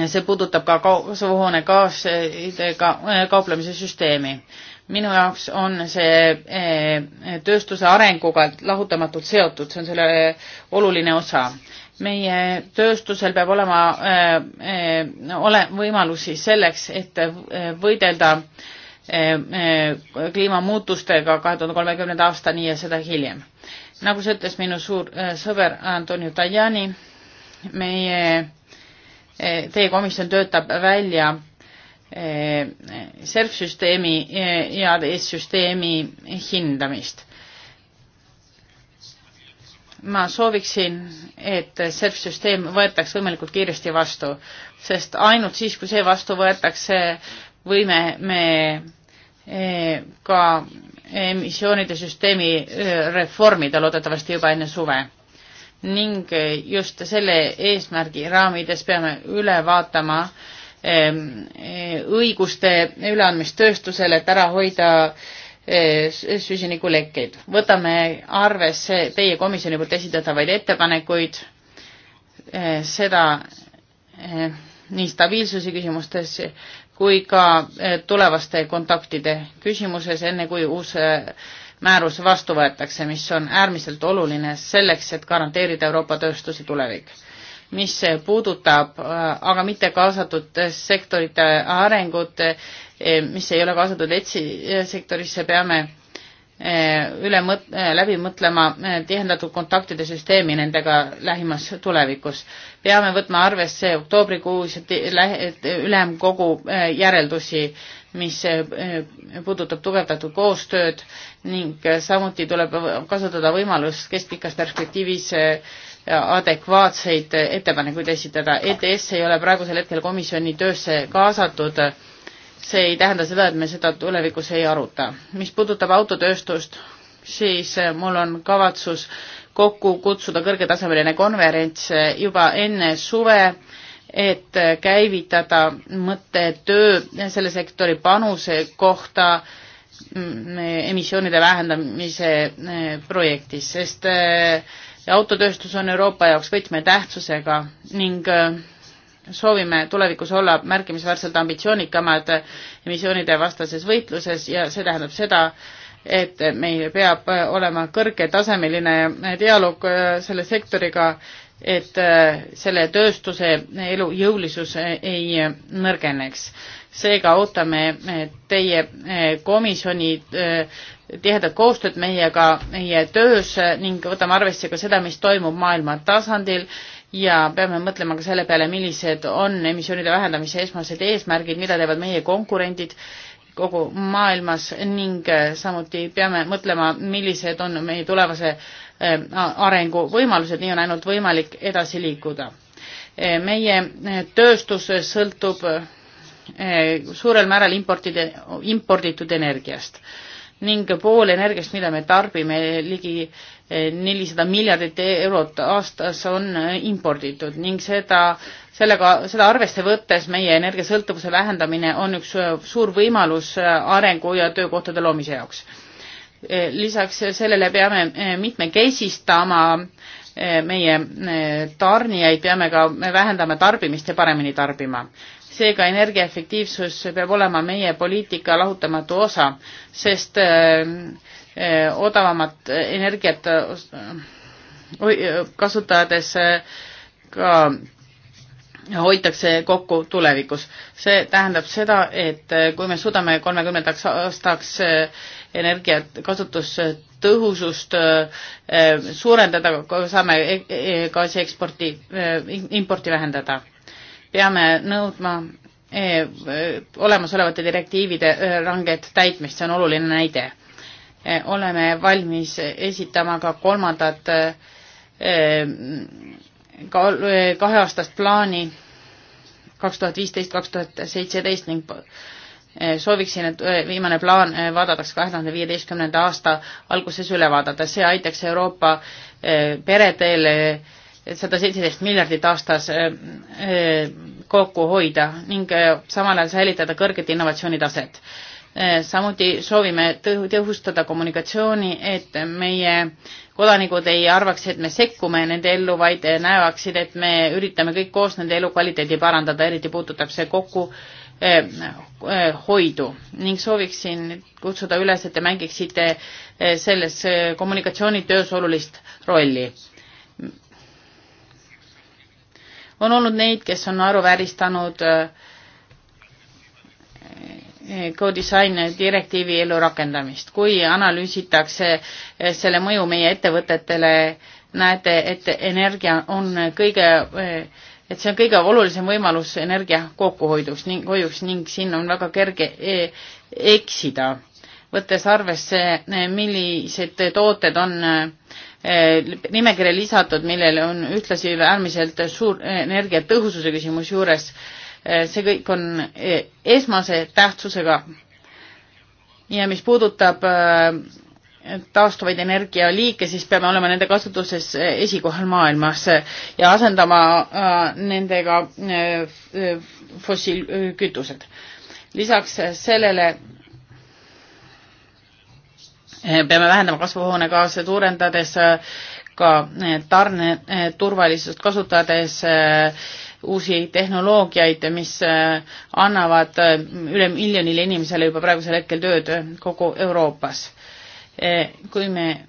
see puudutab ka kasvuhoonegaaside ka, äh, kauplemise süsteemi minu jaoks on see eh, tööstuse arenguga lahutamatult seotud, see on selle oluline osa. meie tööstusel peab olema eh, eh, ole, võimalusi selleks, et võidelda kliimamuutustega kahe tuhande kolmekümnenda aastani ja seda hiljem. nagu see ütles minu suur sõber Antonio Tajani, meie, teie komisjon töötab välja Eh, SERF-süsteemi eh, ja EAS-süsteemi hindamist. ma sooviksin, et SERF-süsteem võetaks võimalikult kiiresti vastu, sest ainult siis, kui see vastu võetakse, võime me eh, ka emissioonide süsteemi reformida loodetavasti juba enne suve ning just selle eesmärgi raamides peame üle vaatama äh, Ehm, eh, õiguste üleandmist tööstusele, et ära hoida eh, süsinikulekkeid. võtame arvesse teie komisjoni poolt esitatavaid ettepanekuid, eh, seda nii stabiilsuse küsimustes kui ka tulevaste kontaktide küsimuses, enne kui uus määrus vastu võetakse, mis on äärmiselt oluline selleks, et garanteerida Euroopa tööstuse tulevik mis puudutab äh, aga mitte kaasatud sektorite arengut, äh, mis ei ole kaasatud ETSi äh, sektorisse, peame üle mõt-, läbi mõtlema tihendatud kontaktide süsteemi nendega lähimas tulevikus. peame võtma arvesse oktoobrikuus ülemkogu järeldusi mis eh, puudutab tugevdatud koostööd ning samuti tuleb kasutada võimalust keskpikas perspektiivis eh, adekvaatseid ettepanekuid esitada. ETS ei ole praegusel hetkel komisjoni töösse kaasatud. see ei tähenda seda, et me seda tulevikus ei aruta. mis puudutab autotööstust, siis eh, mul on kavatsus kokku kutsuda kõrgetasemeline konverents juba enne suve et käivitada mõttetöö selle sektori panuse kohta mm, emissioonide vähendamise eh, projektis, sest eh, autotööstus on Euroopa jaoks võtmetähtsusega ning eh, soovime tulevikus olla märkimisväärselt ambitsioonikamad emissioonide vastases võitluses ja see tähendab seda, et meil peab olema kõrgetasemeline dialoog selle sektoriga et äh, selle tööstuse elujõulisus ei nõrgeneks. seega ootame teie äh, komisjoni äh, tihedat koostööd meiega meie töös ning võtame arvesse ka seda, mis toimub maailma tasandil ja peame mõtlema ka selle peale, millised on emissioonide vähendamise esmased eesmärgid, mida teevad meie konkurendid kogu maailmas ning samuti peame mõtlema, millised on meie tulevase Ähm, arenguvõimalused, nii on ainult võimalik edasi liikuda. Äh, meie äh, tööstus sõltub äh, suurel määral importide, imporditud energiast ning pool energiast, mida me tarbime, ligi nelisada miljardit eurot aastas on imporditud ning seda, sellega, seda arvesse võttes meie energiasõltuvuse vähendamine on üks suur võimalus arengu ja töökohtade loomise jaoks lisaks sellele peame eh, mitmekesistama eh, meie eh, tarnijaid, peame ka vähendama tarbimist ja paremini tarbima. seega energiaefektiivsus peab olema meie poliitika lahutamatu osa, sest odavamat energiat kasutades ka hoitakse kokku tulevikus. see tähendab seda, et kui me suudame kolmekümnendaks aastaks energiat, kasutustõhusust äh, suurendada, saame e-, e-, gaasi eksporti, äh, importi vähendada. peame nõudma e-, olemasolevate direktiivide äh, ranget täitmist, see on oluline näide. oleme valmis esitama ka kolmandat kaheaastast plaani kaks tuhat viisteist, kaks tuhat seitseteist ning Eh, sooviksin, et eh, viimane plaan eh, vaadatakse kahe tuhande viieteistkümnenda aasta alguses üle vaadata, see aitaks Euroopa peredel sada seitseteist miljardit aastas kokku hoida ning samal ajal säilitada kõrget innovatsioonitaset. samuti soovime tõhustada kommunikatsiooni, et meie kodanikud ei arvaks, et me sekkume nende ellu, vaid näevaksid, et me üritame kõik koos nende elukvaliteedi parandada, eriti puudutab see kokku äh, Ehm, eh, hoidu ning sooviksin kutsuda üles, et te mängiksite eh, selles eh, kommunikatsioonitöös olulist rolli. on olnud neid, kes on naeruvääristanud co-design direktiivi ellurakendamist. kui analüüsitakse selle mõju meie ettevõtetele, näete, et energia on kõige et see on kõige olulisem võimalus energia kokkuhoiduks ning hoiuks ning siin on väga kerge e eksida, võttes arvesse, e, millised tooted on e, nimekirja lisatud, millel on ühtlasi äärmiselt suur energiatõhususe küsimus juures. E, see kõik on esmase tähtsusega. ja mis puudutab taastuvaid energialiike, siis peame olema nende kasutuses eh, esikohal maailmas eh, ja asendama eh, nendega fossiilkütused. lisaks sellele peame vähendama kasvuhoonegaase, suurendades ka tarne turvalisust, kasutades uusi tehnoloogiaid, mis annavad üle miljonile inimesele juba praegusel hetkel tööd kogu Euroopas Eh, kui me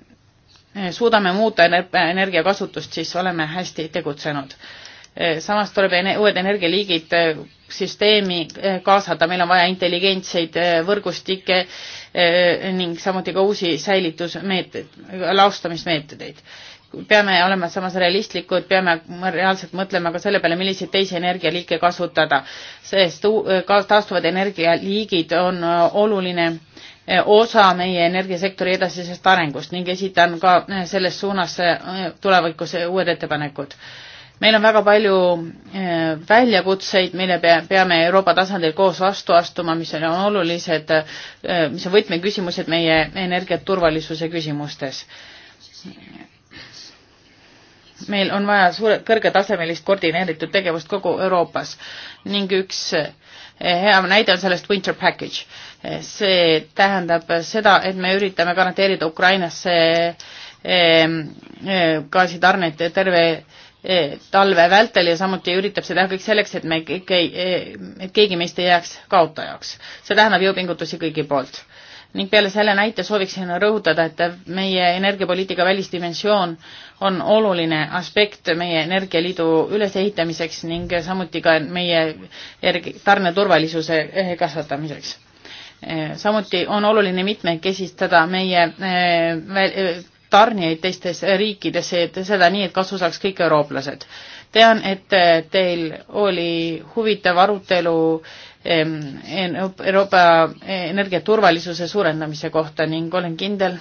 eh, suudame muuta energiakasutust, siis oleme hästi tegutsenud. Eh, samas tuleb uued energialiigid süsteemi kaasata, meil on vaja intelligentseid võrgustikke ning samuti ka uusi säilitusmeetmeid, laostamismeetodeid. peame olema samas realistlikud, peame reaalselt mõtlema ka selle peale, milliseid teisi energialiike kasutada, sest taastuvad energialiigid on oluline Eh, osa meie energiasektori edasisest arengust ning esitan ka eh, selles suunas eh, tulevikus uued ettepanekud. meil on väga palju väljakutseid, mille peame Euroopa tasandil koos vastu astuma, mis on olulised, mis on võtmeküsimused meie energiaturvalisuse küsimustes. meil on vaja suure, kõrgetasemelist koordineeritud tegevust kogu Euroopas ning üks hea näide on sellest winter package. see tähendab seda, et me üritame garanteerida Ukrainasse ehm, ehm, gaasitarned terve e, talve vältel ja samuti üritab see teha kõik selleks, et me kõik ei, e, et keegi meist ei jääks kaotajaks. see tähendab jõupingutusi kõigi poolt ning peale selle näite sooviksin rõhutada, et meie energiapoliitika välisdimensioon on oluline aspekt meie energialiidu ülesehitamiseks ning samuti ka meie tarneturvalisuse eh, kasvatamiseks. Eh, samuti on oluline mitmekesistada meie eh, tarnijaid teistes riikides, et seda nii, et kasu saaks kõik eurooplased. tean, et teil oli huvitav arutelu äh, Euroopa eh, energiaturvalisuse suurendamise kohta ning olen kindel,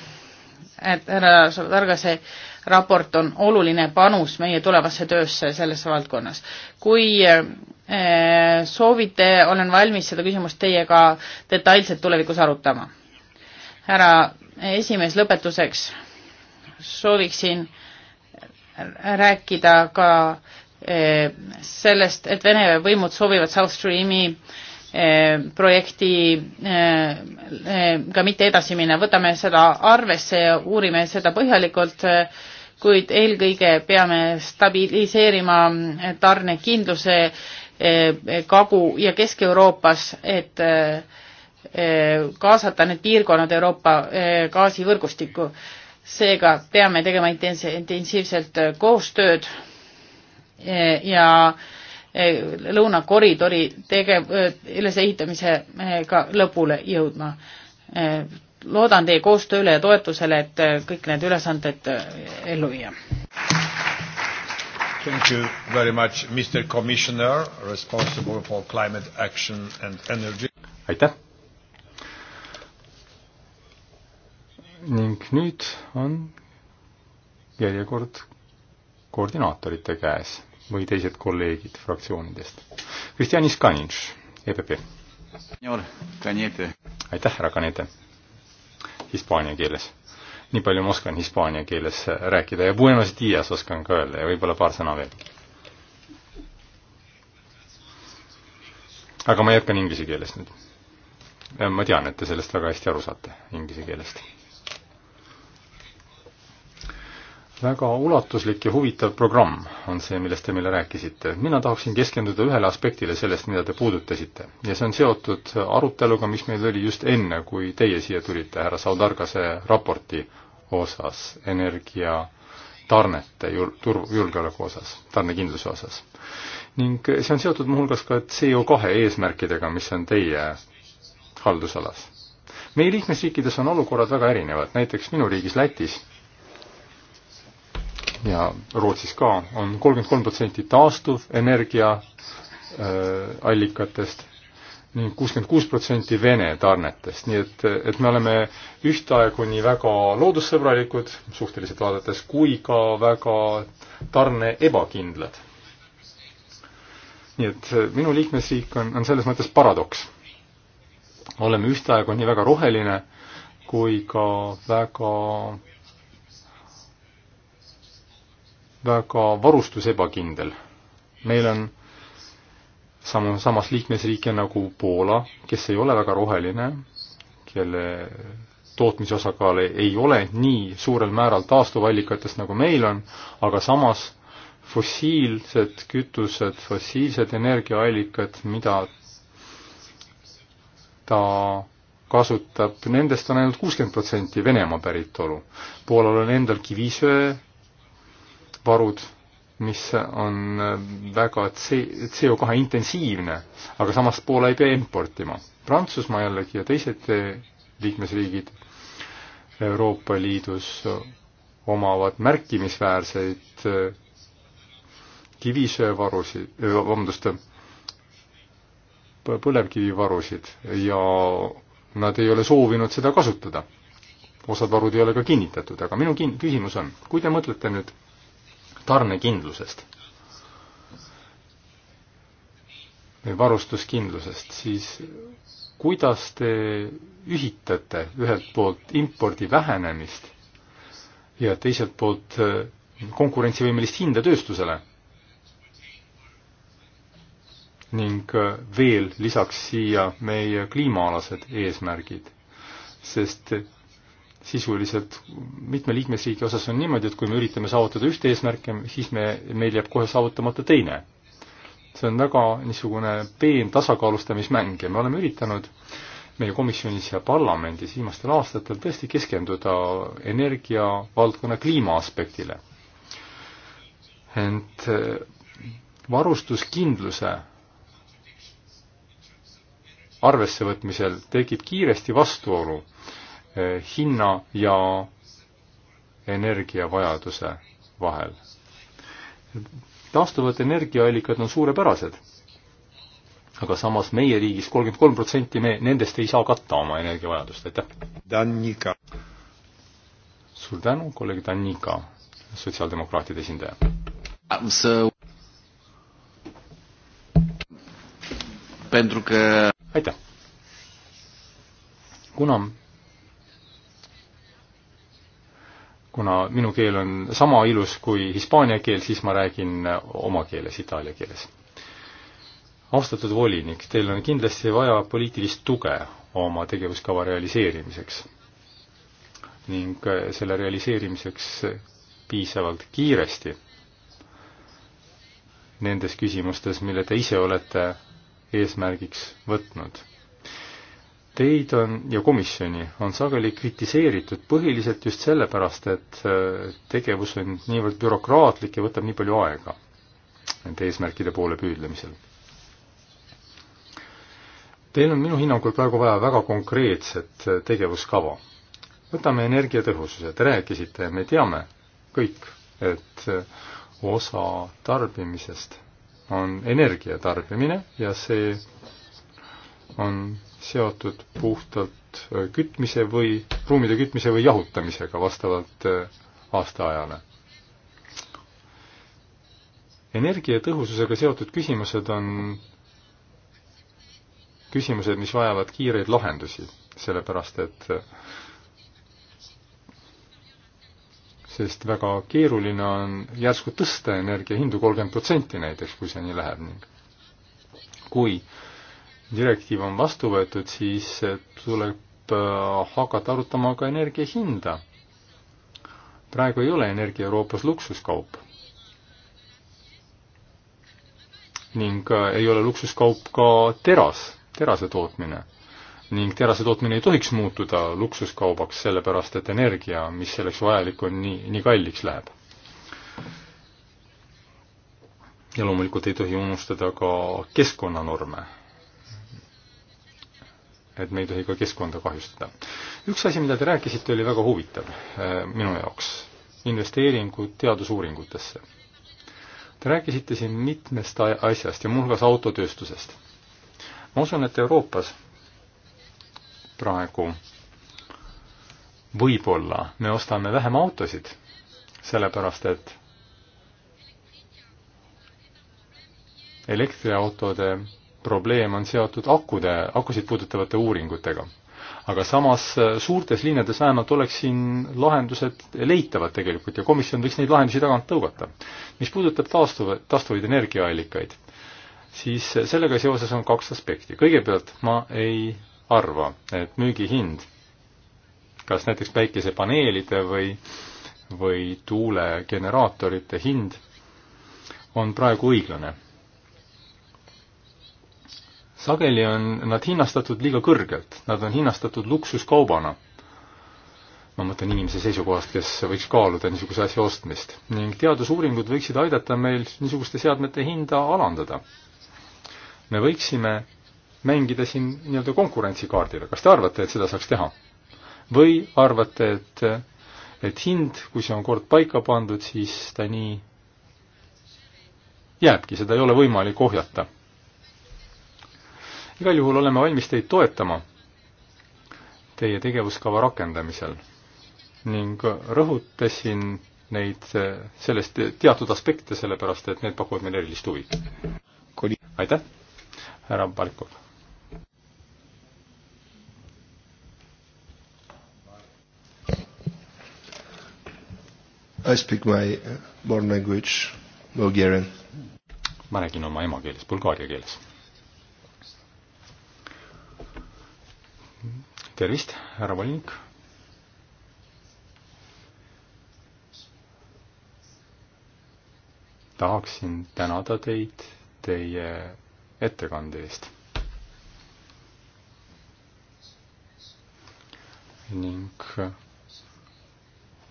et härra Targase raport on oluline panus meie tulevasse töösse selles valdkonnas. kui eh, soovite, olen valmis seda küsimust teiega detailselt tulevikus arutama. härra esimees, lõpetuseks sooviksin rääkida ka eh, sellest, et Vene võimud soovivad South Streami Eh, projektiga eh, eh, mitte edasi minna, võtame seda arvesse ja uurime seda põhjalikult, kuid eelkõige peame stabiliseerima tarnekindluse Kagu- ja Kesk-Euroopas, et kaasata need piirkonnad Euroopa gaasivõrgustikku. seega peame tegema intensiivselt koostööd ja, ja Eh, lõunakoridori tegev-, ülesehitamisega lõpule jõudma. Eh, loodan teie koostööle ja toetusele, et eh, kõik need ülesanded ellu viia. Thank you very much, Mr Commissioner, responsible for climate action and energy. aitäh! ning nüüd on järjekord koordinaatorite käes või teised kolleegid fraktsioonidest. Kristjanis Kaninš, EPP. aitäh, härra Kanete. Hispaania keeles. nii palju ma oskan hispaania keeles äh, rääkida ja Buenos Dias oskan ka öelda ja võib-olla paar sõna veel. aga ma jätkan inglise keeles nüüd. Äh, ma tean, et te sellest väga hästi aru saate, inglise keelest väga ulatuslik ja huvitav programm on see, millest te meile rääkisite. mina tahaksin keskenduda ühele aspektile sellest, mida te puudutasite. ja see on seotud aruteluga, mis meil oli just enne, kui teie siia tulite, härra Saudargase raporti osas, energiatarnete jul-, tur-, julgeoleku osas, tarnekindluse osas. ning see on seotud muuhulgas ka CO2 eesmärkidega, mis on teie haldusalas. meie liikmesriikides on olukorrad väga erinevad, näiteks minu riigis Lätis ja Rootsis ka on kolmkümmend kolm protsenti taastuvenergia äh, allikatest ning kuuskümmend kuus protsenti Vene tarnetest, nii et, et me oleme ühtaegu nii väga loodussõbralikud, suhteliselt vaadates, kui ka väga tarne ebakindlad. nii et äh, minu liikmesriik on, on selles mõttes paradoks. oleme ühtaegu nii väga roheline kui ka väga väga varustus ebakindel. meil on samu, samas liikmesriike nagu Poola, kes ei ole väga roheline, kelle tootmise osakaal ei ole nii suurel määral taastuvallikatest, nagu meil on, aga samas fossiilsed kütused, fossiilsed energiaallikad, mida ta kasutab, nendest on ainult kuuskümmend protsenti Venemaa päritolu. Poolal on endal kivisöe varud, mis on väga CO2 intensiivne, aga samas Poola ei pea importima. Prantsusmaa jällegi ja teised liikmesriigid Euroopa Liidus omavad märkimisväärseid eh, kivisöevarusid, eh, vabandust, põlevkivivarusid ja nad ei ole soovinud seda kasutada. osad varud ei ole ka kinnitatud, aga minu kin-, küsimus on, kui te mõtlete nüüd tarnekindlusest või varustuskindlusest, siis kuidas te ühitate ühelt poolt impordi vähenemist ja teiselt poolt eh, konkurentsivõimelist hinda tööstusele? ning eh, veel lisaks siia meie kliimaalased eesmärgid, sest sisuliselt mitme liikmesriigi osas on niimoodi, et kui me üritame saavutada ühte eesmärki, siis me, meil jääb kohe saavutamata teine. see on väga niisugune peen tasakaalustamismäng ja me oleme üritanud meie komisjonis ja parlamendis viimastel aastatel tõesti keskenduda energiavaldkonna kliima aspektile. ent eh, varustuskindluse arvessevõtmisel tekib kiiresti vastuolu äh, Eh, hinna ja energiavajaduse vahel. taastuvad energiaallikad on suurepärased, aga samas meie riigis kolmkümmend kolm protsenti me nendest ei saa katta oma energiavajadust, aitäh. suur tänu, kolleeg Danika, sotsiaaldemokraatide esindaja. aitäh. kuna kuna minu keel on sama ilus kui hispaania keel, siis ma räägin oma keeles, itaalia keeles. austatud volinik, teil on kindlasti vaja poliitilist tuge oma tegevuskava realiseerimiseks ning äh, selle realiseerimiseks piisavalt kiiresti nendes küsimustes, mille te ise olete eesmärgiks võtnud Teid on ja komisjoni on sageli kritiseeritud põhiliselt just sellepärast, et äh, tegevus on niivõrd bürokraatlik ja võtab nii palju aega nende eesmärkide poole püüdlemisel. Teil on minu hinnangul praegu vaja väga konkreetset äh, tegevuskava. võtame energiatõhususe, te rääkisite, me teame kõik, et äh, osa tarbimisest on energia tarbimine ja see on seotud puhtalt äh, kütmise või, ruumide kütmise või jahutamisega vastavalt äh, aastaajale. energiatõhususega seotud küsimused on küsimused, mis vajavad kiireid lahendusi, sellepärast et äh, sest väga keeruline on järsku tõsta energia hindu kolmkümmend protsenti näiteks, kui see nii läheb ning kui äh, direktiiv on vastu võetud, siis tuleb äh, hakata arutama ka energia hinda. praegu ei ole energia Euroopas luksuskaup. ning äh, ei ole luksuskaup ka teras, terase tootmine. ning terase tootmine ei tohiks muutuda luksuskaubaks, sellepärast et energia, mis selleks vajalik on, nii, nii kalliks läheb. ja loomulikult ei tohi unustada ka keskkonnanorme et me ei tohi ka keskkonda kahjustada. üks asi, mida te rääkisite, oli väga huvitav äh, minu jaoks, investeeringud teadusuuringutesse. Te rääkisite siin mitmest asjast ja muuhulgas autotööstusest. ma usun, et Euroopas praegu võib-olla me ostame vähem autosid, sellepärast et elektriautode probleem on seotud akude, akusid puudutavate uuringutega. aga samas äh, suurtes linnades vähemalt oleks siin lahendused leitavad tegelikult ja komisjon võiks neid lahendusi tagant tõugata. mis puudutab taastuva, taastuvaid energiaallikaid, siis äh, sellega seoses on kaks aspekti. kõigepealt ma ei arva, et müügihind, kas näiteks päikesepaneelide või, või tuulegeneraatorite hind on praegu õiglane sageli on nad hinnastatud liiga kõrgelt, nad on hinnastatud luksuskaubana. ma mõtlen inimese seisukohast, kes võiks kaaluda niisuguse asja ostmist. ning teadusuuringud võiksid aidata meil niisuguste seadmete hinda alandada. me võiksime mängida siin nii-öelda konkurentsikaardile, kas te arvate, et seda saaks teha? või arvate, et, et hind, kui see on kord paika pandud, siis ta nii jääbki, seda ei ole võimalik ohjata igal juhul oleme valmis teid toetama teie tegevuskava rakendamisel ning rõhutasin neid, sellest teatud aspekte, sellepärast et need pakuvad meile erilist huvi. aitäh, härra Barkov. I speak my born language, Bulgarian. ma räägin oma emakeeles, bulgaaria keeles tervist, härra volinik. tahaksin tänada teid teie ettekande eest. ning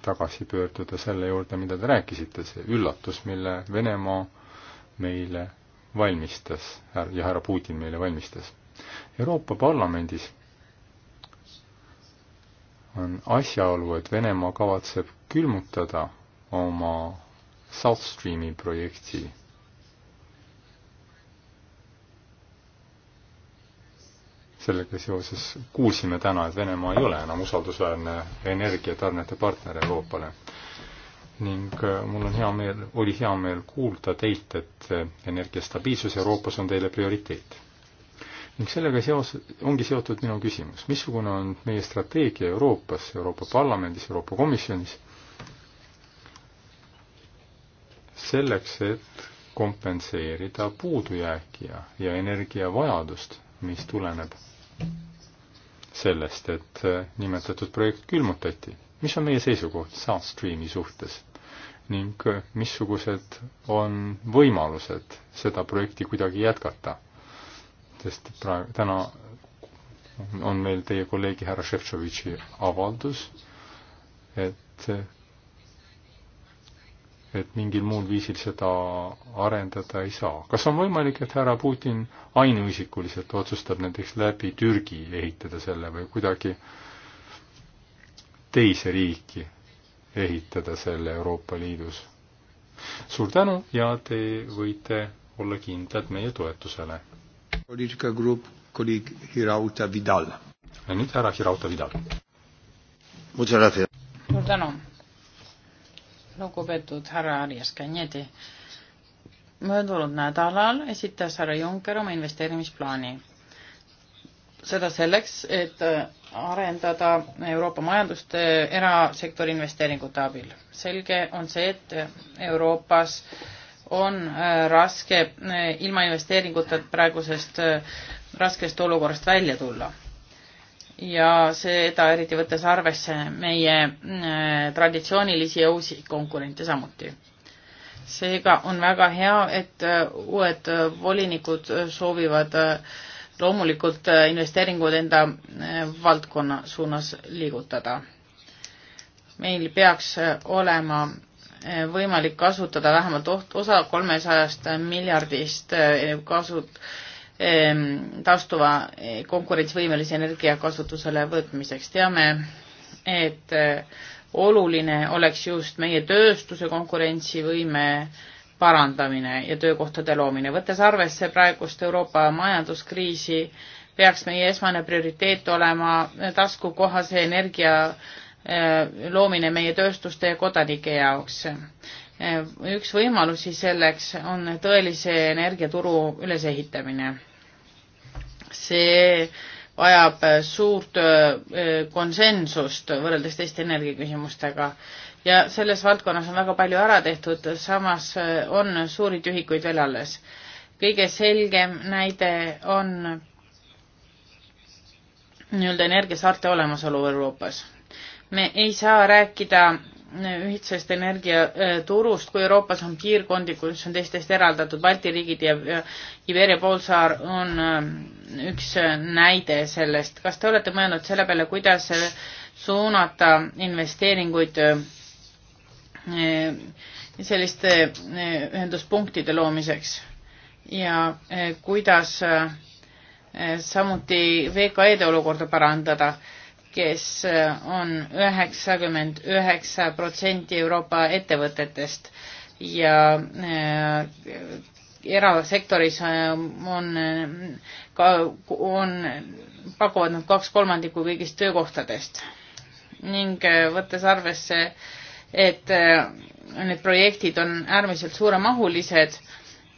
tagasi pöörduda selle juurde, mida te rääkisite, see üllatus, mille Venemaa meile valmistas ja härra Putin meile valmistas. Euroopa Parlamendis on asjaolu, et Venemaa kavatseb külmutada oma South Streami projekti. sellega seoses kuulsime täna, et Venemaa ei ole enam usaldusväärne energiatarnete partner Euroopale ning äh, mul on hea meel, oli hea meel kuulda teilt, et äh, energiastabiilsus Euroopas on teile prioriteet ning sellega seos, ongi seotud minu küsimus, missugune on meie strateegia Euroopas, Euroopa Parlamendis, Euroopa Komisjonis selleks, et kompenseerida puudujääki ja, ja energiavajadust, mis tuleneb sellest, et eh, nimetatud projekt külmutati. mis on meie seisukoht South Streami suhtes ning eh, missugused on võimalused seda projekti kuidagi jätkata? sest praegu, täna on meil teie kolleegi härra Šefčovitši avaldus, et, et mingil muul viisil seda arendada ei saa. kas on võimalik, et härra Putin ainuisikuliselt otsustab näiteks läbi Türgi ehitada selle või kuidagi teise riiki ehitada selle Euroopa Liidus? suur tänu ja te võite olla kindlad meie toetusele Poliitika grupp, kolleeg Hirauta Vidal. ja nüüd härra Hirauta Vidal. suur tänu, lugupeetud härra Arias Kanjedi. möödunud nädalal esitas härra Juncker oma investeerimisplaani. seda selleks, et arendada Euroopa majandust erasektori investeeringute abil. selge on see, et Euroopas äh, on äh, raske äh, ilma investeeringuta praegusest äh, raskest olukorrast välja tulla. ja seda eriti võttes arvesse meie traditsioonilisi ja uusi konkurente samuti. seega on väga hea, et uued volinikud soovivad loomulikult investeeringud enda valdkonna suunas liigutada. meil peaks olema võimalik kasutada vähemalt oht, osa kolmesajast miljardist eh, kasut-, eh, taastuva eh, konkurentsivõimelise energia kasutusele võtmiseks. teame, et oluline oleks just meie tööstuse konkurentsivõime parandamine ja töökohtade loomine. võttes arvesse praegust Euroopa majanduskriisi, peaks meie esmane prioriteet olema taskukohase energia Äh, loomine meie tööstuste ja kodanike jaoks. Äh, üks võimalusi selleks on tõelise energiaturu ülesehitamine. see vajab suurt äh, konsensust võrreldes teiste energiaküsimustega ja selles valdkonnas on väga palju ära tehtud, samas on suuri tühikuid veel alles. kõige selgem näide on nii-öelda energiasaarte olemasolu Euroopas me ei saa rääkida äh, ühtsest energiaturust, äh, kui Euroopas on piirkondi, kus on teistest eraldatud Balti riigid ja Iberia poolsaar on äh, üks näide sellest. kas te olete mõelnud selle peale, kuidas suunata investeeringuid selliste ühenduspunktide loomiseks ja kuidas samuti VKE-de olukorda parandada? kes eh, on üheksakümmend üheksa protsenti Euroopa ettevõtetest ja eh, erasektoris eh, on, on, pakuvad nad kaks kolmandikku kõigist töökohtadest. ning võttes arvesse, et need projektid on äärmiselt suuremahulised,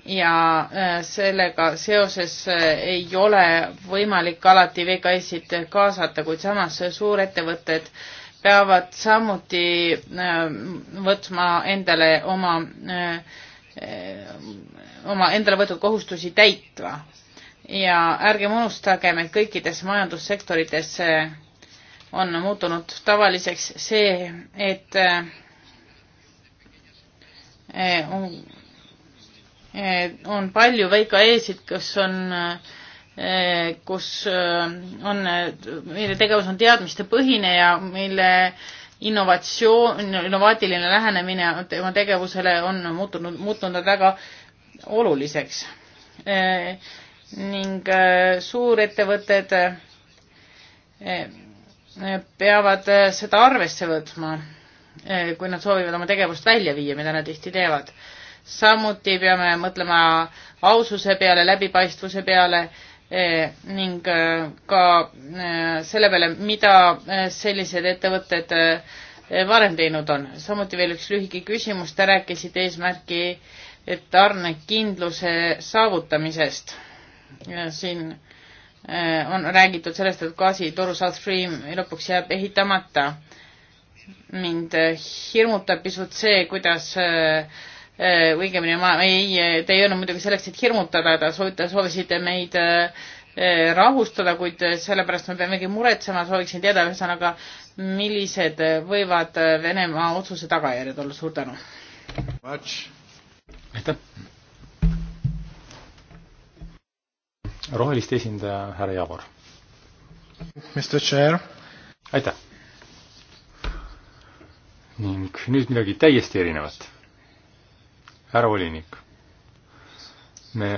ja äh, sellega seoses äh, ei ole võimalik alati VKS-id kaasata, kuid samas suurettevõtted peavad samuti äh, võtma endale oma, oma endale võetud kohustusi täitma. ja ärgem unustagem, et kõikides majandussektorites on muutunud tavaliseks see, et on Eh, on palju VKE-sid, kes on, eh, kus eh, on, mille tegevus on teadmistepõhine ja mille innovatsioon, innovaatiline lähenemine tema tegevusele on muutunud, muutunud väga oluliseks. ning suurettevõtted peavad seda arvesse võtma, kui nad soovivad oma tegevust välja viia, mida nad tihti teevad samuti peame mõtlema aususe peale, läbipaistvuse peale eh, ning eh, ka eh, selle peale, mida sellised ettevõtted varem teinud on. samuti veel üks lühike küsimus, te rääkisite eesmärki tarnekindluse saavutamisest. siin on räägitud sellest, et gaasitoru South Stream lõpuks jääb ehitamata. mind hirmutab pisut see, kuidas äh, Eh, õigemini ma ei, te ei öelnud muidugi selleks, et hirmutada, ta soovita, soovisite meid eh, rahustada, kuid sellepärast me peamegi muretsema, sooviksin teada, ühesõnaga, millised võivad Venemaa otsuse tagajärjed olla, suur tänu. aitäh. roheliste esindaja härra Javor. aitäh. ning nüüd midagi täiesti erinevat härra volinik, me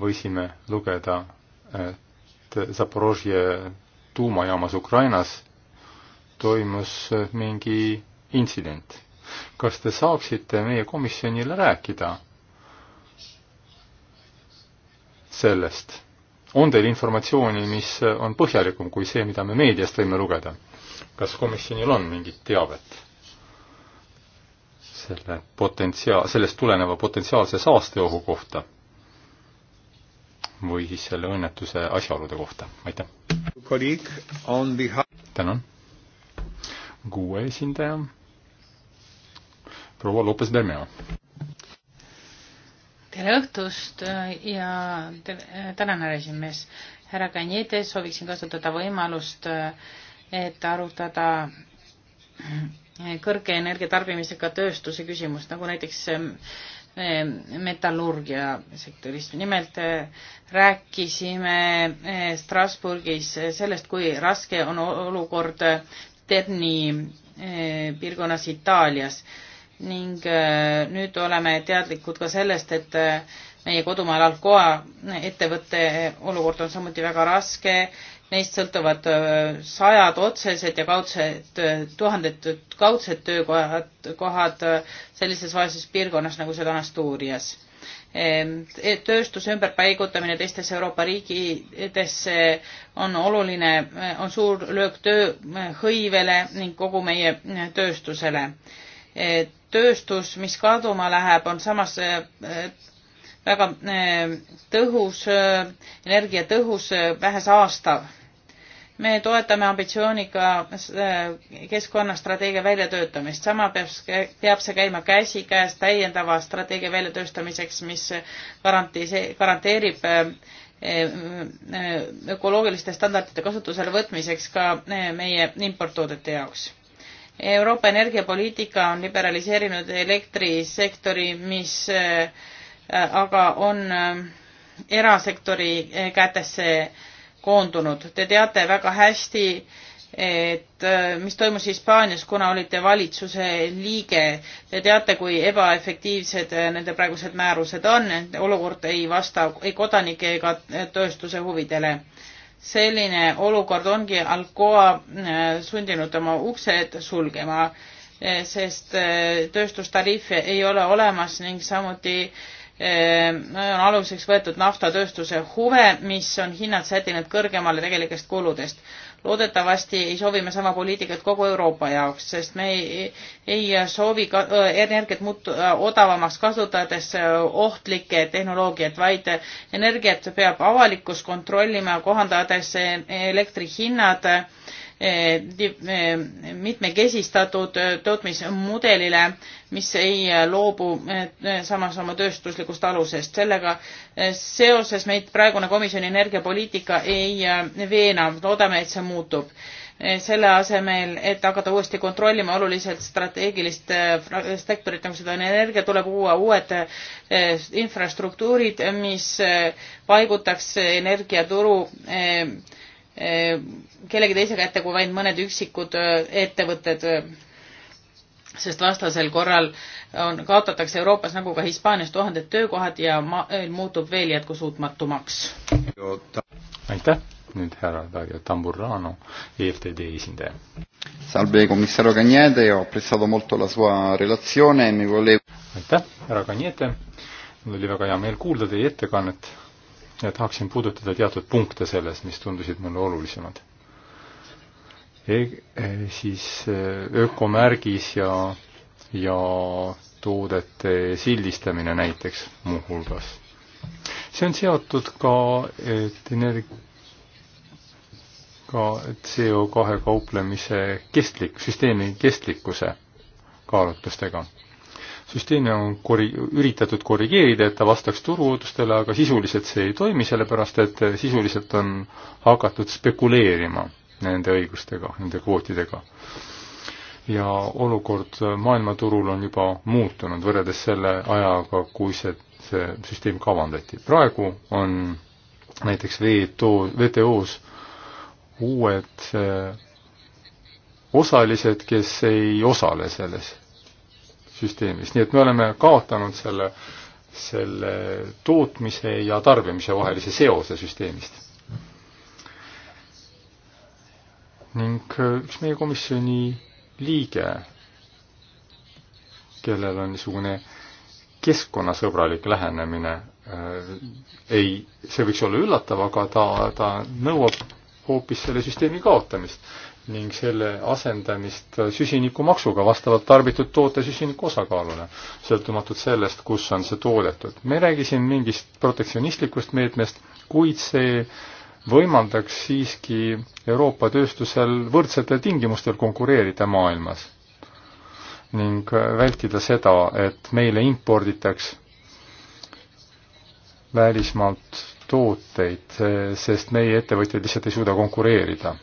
võisime lugeda, et Zaporožje tuumajaamas Ukrainas toimus mingi intsident. kas te saaksite meie komisjonile rääkida sellest? on teil informatsiooni, mis on põhjalikum kui see, mida me meediast võime lugeda? kas komisjonil on mingit teavet? selle potentsiaal, sellest tuleneva potentsiaalse saasteohu kohta või siis selle õnnetuse asjaolude kohta, aitäh. tänan. kuue esindaja, proua Lopes-Bermeo. tere õhtust äh, ja äh, tänan, härra esimees. härra Kanjete, sooviksin kasutada võimalust, äh, et arutada kõrge energiatarbimisega tööstuse küsimust, nagu näiteks ähm, ähm, metallurgia sektorist. nimelt äh, rääkisime äh, Strasbourgis sellest, kui raske on olukord Terni äh, piirkonnas Itaalias ning nüüd oleme teadlikud ka sellest, et meie kodumaal Alcoa ettevõtte olukord on samuti väga raske neist sõltuvad sajad otsesed ja kaudsed, tuhanded kaudsed töökohad, kohad sellises vaeses piirkonnas, nagu seda on Asturias ehm, e-, tööstuse ümberpaigutamine teistesse Euroopa riikidesse on oluline, on suur löök tööhõivele ning kogu meie tööstusele. E-, tööstus, mis kaduma läheb, on samas väga tõhus, energiatõhus, vähe saastav me toetame ambitsiooniga äh, keskkonnastrateegia väljatöötamist, sama peab, peab see käima käsikäes täiendava strateegia väljatöötamiseks, mis garantii-, garanteerib äh, äh, ökoloogiliste standardite kasutusele võtmiseks ka meie importtoodete jaoks. Euroopa energiapoliitika on liberaliseerinud elektrisektori, mis aga on erasektori kätesse koondunud. Te teate väga hästi, et äh, mis toimus Hispaanias, kuna olite valitsuse liige. Te teate, kui ebaefektiivsed äh, nende praegused määrused on, olukord ei vasta ei kodanike ega äh, tööstuse huvidele. selline olukord ongi Alcoa sundinud oma uksed sulgema, sest tööstustariife ei ole olemas ning samuti äh, Ehm, on aluseks võetud naftatööstuse huve, mis on hinnad sätinud kõrgemale tegelikest kuludest. loodetavasti ei soovi me sama poliitikat kogu Euroopa jaoks, sest me ei, ei soovi ka, energiat muutu-, odavamaks kasutades ohtlikke tehnoloogiat, vaid energiat peab avalikkus kontrollima, kohandades e-, elektri hinnad äh, mitmekesistatud tootmismudelile, mis ei loobu eh, samas oma tööstuslikust alusest. sellega eh, seoses meid praegune komisjoni energiapoliitika ei eh, veena, loodame, et see muutub selle asemel, et hakata uuesti kontrollima oluliselt strateegilist sektorit, nagu seda on energia, tuleb luua uued infrastruktuurid, mis paigutaks energiaturu kellegi teise kätte kui vaid mõned üksikud ettevõtted, sest vastasel korral on, kaotatakse Euroopas nagu ka Hispaanias tuhanded töökohad ja maailm muutub veel jätkusuutmatumaks. aitäh, nüüd härra Dario Tamburrano, EFTD esindaja. Salve, komissar Cagnete, ho apprezzato molto la sua relazione, e mi volevo aitäh, härra Cagnete, mul oli väga hea meel kuulda teie ettekannet ja tahaksin puudutada teatud punkte selles, mis tundusid mulle olulisemad e. e siis e, ökomärgis ja, ja toodete sildistamine näiteks muuhulgas. see on seotud ka, et energ-, ka CO2 kauplemise kestlik, süsteemi kestlikkuse kaalutlustega süsteemi on korri-, üritatud korrigeerida, et ta vastaks turuootustele, aga sisuliselt see ei toimi, sellepärast et sisuliselt on hakatud spekuleerima nende õigustega, nende kvootidega. ja olukord maailmaturul on juba muutunud võrreldes selle ajaga, kui see, see süsteem kavandati. praegu on näiteks WTO, e WTO-s uued eh, osalised, kes ei osale selles süsteemis, nii et me oleme kaotanud selle, selle tootmise ja tarbimise vahelise seose süsteemist. ning äh, üks meie komisjoni liige, kellel on niisugune keskkonnasõbralik lähenemine, äh, ei, see võiks olla üllatav, aga ta, ta nõuab hoopis selle süsteemi kaotamist ning selle asendamist süsinikumaksuga vastavalt tarbitud toote süsiniku osakaalule, sõltumatult sellest, kus on see toodetud. me ei räägi siin mingist protektsionistlikust meetmest, kuid see võimaldaks siiski Euroopa tööstusel võrdsetel tingimustel konkureerida maailmas ning vältida seda, et meile imporditaks välismaalt tooteid, sest meie ettevõtjad lihtsalt ei suuda konkureerida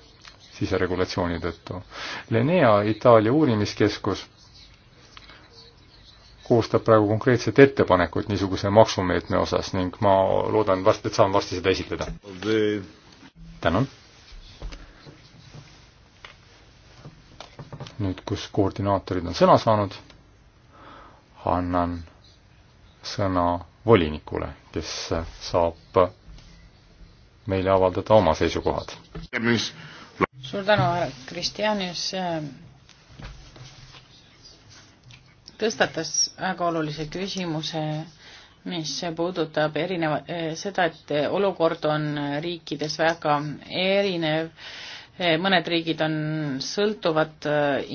siseregulatsiooni tõttu. Lenea Itaalia uurimiskeskus koostab praegu konkreetset ettepanekut niisuguse maksumeetme osas ning ma loodan varsti, et saan varsti seda esitleda. tänan. nüüd, kus koordinaatorid on sõna saanud, annan sõna volinikule, kes saab meile avaldada oma seisukohad suur tänu, härra Kristjanis. tõstatas väga olulise küsimuse, mis puudutab erineva, seda, et olukord on riikides väga erinev. mõned riigid on, sõltuvad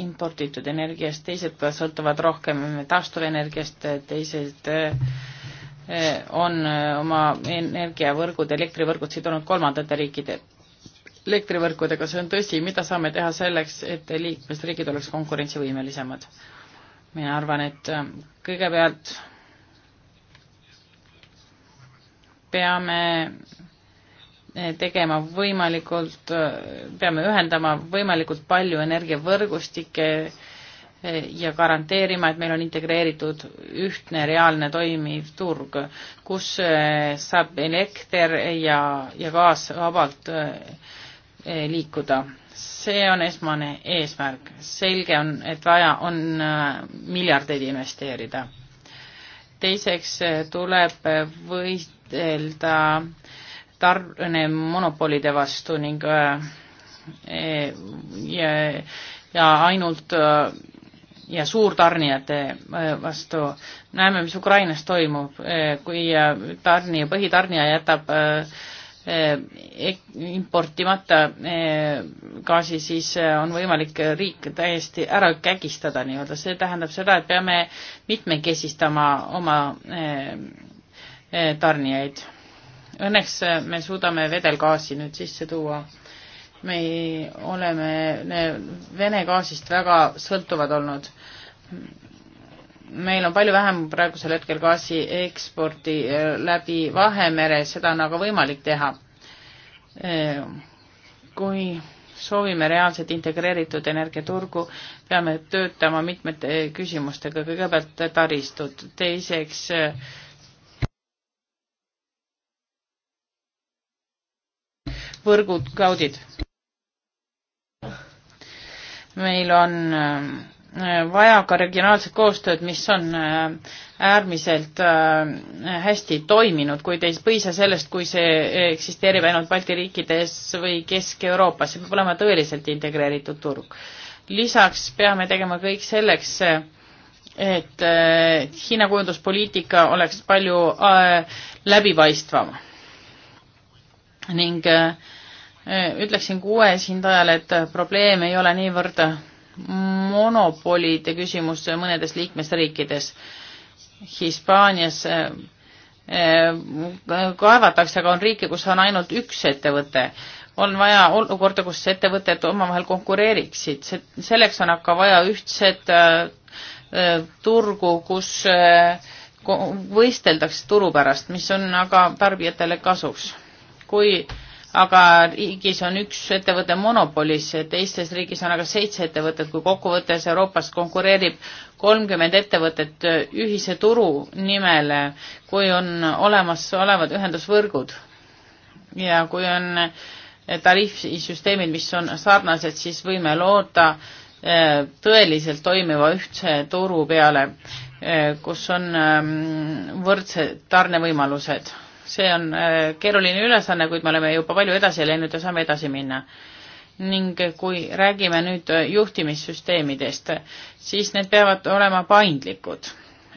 imporditud energiast, teised sõltuvad rohkem taastuvenergiast, teised eh, on oma energiavõrgud, elektrivõrgud sidunud kolmandate riikide elektrivõrkudega, see on tõsi, mida saame teha selleks, et liikmesriigid oleks konkurentsivõimelisemad? mina arvan, et äh, kõigepealt peame äh, tegema võimalikult, äh, peame ühendama võimalikult palju energiavõrgustikke ja garanteerima, et meil on integreeritud ühtne reaalne toimiv turg, kus saab elekter ja, ja gaas vabalt äh, Eh, liikuda. see on esmane eesmärk. selge on, et vaja on eh, miljardeid investeerida. teiseks eh, tuleb võistelda tarnemonopolide vastu ning ja, ja ainult ja suurtarnijate vastu. näeme, mis Ukrainas toimub, kui tarnija, põhitarnija jätab äh, Eh, importimata eh, gaasi, siis eh, on võimalik riik täiesti ära kägistada nii-öelda. see tähendab seda, et peame mitmekesistama oma tarnijaid. Õnneks me suudame vedelgaasi nüüd sisse tuua. me oleme Vene gaasist väga sõltuvad olnud meil on palju vähem praegusel hetkel gaasi eksporti eh, läbi Vahemere, seda on aga võimalik teha. Eh, kui soovime reaalselt integreeritud energiaturgu, peame töötama mitmete küsimustega, kõigepealt taristud, teiseks eh, võrgud, cloud'id. meil on Äh, vaja ka regionaalset koostööd, mis on äh, äärmiselt äh, hästi toiminud, kuid ei piisa sellest, kui see eksisteerib ainult Balti riikides või Kesk-Euroopas, see peab olema tõeliselt integreeritud turg. lisaks peame tegema kõik selleks, et Hiina kujunduspoliitika oleks palju läbipaistvam ning ütleksin kuue esindajale, et probleem ei ole niivõrd monopolide küsimus mõnedes liikmesriikides. Hispaanias eh, eh, kaevatakse, aga on riike, kus on ainult üks ettevõte. on vaja olukorda, kus ettevõtted omavahel konkureeriksid, selleks on aga vaja ühtset eh, turgu, kus võisteldakse turu pärast, mis on aga tarbijatele kasuks. kui aga riigis on üks ettevõte monopolis, teistes riigis on aga seitse ettevõtet, kui kokkuvõttes Euroopas konkureerib kolmkümmend ettevõtet ühise turu nimel, kui on olemasolevad ühendusvõrgud ja kui on tariifsüsteemid, mis on sarnased, siis võime loota eh, tõeliselt toimiva ühtse turu peale, eh, kus on mm, võrdsed tarnevõimalused see on äh, keeruline ülesanne, kuid me oleme juba palju edasi läinud ja saame edasi minna. ning kui räägime nüüd äh, juhtimissüsteemidest, siis need peavad olema paindlikud,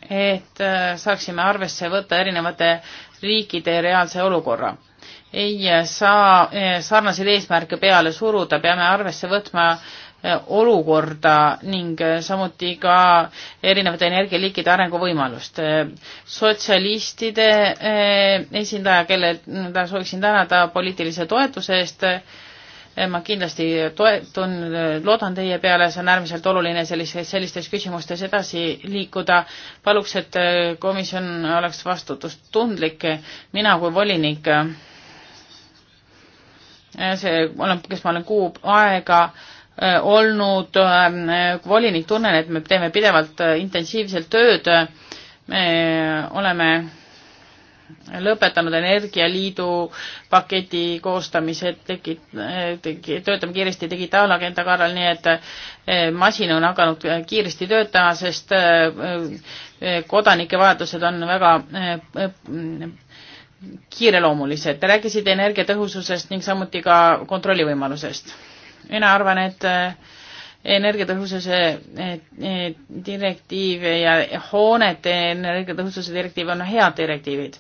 et äh, saaksime arvesse võtta erinevate riikide reaalse olukorra. ei saa sarnaseid eesmärke peale suruda, peame arvesse võtma Eh, olukorda ning eh, samuti ka erinevate energialiikide arenguvõimalust. Eh, sotsialistide esindaja, kelle ta sooviksin tänada poliitilise toetuse eest, ma kindlasti toetun, loodan teie peale, see on äärmiselt oluline sellises, sellistes küsimustes edasi liikuda. paluks, et komisjon oleks vastutustundlik, mina kui volinik, see, olen, kes ma olen kuu aega äh, Äh, olnud äh, volinik tunnen, et me teeme pidevalt äh, intensiivselt tööd. me oleme lõpetanud Energialiidu paketi koostamise, tekit-, töötame kiiresti digitaalagenda kallal, nii et masin on hakanud kiiresti töötama, sest kodanike vajadused on väga kiireloomulised. Te rääkisite energiatõhususest ning samuti ka kontrollivõimalusest mina arvan, et eh, energiatõhususe eh, eh, direktiiv ja hoonete energiatõhususe direktiiv on head direktiivid.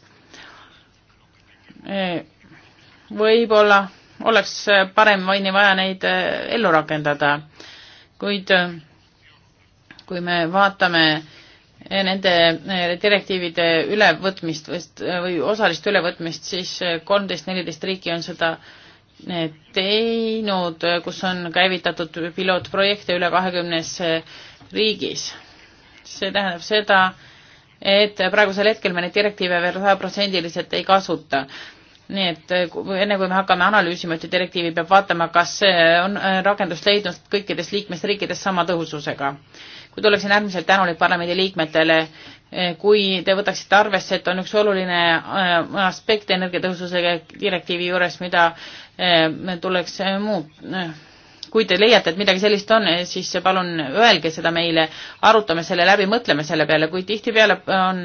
võib-olla oleks paremini vaja neid ellu rakendada, kuid kui me vaatame nende direktiivide ülevõtmist või osalist ülevõtmist, siis kolmteist, neliteist riiki on seda äh, teinud, kus on käivitatud pilootprojekte üle kahekümnes riigis. see tähendab seda, et praegusel hetkel me neid direktiive veel sajaprotsendiliselt ei kasuta. nii et enne kui me hakkame analüüsima ühte direktiivi, peab vaatama, kas see on äh, rakendust leidnud kõikides liikmesriikides sama tõhususega kuid oleksin äärmiselt tänulik parlamendi liikmetele, eh, kui te võtaksite arvesse, et on üks oluline eh, aspekt energiatõhususe direktiivi juures, mida eh, tuleks muud-, kui te leiate, et midagi sellist on, siis palun öelge seda meile, arutame selle läbi, mõtleme selle peale, kui tihtipeale on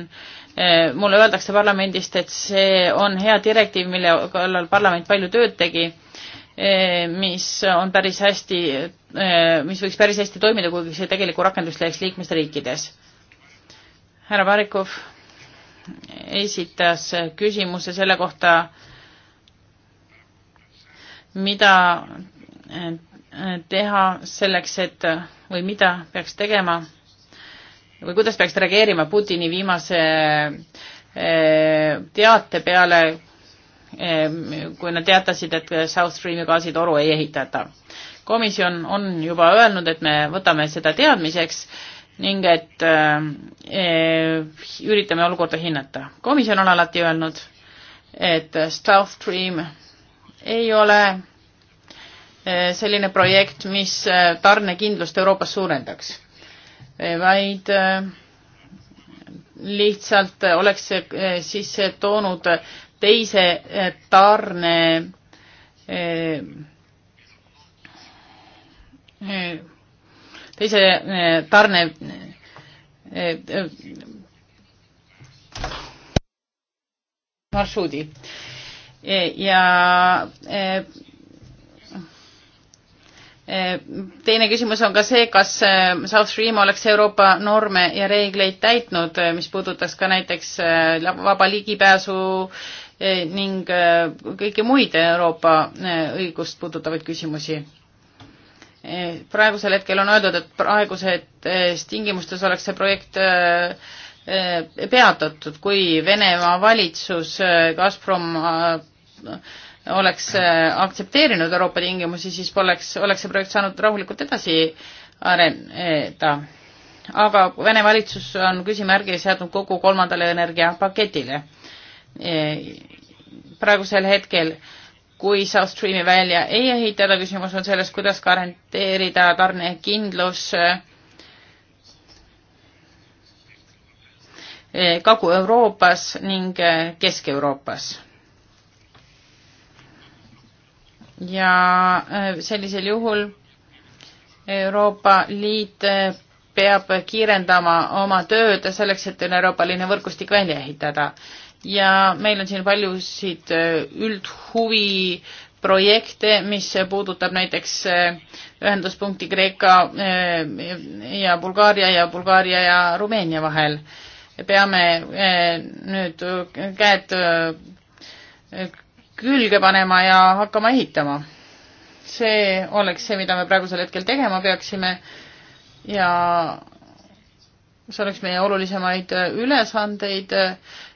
mulle öeldakse parlamendist, et see on hea direktiiv, mille kallal parlament palju tööd tegi Eh, mis on päris hästi, eh, mis võiks päris hästi toimida, kuigi see tegelikku rakendust leiaks liikmesriikides. härra Varikov esitas küsimuse selle kohta, mida eh, teha selleks, et või mida peaks tegema või kuidas peaks reageerima Putini viimase teate peale Ehm, kui nad teatasid, et South Streami gaasitoru ei ehitata. komisjon on juba öelnud, et me võtame seda teadmiseks ning et ehm, ehm, üritame olukorda hinnata. komisjon on alati öelnud, et South Stream ei ole selline projekt, mis tarnekindlust Euroopas suurendaks, vaid lihtsalt oleks see sisse toonud teise eh, tarne eh, eh, teise tarne marsruudi ja teine küsimus on ka see, kas South Stream oleks Euroopa norme ja reegleid täitnud, mis puudutas ka näiteks vaba ligipääsu Eh, ning eh, kõiki muid Euroopa eh, õigust puudutavaid küsimusi. praegusel hetkel on öeldud, et praeguses tingimustes oleks see projekt peatatud, kui Venemaa valitsus Gazprom oleks aktsepteerinud Euroopa tingimusi, siis poleks, oleks see projekt saanud rahulikult edasi areneda. aga Vene valitsus on küsimärgi seadnud kogu kolmandale energiapaketile Eh, praegusel hetkel, kui South Streami välja ei ehitada, küsimus on selles, kuidas garanteerida tarnekindlus eh, Kagu-Euroopas ning eh, Kesk-Euroopas. ja sellisel juhul Euroopa Liit peab kiirendama oma tööd selleks, et Euroopa Liidu võrgustik välja ehitada ja meil on siin paljusid äh, üldhuvi projekte, mis puudutab näiteks äh, ühenduspunkti Kreeka äh, ja Bulgaaria ja Bulgaaria ja Rumeenia vahel. peame nüüd käed külge panema ja hakkama ehitama. see oleks see, mida me praegusel hetkel tegema peaksime ja see oleks meie olulisemaid ülesandeid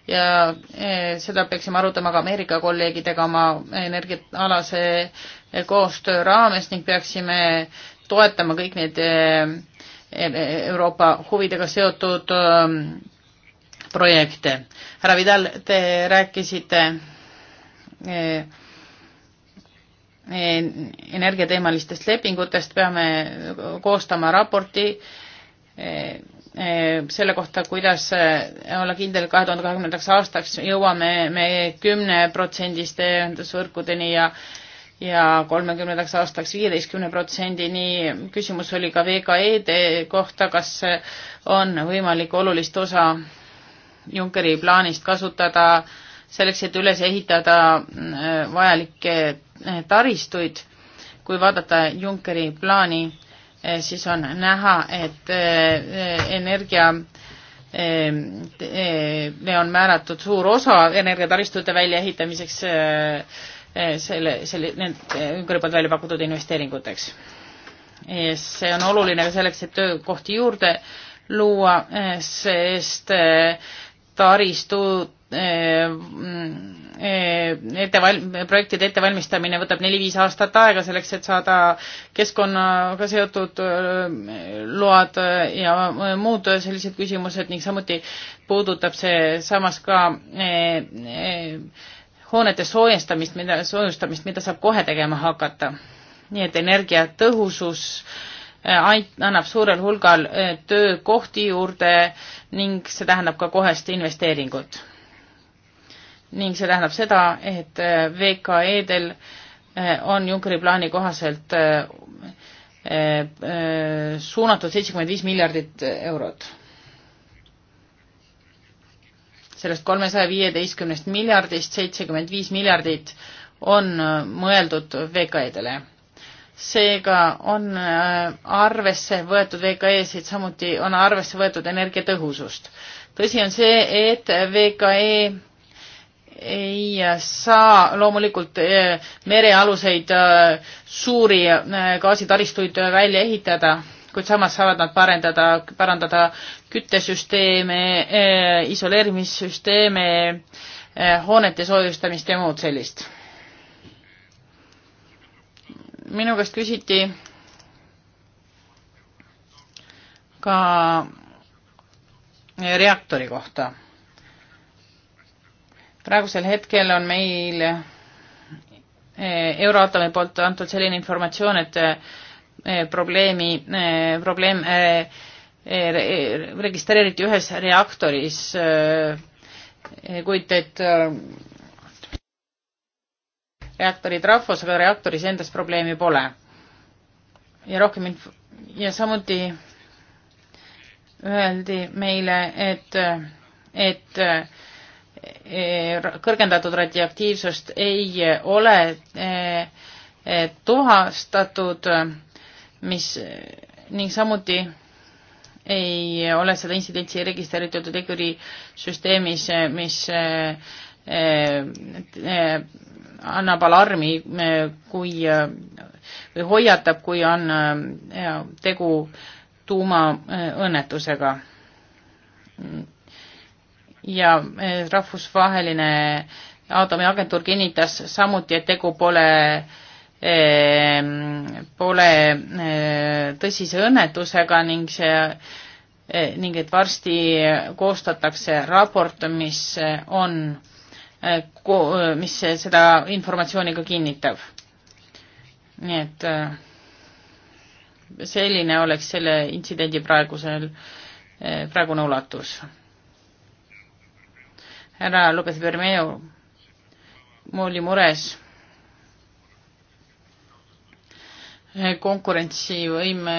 ja eh, seda peaksime arutama ka Ameerika kolleegidega oma energiaalase eh, koostöö raames ning peaksime toetama kõik need eh, Euroopa huvidega seotud ehm, projekte. härra Vidal, te rääkisite energiateemalistest lepingutest, peame koostama raporti Eh, selle kohta, kuidas eh, olla kindel, kahe tuhande kahekümnendaks aastaks jõuame me kümneprotsendiste ühendusvõrkudeni ja ja kolmekümnendaks aastaks viieteistkümne protsendini. küsimus oli ka VKE-de kohta, kas on võimalik olulist osa Junckeri plaanist kasutada selleks, et üles ehitada eh, vajalikke taristuid. kui vaadata Junckeri plaani, Eh, siis on näha, et eh, energia eh, on määratud suur osa energiataristute väljaehitamiseks selle, selle, need ümber poolt välja pakutud investeeringuteks. see on oluline ka selleks, et töökohti juurde luua, sest taristud Äh, mm, äh, etteval-, projektide ettevalmistamine võtab neli-viis aastat aega selleks, et saada keskkonnaga seotud äh, load ja muud sellised küsimused ning samuti puudutab see samas ka hoonete soojustamist, mida, soojustamist, mida saab kohe tegema hakata. nii et energiatõhusus ait-, annab suurel hulgal töökohti juurde ning see tähendab ka kohest investeeringut ning see tähendab seda, et äh, VKE-del äh, on Junckeri plaani kohaselt äh, suunatud seitsekümmend viis miljardit eurot. sellest kolmesaja viieteistkümnest miljardist seitsekümmend viis miljardit on mõeldud VKE-dele. seega on arvesse võetud VKE-sid, samuti on arvesse võetud energiatõhusust. tõsi on see, et VKE ei saa loomulikult eh, merealuseid eh, suuri eh, gaasitaristuid välja ehitada, kuid samas saavad nad parendada, parandada küttesüsteeme, isoleerimissüsteeme, hoonete soojustamist ja muud sellist. minu käest küsiti ka reaktori kohta praegusel hetkel on meil eh, Euroatomi poolt antud selline informatsioon, et eh, probleemi, eh, probleem registreeriti ühes reaktoris, kuid et reaktori trahvus, aga reaktoris endas probleemi pole. ja rohkem inf- ja samuti öeldi meile, et, et Eh, kõrgendatud radioaktiivsust ei ole eh, eh, tuvastatud, mis ning samuti ei ole seda intsidentsi registreeritud Eguri süsteemis, mis annab alarmi, kui või hoiatab, kui on tegu tuumaõnnetusega ja eh, rahvusvaheline aatomiagentuur kinnitas samuti, et tegu pole eh, pole eh, tõsise õnnetusega ning see ning et varsti koostatakse raport, mis on, mis seda informatsiooni ka kinnitab. nii et selline oleks selle intsidendi praegusel, praegune ulatus härra Lopez Bermeo, ma olin mures konkurentsivõime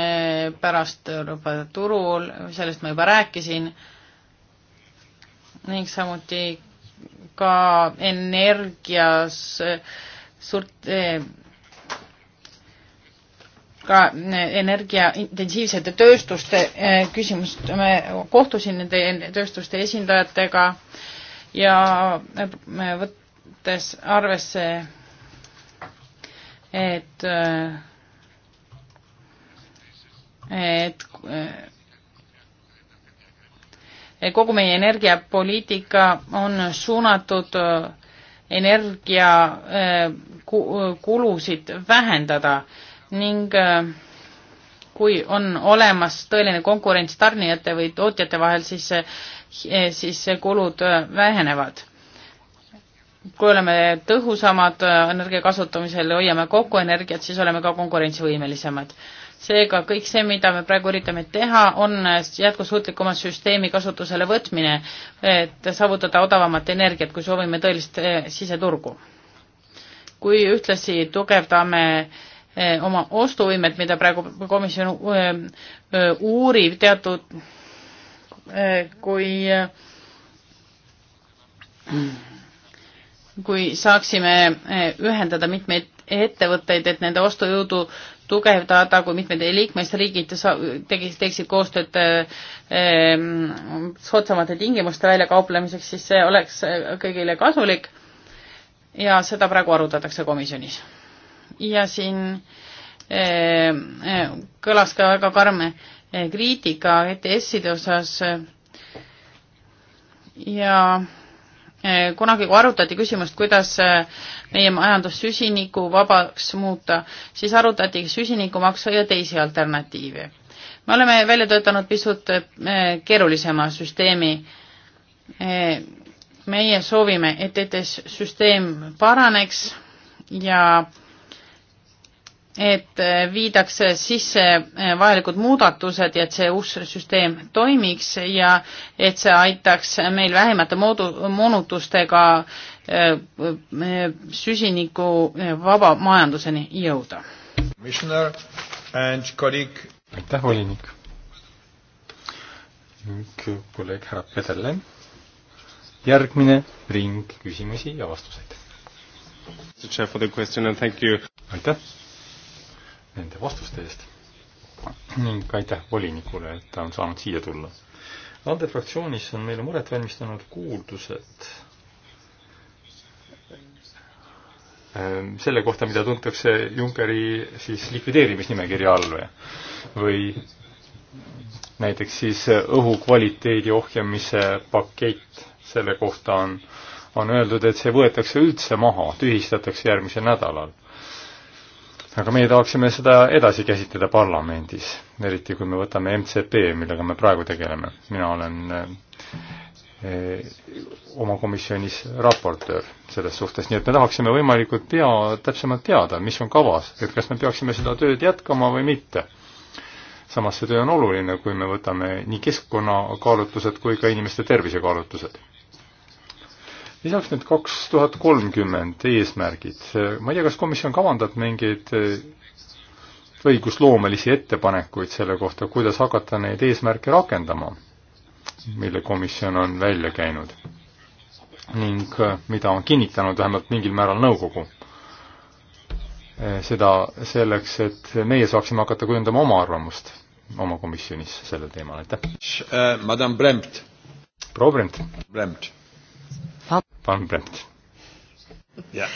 pärast Euroopa turul, sellest ma juba rääkisin, ning samuti ka energias suurt ka energiaintensiivsete tööstuste eh, küsimust, ma kohtusin nende tööstuste esindajatega äh, ja võttes arvesse, et et kogu meie energiapoliitika on suunatud energiakulusid eh, vähendada ning äh, kui on olemas tõeline konkurents tarnijate või tootjate vahel, siis, eh, siis kulud eh, vähenevad. kui oleme tõhusamad eh, energia kasutamisel ja hoiame kokku energiat, siis oleme ka konkurentsivõimelisemad. seega kõik see, mida me praegu üritame teha, on jätkusuutlikuma süsteemi kasutusele võtmine, et saavutada odavamat energiat, kui soovime tõelist siseturgu. kui ühtlasi tugevdame äh, Eh, oma ostuvõimet, mida praegu komisjon eh, eh, uurib teatud, kui, kui saaksime ühendada mitmeid ettevõtteid, et nende ostujõudu tugevdada, kui mitmed liikmesriigid tegid, teeksid koostööd soodsamate tingimuste väljakauplemiseks, siis see oleks kõigile kasulik. ja seda praegu arutatakse komisjonis ja siin eh, eh, kõlas ka väga karme eh, kriitika ETS-ide osas ja kunagi kui arutati küsimust, kuidas meie majandus süsinikuvabaks muuta, siis arutati süsinikumaksu ja teisi alternatiive. me oleme välja töötanud pisut keerulisema süsteemi. meie soovime, et ETS-süsteem paraneks ja et eh, viidakse sisse eh, vajalikud muudatused ja et see uus süsteem toimiks ja et see aitaks meil vähemate moodu-, moonutustega eh, süsiniku vaba majanduseni jõuda. aitäh, volinik. nüüd kolleeg härra Pederle. järgmine ring küsimusi ja vastuseid. aitäh nende vastuste eest ning aitäh volinikule, et ta on saanud siia tulla. ALDE fraktsioonis on meile muret valmistanud kuuldused ähm, selle kohta, mida tuntakse Junckeri siis likvideerimisnimekirja all või, või näiteks siis õhukvaliteedi ohjamise pakett, selle kohta on, on öeldud, et see võetakse üldse maha, tühistatakse järgmisel nädalal aga meie tahaksime seda edasi käsitleda parlamendis, eriti kui me võtame MCP, millega me praegu tegeleme. mina olen eh, oma komisjonis raportöör selles suhtes, nii et me tahaksime võimalikult pea, täpsemalt teada, mis on kavas, et kas me peaksime seda tööd jätkama või mitte. samas see töö on oluline, kui me võtame nii keskkonnakaalutlused kui ka inimeste tervisekaalutlused lisaks need kaks tuhat kolmkümmend eesmärgid. ma ei tea, kas komisjon kavandab mingeid eh, õigusloomelisi ettepanekuid selle kohta, kuidas hakata neid eesmärke rakendama, mille komisjon on välja käinud ning eh, mida on kinnitanud vähemalt mingil määral nõukogu. Eh, seda selleks, et meie saaksime hakata kujundama oma arvamust oma komisjonis sellel teemal, aitäh. Madame Bremt. proua Bremt. Bremt Van Bremt. jah.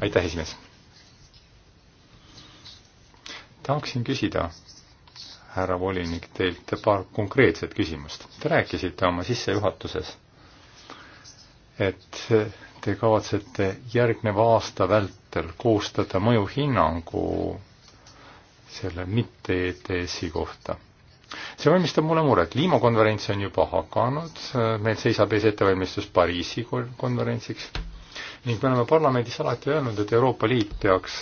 aitäh, esimees. tahaksin küsida, härra volinik, teilt paar konkreetset küsimust. Te rääkisite oma sissejuhatuses, et te kavatsete järgneva aasta vältel koostada mõjuhinnangu selle mitte-ETS-i kohta see valmistab mulle muret. kliimakonverents on juba hakanud, meil seisab ees ettevalmistus Pariisi konverentsiks ning me oleme parlamendis alati öelnud, et Euroopa Liit peaks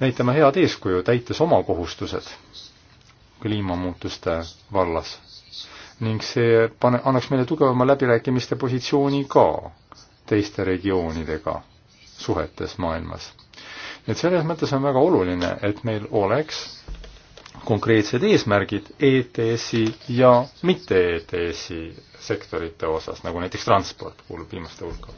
näitama head eeskuju, täites oma kohustused kliimamuutuste vallas. ning see pane, annaks meile tugevama läbirääkimiste positsiooni ka teiste regioonidega suhetes maailmas. nii et selles mõttes on väga oluline, et meil oleks konkreetsed eesmärgid ETS-i ja mitte ETS-i sektorite osas, nagu näiteks transport kuulub viimaste hulka.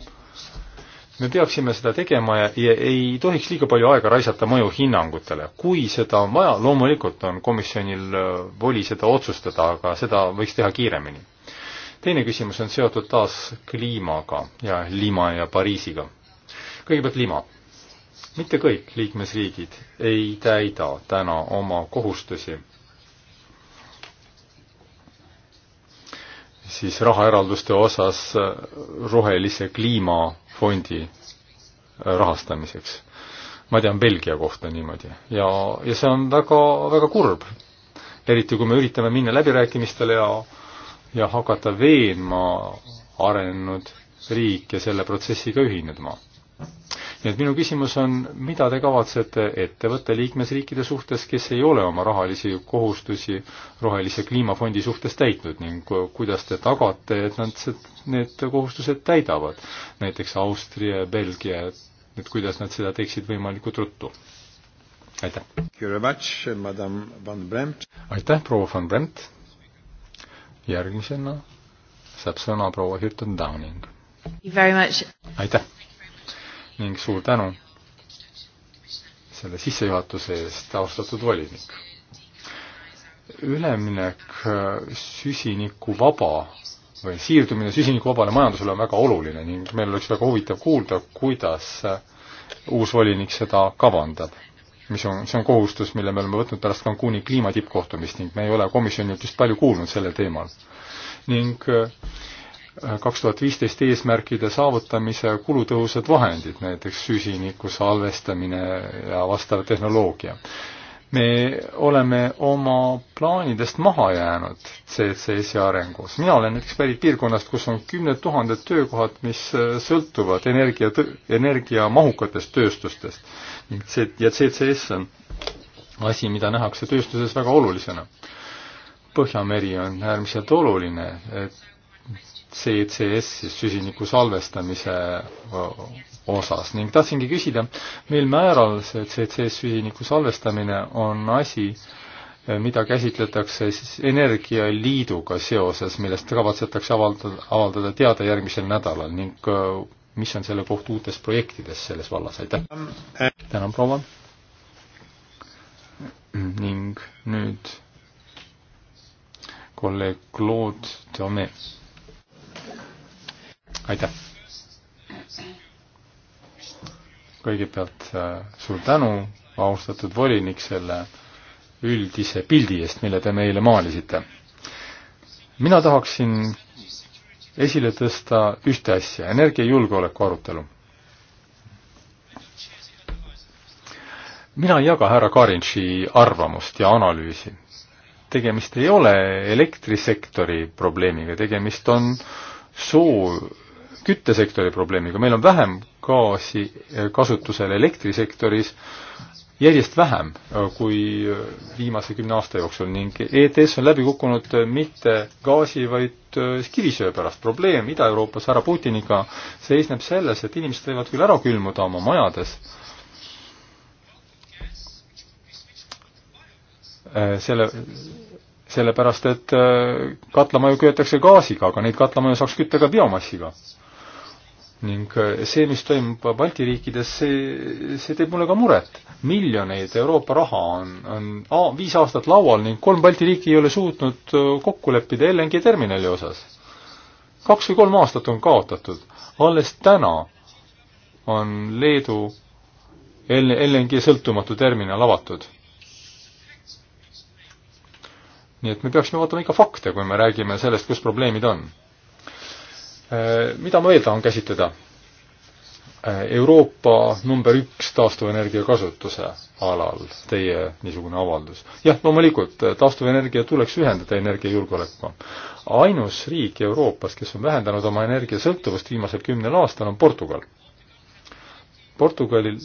me peaksime seda tegema ja, ja ei tohiks liiga palju aega raisata mõjuhinnangutele. kui seda on vaja, loomulikult on komisjonil äh, voli seda otsustada, aga seda võiks teha kiiremini. teine küsimus on seotud taas kliimaga ja Lima ja Pariisiga. kõigepealt Lima mitte kõik liikmesriigid ei täida täna oma kohustusi siis rahaeralduste osas rohelise kliimafondi rahastamiseks. ma tean Belgia kohta niimoodi ja, ja see on väga, väga kurb. eriti kui me üritame minna läbirääkimistele ja, ja hakata veenma arenenud riike selle protsessiga ühinema nii et minu küsimus on, mida te kavatsete ette võtta liikmesriikide suhtes, kes ei ole oma rahalisi kohustusi rohelise kliimafondi suhtes täitnud ning kuidas te tagate, et nad need kohustused täidavad, näiteks Austria ja Belgia, et kuidas nad seda teeksid võimalikult ruttu? aitäh! aitäh, proua Van Bremt! järgmisena saab sõna proua Hilton Downing. aitäh! ning suur tänu selle sissejuhatuse eest, austatud volinik. üleminek äh, süsinikuvaba või siirdumine süsinikuvabale majandusele on väga oluline ning meil oleks väga huvitav kuulda, kuidas äh, uus volinik seda kavandab mis on, see on kohustus, mille me oleme võtnud pärast Cancuni kliima tippkohtumist ning me ei ole komisjonilt just palju kuulnud sellel teemal. ning äh, kaks tuhat viisteist eesmärkide saavutamise kulutõhusad vahendid, näiteks süsiniku salvestamine ja vastav tehnoloogia. me oleme oma plaanidest maha jäänud CCS-i arengus. mina olen näiteks pärit piirkonnast, kus on kümned tuhanded töökohad, mis sõltuvad energia, energiamahukatest tööstustest. ja CCS on asi, mida nähakse tööstuses väga olulisena. Põhjameri on äärmiselt oluline, et CCS, siis süsiniku salvestamise osas ning tahtsingi küsida, mil määral see CCS süsiniku salvestamine on asi, mida käsitletakse siis Energialiiduga seoses, millest kavatsetakse avaldada, avaldada teada järgmisel nädalal ning mis on selle kohta uutes projektides selles vallas, aitäh! tänan, proua! ning nüüd kolleeg Claude Tomee aitäh! kõigepealt äh, suur tänu, austatud volinik, selle üldise pildi eest, mille te meile maalisite. mina tahaksin esile tõsta ühte asja, energiajulgeoleku arutelu. mina ei jaga härra Karinši arvamust ja analüüsi. tegemist ei ole elektrisektori probleemiga, tegemist on soo küttesektori probleemiga, meil on vähem gaasi eh, kasutusel elektrisektoris, järjest vähem eh, kui eh, viimase kümne aasta jooksul ning ETS on läbi kukkunud mitte gaasi, vaid kivisöe pärast. probleem Ida-Euroopas härra Putiniga seisneb selles, et inimesed võivad küll ära külmuda oma majades, selle, sellepärast et katlamaju köetakse gaasiga, aga neid katlamaju saaks kütta ka biomassiga ning äh, see, mis toimub Balti riikides, see, see teeb mulle ka muret. miljoneid Euroopa raha on, on a, viis aastat laual ning kolm Balti riiki ei ole suutnud äh, kokku leppida LNG terminali osas. kaks või kolm aastat on kaotatud. alles täna on Leedu LNG sõltumatu terminal avatud. nii et me peaksime vaatama ikka fakte, kui me räägime sellest, kus probleemid on Eh, mida ma veel tahan käsitleda? Eh, Euroopa number üks taastuvenergia kasutuse alal teie niisugune avaldus. jah, loomulikult, eh, taastuvenergia tuleks ühendada energiajulgeolekuga. ainus riik Euroopas, kes on vähendanud oma energiasõltuvust viimasel kümnel aastal, on Portugal. Portugalil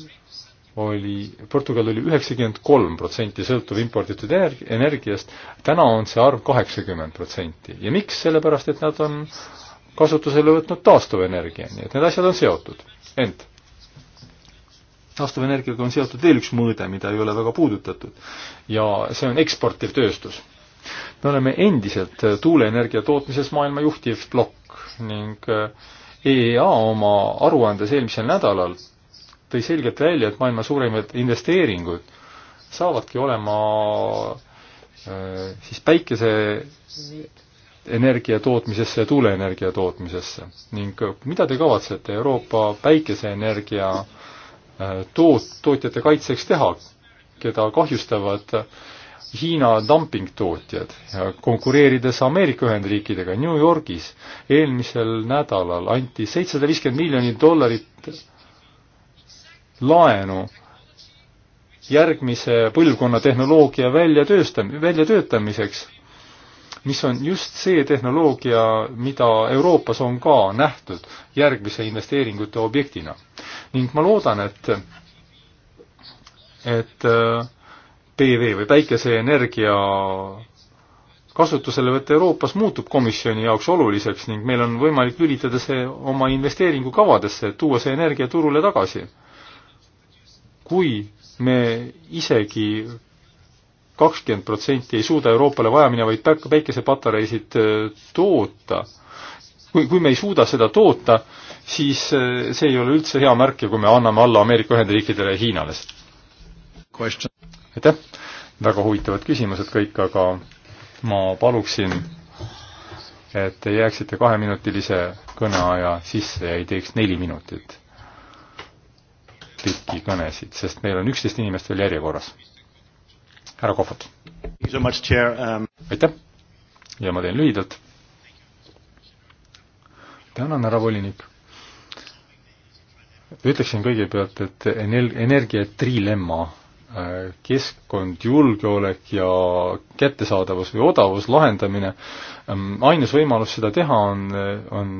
oli, Portugal oli üheksakümmend kolm protsenti sõltuv imporditud energi-, energiast, täna on see arv kaheksakümmend protsenti. ja miks, sellepärast et nad on kasutusele võtnud taastuvenergia, nii et need asjad on seotud. ent taastuvenergiaga on seotud veel üks mõõde, mida ei ole väga puudutatud ja see on eksportiv tööstus. me oleme endiselt tuuleenergia tootmises maailma juhtiv plokk ning EEA eh, e oma aruandes eelmisel nädalal tõi selgelt välja, et maailma suurimad investeeringud saavadki olema eh, siis päikese energia tootmisesse ja tuuleenergia tootmisesse ning äh, mida te kavatsete Euroopa päikeseenergia äh, toot-, tootjate kaitseks teha, keda kahjustavad äh, Hiina dumpingtootjad, konkureerides Ameerika Ühendriikidega New Yorgis eelmisel nädalal anti seitsesada viiskümmend miljonit dollarit laenu järgmise põlvkonna tehnoloogia väljatööstam-, väljatöötamiseks mis on just see tehnoloogia, mida Euroopas on ka nähtud järgmise investeeringute objektina. ning ma loodan, et, et äh, PV või päikeseenergia kasutuselevõtt Euroopas muutub komisjoni jaoks oluliseks ning meil on võimalik lülitada see oma investeeringukavadesse, et tuua see energia turule tagasi. kui me isegi kakskümmend protsenti ei suuda Euroopale vajaminevaid päikesepatareisid äh, toota. kui, kui me ei suuda seda toota, siis äh, see ei ole üldse hea märk ja kui me anname alla Ameerika Ühendriikidele ja Hiinale. aitäh, väga huvitavad küsimused kõik, aga ma paluksin, et te jääksite kaheminutilise kõneaja sisse ja ei teeks neli minutit pikki kõnesid, sest meil on üksteist inimest veel järjekorras härra Kohvat. Um, aitäh ja ma teen lühidalt. tänan, härra volinik. ütleksin kõigepealt, et ener-, energia trilemma, äh, keskkond, julgeolek ja kättesaadavus või odavus, lahendamine, ähm, ainus võimalus seda teha on, on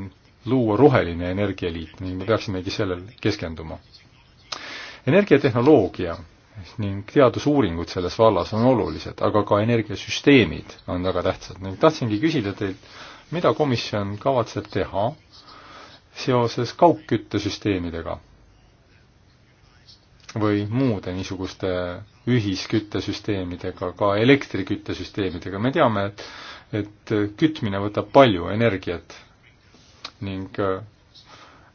luua roheline energialiit ning me peaksimegi sellel keskenduma. energiatehnoloogia ning teadusuuringud selles vallas on olulised, aga ka energiasüsteemid on väga tähtsad ning tahtsingi küsida teilt, mida komisjon kavatseb teha seoses kaugküttesüsteemidega või muude niisuguste ühisküttesüsteemidega, ka elektriküttesüsteemidega, me teame, et et kütmine võtab palju energiat ning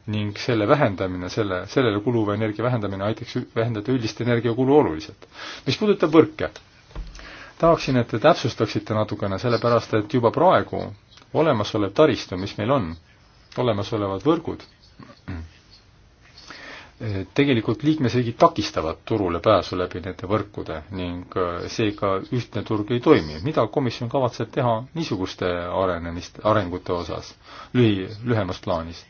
ning selle vähendamine, selle, sellele kuluva energia vähendamine aitaks vähendada üldist energiakulu oluliselt. mis puudutab võrke, tahaksin, et te täpsustaksite natukene, sellepärast et juba praegu olemasolev taristu, mis meil on, olemasolevad võrgud, tegelikult liikmesriigid takistavad turule pääsu läbi nende võrkude ning äh, seega ühtne turg ei toimi. mida komisjon kavatseb teha niisuguste arenemist, arengute osas lühi, lühemas plaanis?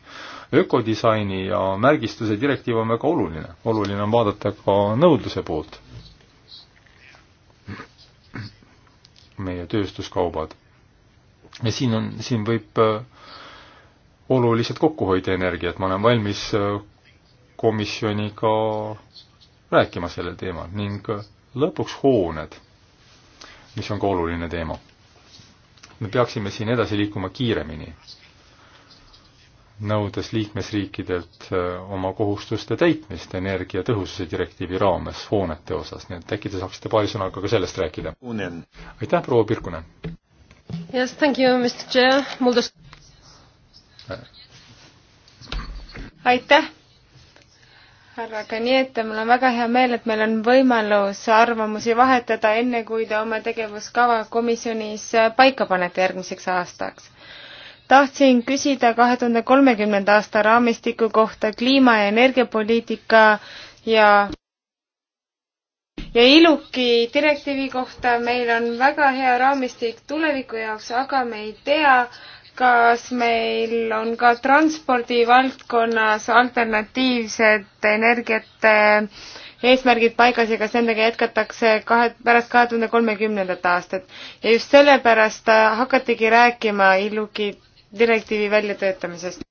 ökodisaini ja märgistuse direktiiv on väga oluline. oluline on vaadata ka nõudluse poolt. meie tööstuskaubad. ja siin on, siin võib äh, oluliselt kokku hoida energiat, ma olen valmis äh, komisjoniga rääkima sellel teemal ning äh, lõpuks hooned, mis on ka oluline teema. me peaksime siin edasi liikuma kiiremini nõudes liikmesriikidelt äh, oma kohustuste täitmist energiatõhususe direktiivi raames hoonete osas, nii et äkki te saaksite paari sõnaga ka sellest rääkida? aitäh, proua Pirkunen! Yes, thank you, Mr Chair, mul tõst-. aitäh! härra Kaniete, mul on väga hea meel, et meil on võimalus arvamusi vahetada, enne kui te oma tegevuskava komisjonis paika panete järgmiseks aastaks tahtsin küsida kahe tuhande kolmekümnenda aasta raamistiku kohta kliima ja energiapoliitika ja ja ILUK-i direktiivi kohta meil on väga hea raamistik tuleviku jaoks, aga me ei tea, kas meil on ka transpordi valdkonnas alternatiivsed energiate eesmärgid paigas ja kas nendega jätkatakse kahe, pärast kahe tuhande kolmekümnendat aastat. ja just sellepärast hakatigi rääkima ILUK-i direktiivi väljatöötamisest.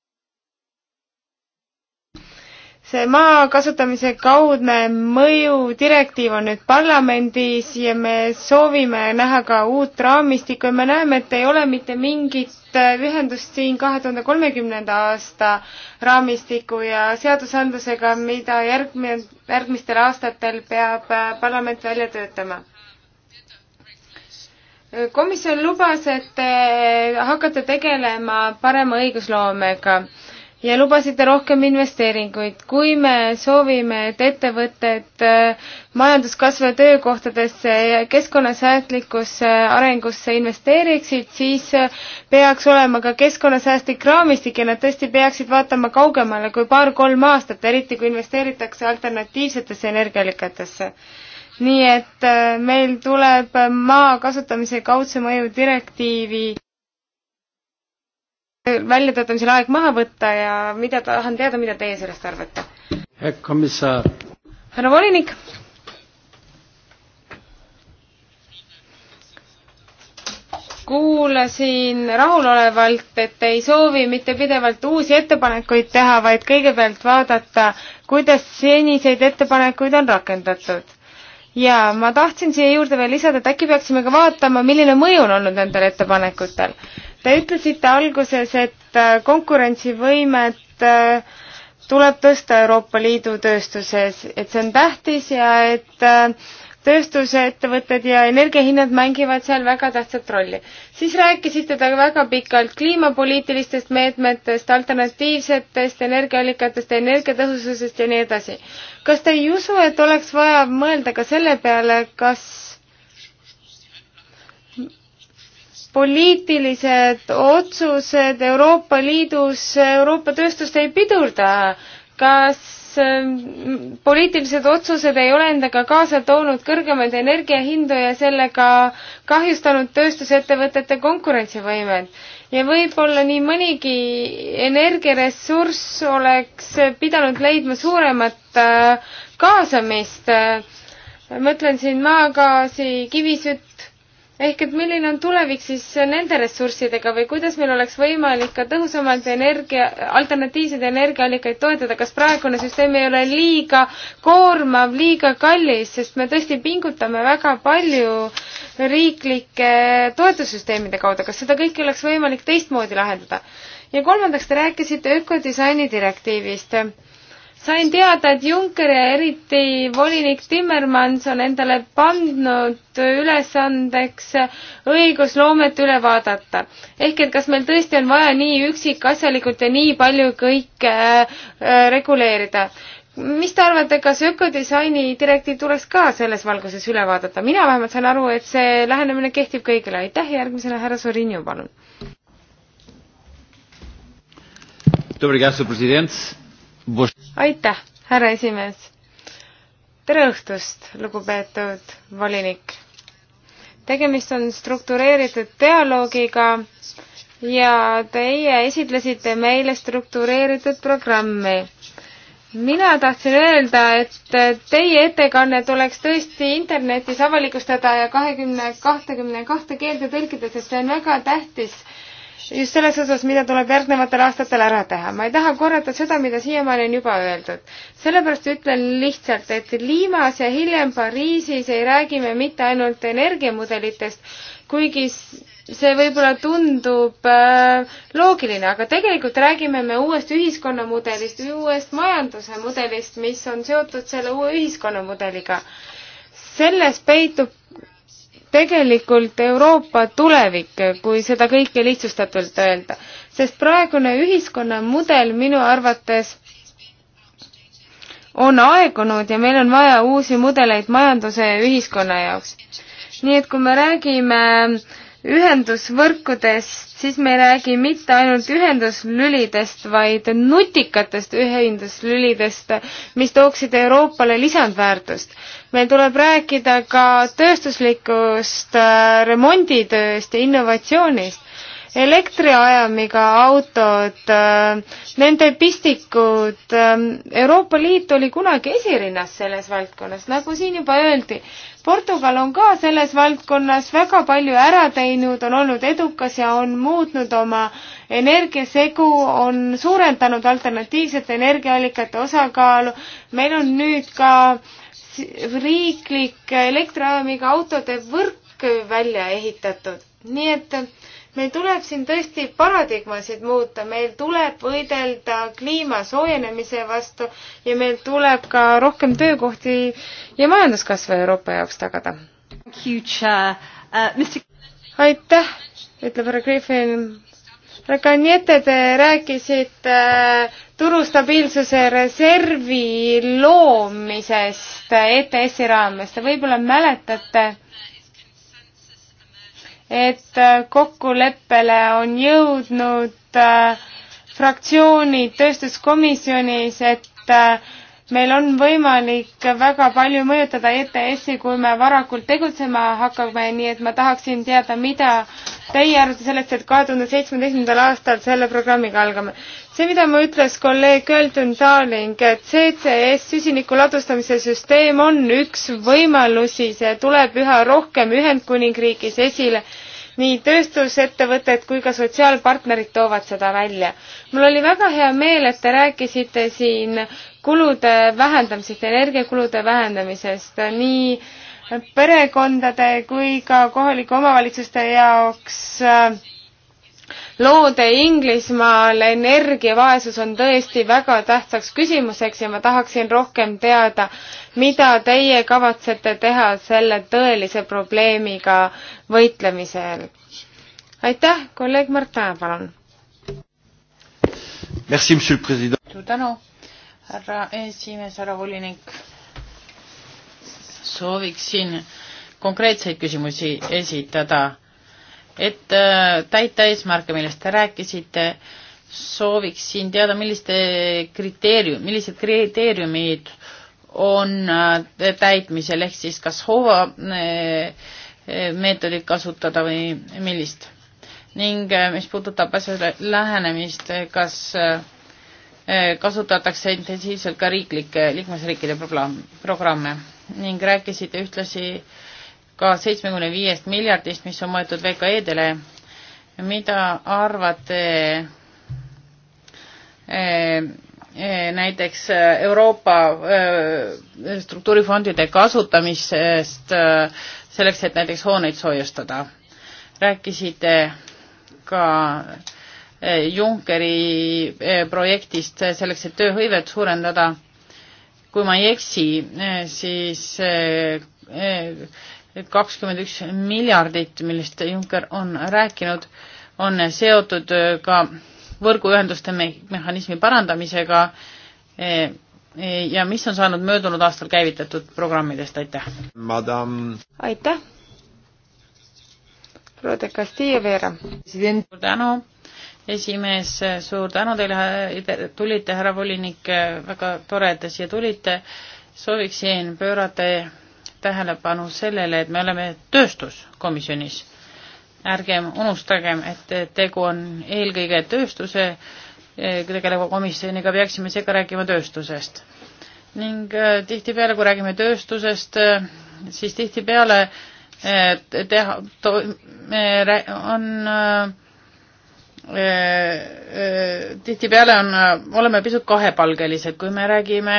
see maa kasutamise kaudne mõju direktiiv on nüüd parlamendis ja me soovime näha ka uut raamistikku ja me näeme, et ei ole mitte mingit ühendust siin kahe tuhande kolmekümnenda aasta raamistiku ja seadusandlusega, mida järgmine, järgmistel aastatel peab parlament välja töötama komisjon lubas, et te hakkate tegelema parema õigusloomega ja lubasite rohkem investeeringuid. kui me soovime, et ettevõtted äh, majanduskasvu ja töökohtadesse ja keskkonnasäästlikkusse arengusse investeeriksid, siis äh, peaks olema ka keskkonnasäästlik raamistik ja nad tõesti peaksid vaatama kaugemale kui paar-kolm aastat, eriti kui investeeritakse alternatiivsetesse energiallikatesse nii et äh, meil tuleb maa kasutamise kaudse mõju direktiivi väljatöötamisel aeg maha võtta ja mida tahan teada, mida teie sellest arvate? härra volinik. kuulasin rahulolevalt, et ei soovi mitte pidevalt uusi ettepanekuid teha, vaid kõigepealt vaadata, kuidas seniseid ettepanekuid on rakendatud ja ma tahtsin siia juurde veel lisada, et äkki peaksime ka vaatama, milline mõju on olnud nendel ettepanekutel. Te ütlesite alguses, et äh, konkurentsivõimet äh, tuleb tõsta Euroopa Liidu tööstuses, et see on tähtis ja et äh, tööstusettevõtted ja energiahinnad mängivad seal väga tähtsat rolli. siis rääkisite te väga pikalt kliimapoliitilistest meetmetest, alternatiivsetest energiaallikatest, energiatõhususest ja nii edasi. kas te ei usu, et oleks vaja mõelda ka selle peale, kas poliitilised otsused Euroopa Liidus Euroopa tööstust ei pidurda, kas Ähm, poliitilised otsused ei ole endaga kaasa toonud kõrgemaid energiahindu ja sellega kahjustanud tööstusettevõtete konkurentsivõimet. ja võib-olla nii mõnigi energiaressurss oleks pidanud leidma suuremat äh, kaasamist. Äh, mõtlen siin maagaasi, kivisütt, ehk et milline on tulevik siis nende ressurssidega või kuidas meil oleks võimalik ka tõhusamalt energia, alternatiivseid energiaallikaid toetada, kas praegune süsteem ei ole liiga koormav, liiga kallis, sest me tõesti pingutame väga palju riiklike toetussüsteemide kaudu, kas seda kõike oleks võimalik teistmoodi lahendada? ja kolmandaks, te rääkisite ökodisaini direktiivist sain teada, et Juncker ja eriti volinik Timmermans on endale pandnud ülesandeks õigusloomet üle vaadata. ehk et kas meil tõesti on vaja nii üksikasjalikult ja nii palju kõike äh, äh, reguleerida. mis te arvate, kas ökodisaini direktiiv tuleks ka selles valguses üle vaadata? mina vähemalt saan aru, et see lähenemine kehtib kõigile. aitäh, järgmisena härra Sorinio, palun. Muito obrigado, Sr. Presidente aitäh, härra esimees. tere õhtust, lugupeetud volinik. tegemist on struktureeritud dialoogiga ja teie esitlesite meile struktureeritud programmi. mina tahtsin öelda, et teie ettekanne tuleks tõesti internetis avalikustada ja kahekümne, kahtekümne kahte keelde tõlkida, sest see on väga tähtis just selles osas, mida tuleb järgnevatel aastatel ära teha. ma ei taha korrata seda, mida siiamaani on juba öeldud. sellepärast ütlen lihtsalt, et Liimas ja hiljem Pariisis ei räägi me mitte ainult energiamudelitest, kuigi see võib-olla tundub äh, loogiline, aga tegelikult räägime me uuest ühiskonnamudelist, uuest majanduse mudelist, mis on seotud selle uue ühiskonnamudeliga. selles peitub tegelikult Euroopa tulevik, kui seda kõike lihtsustatult öelda. sest praegune ühiskonnamudel minu arvates on aegunud ja meil on vaja uusi mudeleid majanduse ja ühiskonna jaoks. nii et kui me räägime ühendusvõrkudest, siis me ei räägi mitte ainult ühenduslülidest, vaid nutikatest ühenduslülidest, mis tooksid Euroopale lisandväärtust meil tuleb rääkida ka tööstuslikust äh, remonditööst ja innovatsioonist. elektriajamiga autod, äh, nende pistikud, äh, Euroopa Liit oli kunagi esirinnas selles valdkonnas, nagu siin juba öeldi. Portugal on ka selles valdkonnas väga palju ära teinud, on olnud edukas ja on muutnud oma energiasegu on suurendanud alternatiivsete energiaallikate osakaalu. meil on nüüd ka äh, riiklik elektriajamiga autode võrk välja ehitatud. nii et meil tuleb siin tõesti paradigmasid muuta, meil tuleb võidelda kliima soojenemise vastu ja meil tuleb ka rohkem töökohti ja majanduskasvu Euroopa jaoks tagada. Uh, aitäh, ütleb härra Griffin Kaniete, te rääkisite äh, turustabiilsuse reservi loomisest ETS-i raames. Te võib-olla mäletate, et äh, kokkuleppele on jõudnud äh, fraktsioonid tööstuskomisjonis, et meil on võimalik väga palju mõjutada ETS-i, kui me varakult tegutsema hakkame, nii et ma tahaksin teada, mida teie arvate sellest, et kahe tuhande seitsmeteistkümnendal aastal selle programmiga algame. see, mida mu ütles kolleeg Költon Darling, et CCS, süsiniku ladustamise süsteem on üks võimalusi, see tuleb üha rohkem Ühendkuningriigis esile nii tööstusettevõtted kui ka sotsiaalpartnerid toovad seda välja. mul oli väga hea meel, et te rääkisite siin kulude vähendamisest, energiakulude vähendamisest nii perekondade kui ka kohalike omavalitsuste jaoks äh, loode Inglismaal, energiavaesus on tõesti väga tähtsaks küsimuseks ja ma tahaksin rohkem teada, mida teie kavatsete teha selle tõelise probleemiga võitlemisel. aitäh, kolleeg Mart Tähe, palun. suur tänu, härra esimees, härra volinik. sooviksin konkreetseid küsimusi esitada et äh, täita eesmärke, millest te rääkisite, sooviksin teada, milliste kriteerium, millised kriteeriumid on äh, täitmisel, ehk siis kas hoova äh, meetodit kasutada või millist? ning mis puudutab asjale lähenemist, kas kasutatakse intensiivselt ka riiklikke, liikmesriikide programme ning rääkisite ühtlasi äh, ka seitsmekümne viiest miljardist, mis on mõeldud VKE-dele. mida arvate eh, eh, näiteks Euroopa eh, struktuurifondide kasutamisest selleks, et näiteks hooneid soojustada? rääkisite ka Junckeri projektist selleks, et tööhõivet suurendada. kui ma ei eksi, siis et kakskümmend üks miljardit, millest Juncker on rääkinud, on seotud äh, ka võrguühenduste me mehhanismi parandamisega e, e, ja mis on saanud möödunud aastal käivitatud programmidest, aitäh! aitäh! Rode Castillo Vera. suur tänu, esimees, suur tänu teile, tulite, härra volinik, väga tore, et te siia tulite. sooviksin pöörata tähelepanu sellele, et me oleme tööstuskomisjonis. ärgem unustagem, et tegu on eelkõige tööstuse eh, tegeleva komisjoniga, peaksime seega rääkima tööstusest. ning eh, tihtipeale, kui räägime tööstusest, eh, siis tihtipeale teha, on tihtipeale on, oleme pisut kahepalgelised, kui me räägime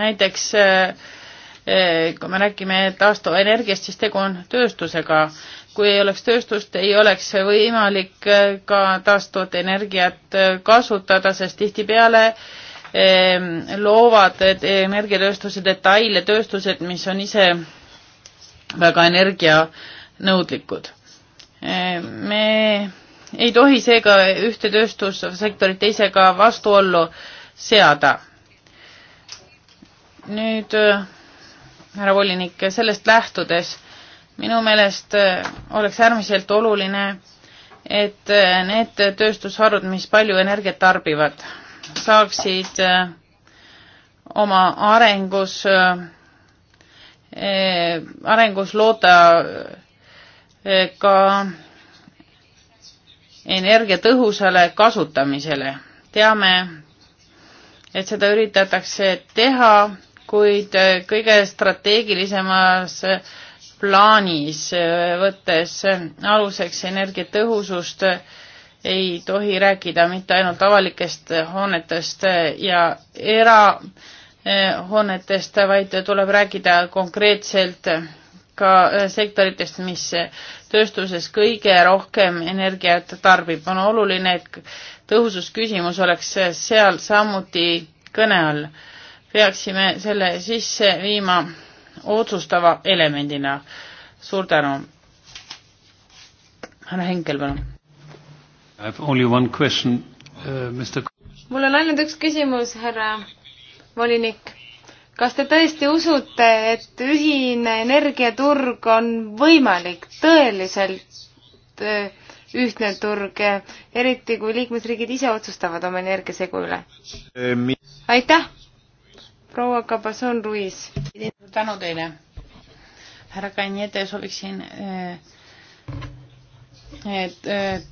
näiteks äh, Eh, kui me räägime taastuvenergiast, siis tegu on tööstusega. kui ei oleks tööstust, ei oleks võimalik eh, ka taastuvat energiat eh, kasutada, sest tihtipeale loovad energiatööstuse detaile tööstused, mis on ise väga energianõudlikud. me ei tohi seega ühte tööstussektorit teisega vastuollu seada. nüüd härra volinik, sellest lähtudes minu meelest äh, oleks äärmiselt oluline, et äh, need tööstusharud, mis palju energiat tarbivad, saaksid äh, oma arengus, arengus loota ka energiatõhusale kasutamisele. teame, et seda üritatakse teha kuid äh, kõige strateegilisemas äh, plaanis, äh, võttes aluseks energiatõhusust, ei tohi rääkida mitte ainult avalikest hoonetest ja erahoonetest, vaid tuleb rääkida konkreetselt ka sektoritest, mis tööstuses kõige rohkem energiat tarbib. on oluline, et tõhususküsimus oleks seal samuti kõne all peaksime selle sisse viima otsustava elemendina. suur tänu. härra Henkel, palun. I have only one question uh,, Mr. mul on ainult üks küsimus, härra volinik. kas te tõesti usute, et ühine energiaturg on võimalik, tõeliselt uh, ühtne turg, eriti kui liikmesriigid ise otsustavad oma energiasegu üle? Eh, aitäh! proua Cabazon Ruiz. tänu teile. härra Kanjete, sooviksin eh, et, et eh,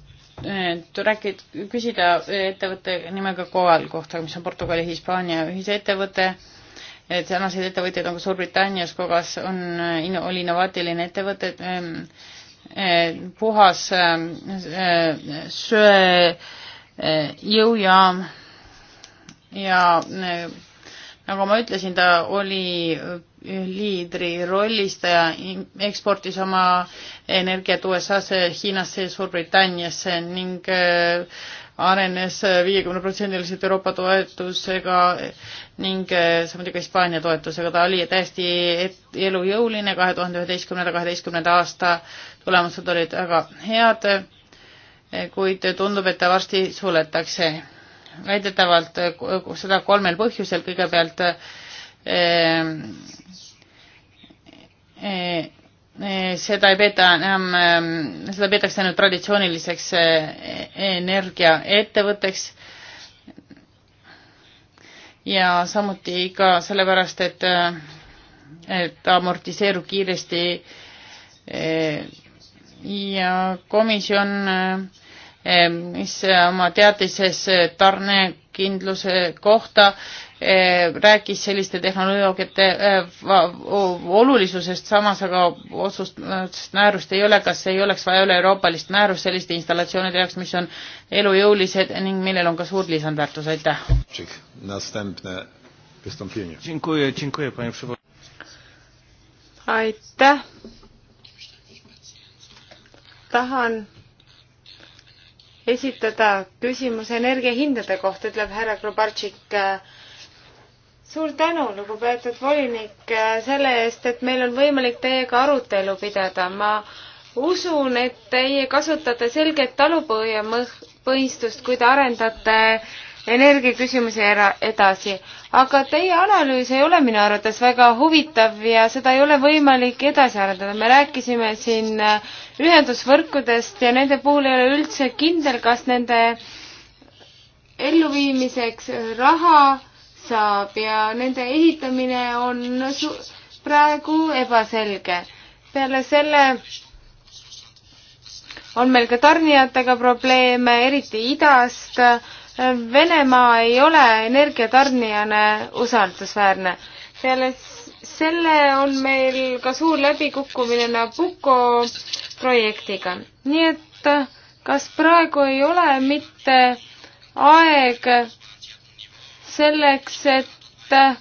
et rääkid, küsida ettevõtte nimega Coal kohta, mis on Portugali, Hispaania ühisettevõte, et sarnaseid ettevõtjaid on nagu ka Suurbritannias, Cogas on, oli innovaatiline ettevõte, et eh, puhas söejõujaam ja nagu ma ütlesin, ta oli äh, liidri rollis, ta eksportis oma energiat USA-sse, Hiinasse ja Suurbritanniasse ning äh, arenes viiekümneprotsendiliselt Euroopa toetusega ning äh, samuti ka Hispaania toetusega. ta oli täiesti elujõuline kahe tuhande üheteistkümnenda, kaheteistkümnenda aasta tulemused olid väga head, kuid tundub, et ta varsti suletakse väidetavalt eh, seda kolmel põhjusel, kõigepealt eh, eh, seda ei peeta enam, seda peetakse ainult traditsiooniliseks energiaettevõtteks ja samuti ka sellepärast, et, et amortiseerub kiiresti ja komisjon mis äh, oma teadises äh, tarnekindluse kohta äh, rääkis selliste tehnoloogiate olulisusest, samas aga otsust, määrust ei ole, kas ei oleks vaja üle-euroopalist määrust selliste installatsioonide jaoks, mis on elujõulised ning millel on ka suur lisandväärtus, aitäh. aitäh. tahan esitada küsimus energiahindade kohta, ütleb härra Grubartšik. suur tänu, lugupeetud volinik, selle eest, et meil on võimalik teiega arutelu pidada. ma usun, et teie kasutate selget talupõhjamõistust, kui te arendate äh, energiaküsimuse ära edasi. aga teie analüüs ei ole minu arvates väga huvitav ja seda ei ole võimalik edasi arendada. me rääkisime siin äh, ühendusvõrkudest ja nende puhul ei ole üldse kindel, kas nende elluviimiseks raha saab ja nende ehitamine on praegu ebaselge. peale selle on meil ka tarnijatega probleeme, eriti idast Venemaa ei ole energiatarnijana usaldusväärne. peale selle on meil ka suur läbikukkumine Nabucco projektiga. nii et äh, kas praegu ei ole mitte aeg selleks, et äh,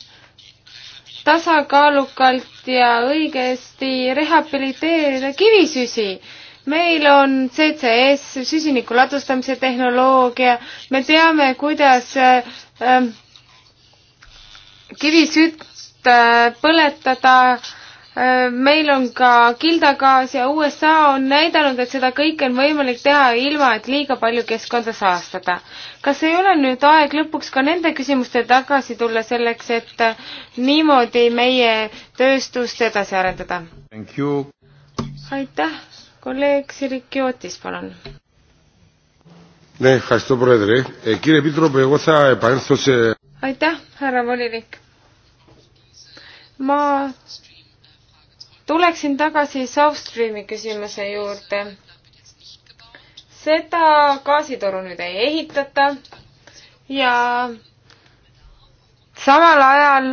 tasakaalukalt ja õigesti rehabiliteerida kivisüsi, meil on CCS, süsiniku ladustamise tehnoloogia, me teame, kuidas äh, kivisütt äh, põletada äh,, meil on ka kildagaas ja USA on näidanud, et seda kõike on võimalik teha ilma, et liiga palju keskkonda saastada. kas ei ole nüüd aeg lõpuks ka nende küsimuste tagasi tulla selleks, et äh, niimoodi meie tööstust edasi arendada? aitäh! kolleeg Siriki Otis, palun. aitäh, härra volinik. ma tuleksin tagasi South Streami küsimuse juurde. seda gaasitoru nüüd ei ehitata ja samal ajal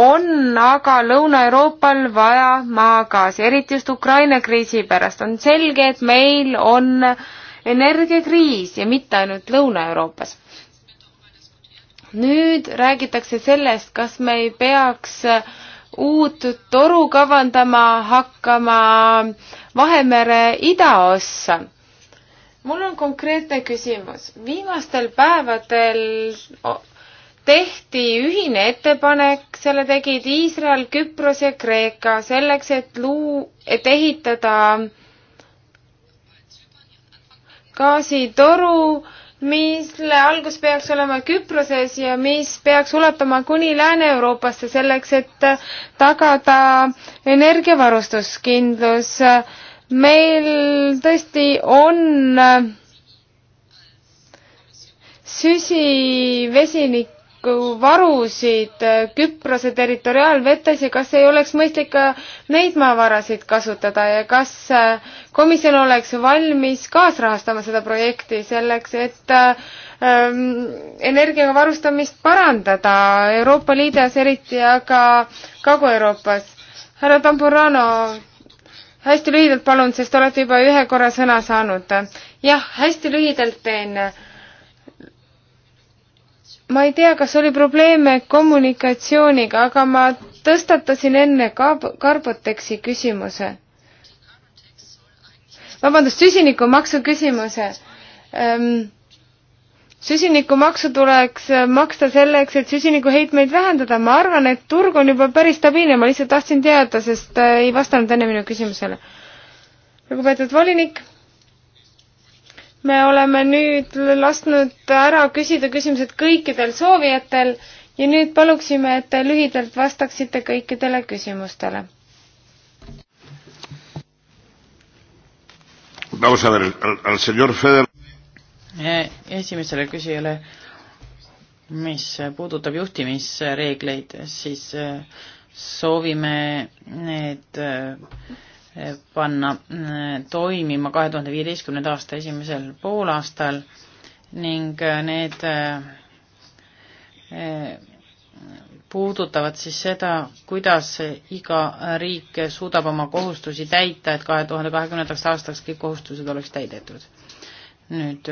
on aga Lõuna-Euroopal vaja maagaasi, eriti just Ukraina kriisi pärast. on selge, et meil on energiakriis ja mitte ainult Lõuna-Euroopas. nüüd räägitakse sellest, kas me ei peaks uut toru kavandama hakkama Vahemere idaossa mul on konkreetne küsimus. viimastel päevadel tehti ühine ettepanek, selle tegid Iisrael, Küpros ja Kreeka selleks, et luu, et ehitada gaasitoru, mille algus peaks olema Küproses ja mis peaks ulatuma kuni Lääne-Euroopasse selleks, et tagada energiavarustuskindlus. meil tõesti on süsivesinik varusid Küprose territoriaalvetes ja kas ei oleks mõistlik ka neid maavarasid kasutada ja kas äh, komisjon oleks valmis kaasrahastama seda projekti selleks, et ähm, energiaga varustamist parandada Euroopa Liidus, eriti aga Kagu-Euroopas? härra Tamburano, hästi lühidalt palun, sest olete juba ühe korra sõna saanud. jah, hästi lühidalt teen ma ei tea, kas oli probleeme kommunikatsiooniga, aga ma tõstatasin enne ka Carboteksi küsimuse. vabandust, süsinikumaksu küsimuse ähm, süsinikumaksu tuleks maksta selleks, et süsinikuheitmeid vähendada. ma arvan, et turg on juba päris stabiilne, ma lihtsalt tahtsin teada, sest äh, ei vastanud enne minu küsimusele. lugupeetud volinik me oleme nüüd lasknud ära küsida küsimused kõikidel soovijatel ja nüüd paluksime, et te lühidalt vastaksite kõikidele küsimustele. Eh, esimesele küsijale, mis puudutab juhtimisreegleid, siis eh, soovime need äh, panna eh, toimima kahe tuhande viieteistkümnenda aasta esimesel poolaastal ning eh, need eh, puudutavad siis seda, kuidas iga riik suudab oma kohustusi täita, et kahe tuhande kahekümnendaks aastaks kõik kohustused oleks täidetud. nüüd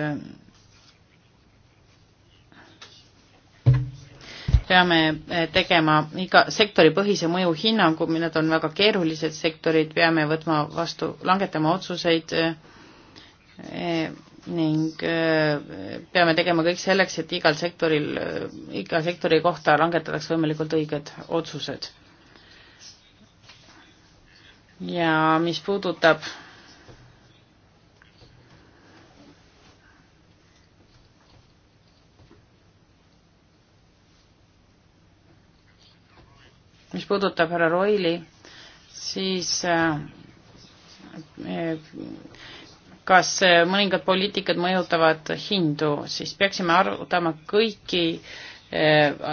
peame eh, tegema iga sektoripõhise mõjuhinnangu, need on väga keerulised sektorid, peame võtma vastu, langetama otsuseid eh, ning eh, peame tegema kõik selleks, et igal sektoril, iga sektori kohta langetataks võimalikult õiged otsused. ja mis puudutab mis puudutab härra Roili, siis äh, äh, kas äh, mõningad poliitikad mõjutavad hindu, siis peaksime arutama kõiki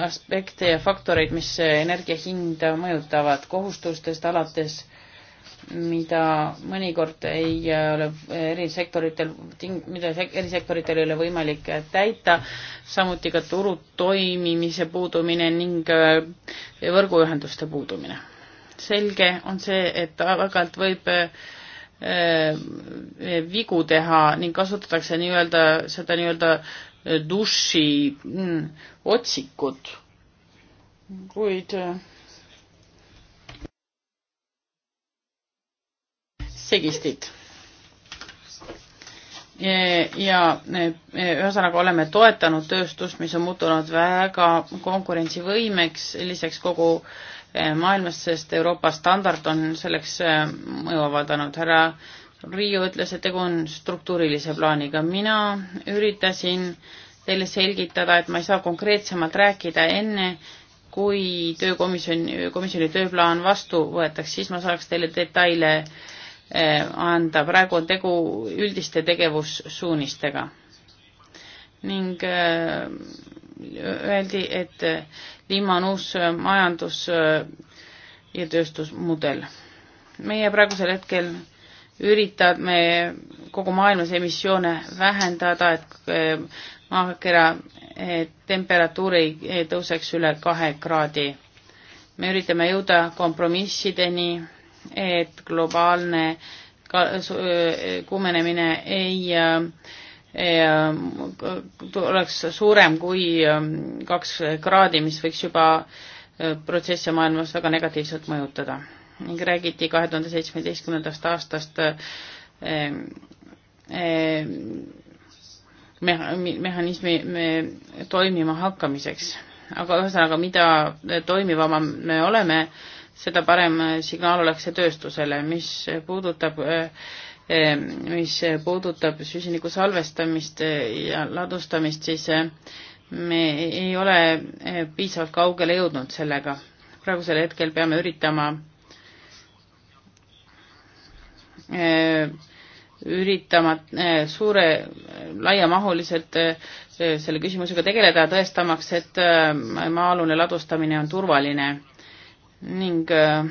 aspekte ja faktoreid, mis energia hinda mõjutavad, kohustustest alates mida mõnikord ei äh, ole eri sektoritel, mida eri sektoritel ei ole võimalik äh, täita, samuti ka turu toimimise puudumine ning äh, võrguühenduste puudumine. selge on see, et aeg-ajalt võib vigu teha ning kasutatakse nii-öelda seda nii-öelda duši mm, otsikut, kuid segistid. ja e, e, ühesõnaga oleme toetanud tööstust, mis on muutunud väga konkurentsivõimeks, lisaks kogu e, maailmas, sest Euroopa standard on selleks mõju avaldanud. härra Riiu ütles, et tegu on struktuurilise plaaniga. mina üritasin teile selgitada, et ma ei saa konkreetsemalt rääkida enne, kui töökomisjon, komisjoni tööplaan vastu võetakse, siis ma saaks teile detaile Eh, anda, praegu on tegu üldiste tegevussuunistega. ning eh, öeldi, et Lima on uus majandus- eh, ja tööstusmudel. meie praegusel hetkel üritame kogu maailmas emissioone vähendada, et maakera temperatuur ei tõuseks üle kahe kraadi. me üritame jõuda kompromissideni et globaalne äh, kuumenemine ei äh, äh, oleks suurem kui ähm, kaks kraadi, mis võiks juba protsesse maailmas väga negatiivselt mõjutada. ning räägiti kahe tuhande seitsmeteistkümnendast aastast ähm, ähm, mehhanismi toimima hakkamiseks. aga ühesõnaga, mida toimivamad me oleme, seda parem signaal oleks see tööstusele, mis puudutab eh, mis puudutab süsiniku salvestamist eh, ja ladustamist, siis eh, me ei ole piisavalt kaugele jõudnud sellega. praegusel hetkel peame üritama, üritama suure, laiamahuliselt selle küsimusega tegeleda, tõestamaks, et maa-alune ladustamine on turvaline ning äh,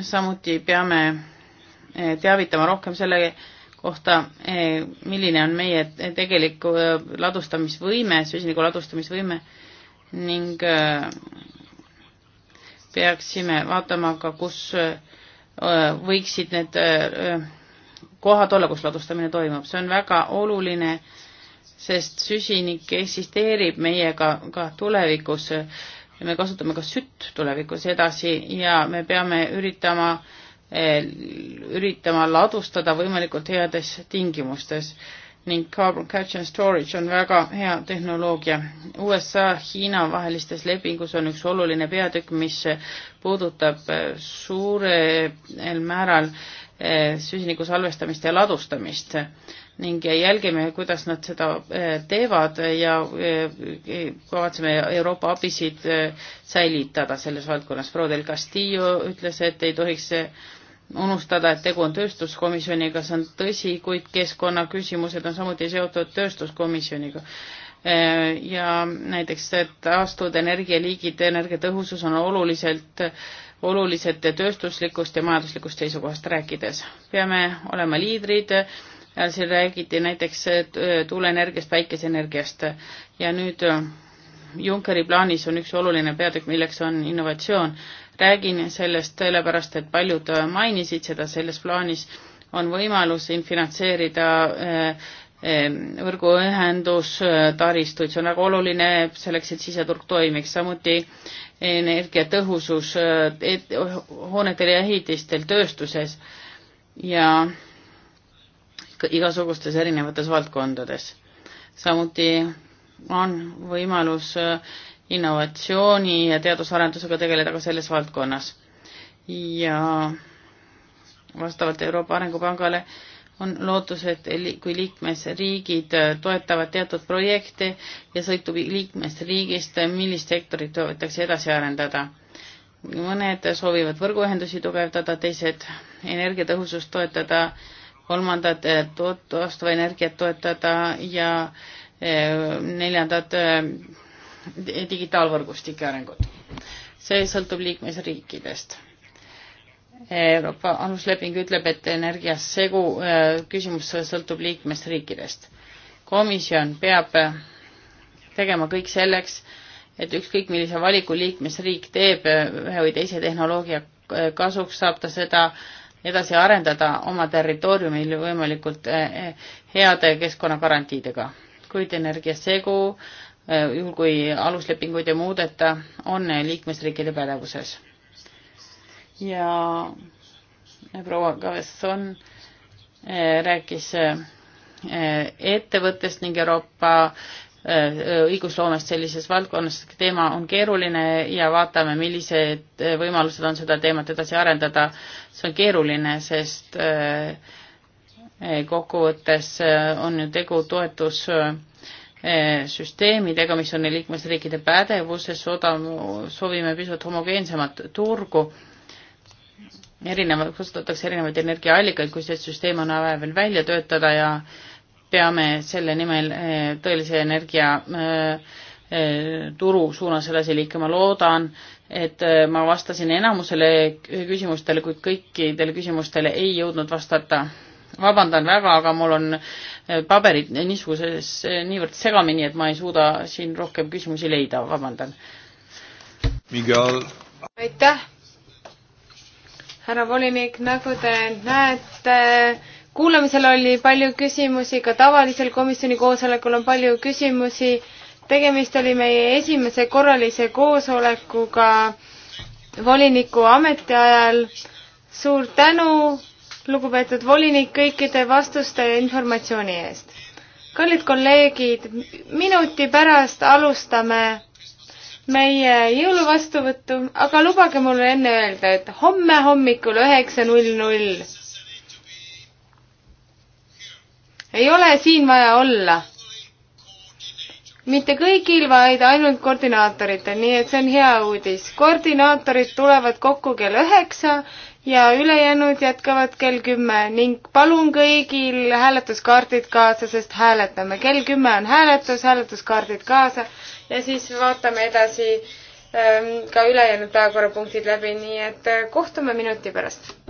samuti peame äh, teavitama rohkem selle kohta, äh, milline on meie tegelik ladustamisvõime, süsiniku ladustamisvõime ning peaksime vaatama ka, kus võiksid need kohad olla, kus ladustamine toimub, see on väga oluline sest süsinik eksisteerib meiega ka tulevikus ja me kasutame ka sütt tulevikus edasi ja me peame üritama, eh, üritama ladustada võimalikult heades tingimustes ning carbon catch and storage on väga hea tehnoloogia. USA, Hiina vahelistes lepingus on üks oluline peatükk, mis puudutab eh, suurel määral eh, süsiniku salvestamist ja ladustamist ning jälgime, kuidas nad seda eh, teevad ja eh, kavatseme Euroopa abisid eh, säilitada selles valdkonnas. proua del Castillo ütles, et ei tohiks unustada, et tegu on tööstuskomisjoniga, see on tõsi, kuid keskkonnaküsimused on samuti seotud tööstuskomisjoniga. ja näiteks taastud energialiigid, energiatõhusus on oluliselt olulised tööstuslikust ja majanduslikust seisukohast rääkides. peame olema liidrid Äh, siin räägiti näiteks äh, tuuleenergiast, päikeseenergiast ja nüüd äh, Junckeri plaanis on üks oluline peatükk, milleks on innovatsioon. räägin sellest sellepärast, et paljud mainisid seda, selles plaanis on võimalus finantseerida võrguühendus, taristuid, see on väga oluline selleks, et siseturg toimiks, samuti energiatõhusus hoonetele ja ehitistel, tööstuses ja igasugustes erinevates valdkondades. samuti on võimalus äh, innovatsiooni ja teadusarendusega tegeleda ka selles valdkonnas. ja vastavalt Euroopa Arengupangale on lootus, et kui liikmesriigid äh, toetavad teatud projekte ja sõltub liikmesriigist, äh, millist sektorit soovitakse edasi arendada. mõned soovivad võrguühendusi tugevdada, teised energiatõhusust toetada kolmandat eh, taastuvenergiat toetada ja eh, neljandat eh, digitaalvõrgustike arengut. see sõltub liikmesriikidest. Euroopa alusleping ütleb, et energiasegu küsimus sõltub liikmesriikidest. komisjon peab tegema kõik selleks, et ükskõik millise valiku liikmesriik teeb ühe või teise tehnoloogia kasuks, saab ta seda äh, edasi arendada oma territooriumil võimalikult eh, eh, heade keskkonnagarantiidega. kuid energiasegu, eh, juhul kui aluslepinguid ei muudeta, on liikmesriikide pädevuses. ja proua Kavesson rääkis ettevõttest ning Euroopa Äh, äh, õigusloomest sellises valdkonnas, teema on keeruline ja vaatame, millised äh, võimalused on seda teemat edasi arendada. see on keeruline, sest kokkuvõttes on ju tegu toetussüsteemidega, mis on liikmesriikide pädevuses, soovime pisut homogeensemat turgu erinevaid, kasutatakse erinevaid energiaallikaid, kui see süsteem on vaja veel välja töötada ja peame selle nimel eh, tõelise energia eh, eh, turu suunas edasi liikuma, loodan, et ma vastasin enamusele küsimustele, kuid kõikidele küsimustele ei jõudnud vastata. vabandan väga, aga mul on paberid niisuguses, niivõrd segamini, et ma ei suuda siin rohkem küsimusi leida, vabandan. aitäh! härra volinik, nagu te näete, kuulamisel oli palju küsimusi, ka tavalisel komisjoni koosolekul on palju küsimusi. tegemist oli meie esimese korralise koosolekuga voliniku ametiajal. suur tänu, lugupeetud volinik, kõikide vastuste ja informatsiooni eest. kallid kolleegid, minuti pärast alustame meie jõuluvastuvõttu, aga lubage mulle enne öelda, et homme hommikul üheksa null null ei ole siin vaja olla. mitte kõigil, vaid ainult koordinaatoritel, nii et see on hea uudis. koordinaatorid tulevad kokku kell üheksa ja ülejäänud jätkavad kell kümme ning palun kõigil hääletuskaardid kaasa, sest hääletame. kell kümme on hääletus, hääletuskaardid kaasa ja siis vaatame edasi ähm, ka ülejäänud päevakorrapunktid läbi, nii et äh, kohtume minuti pärast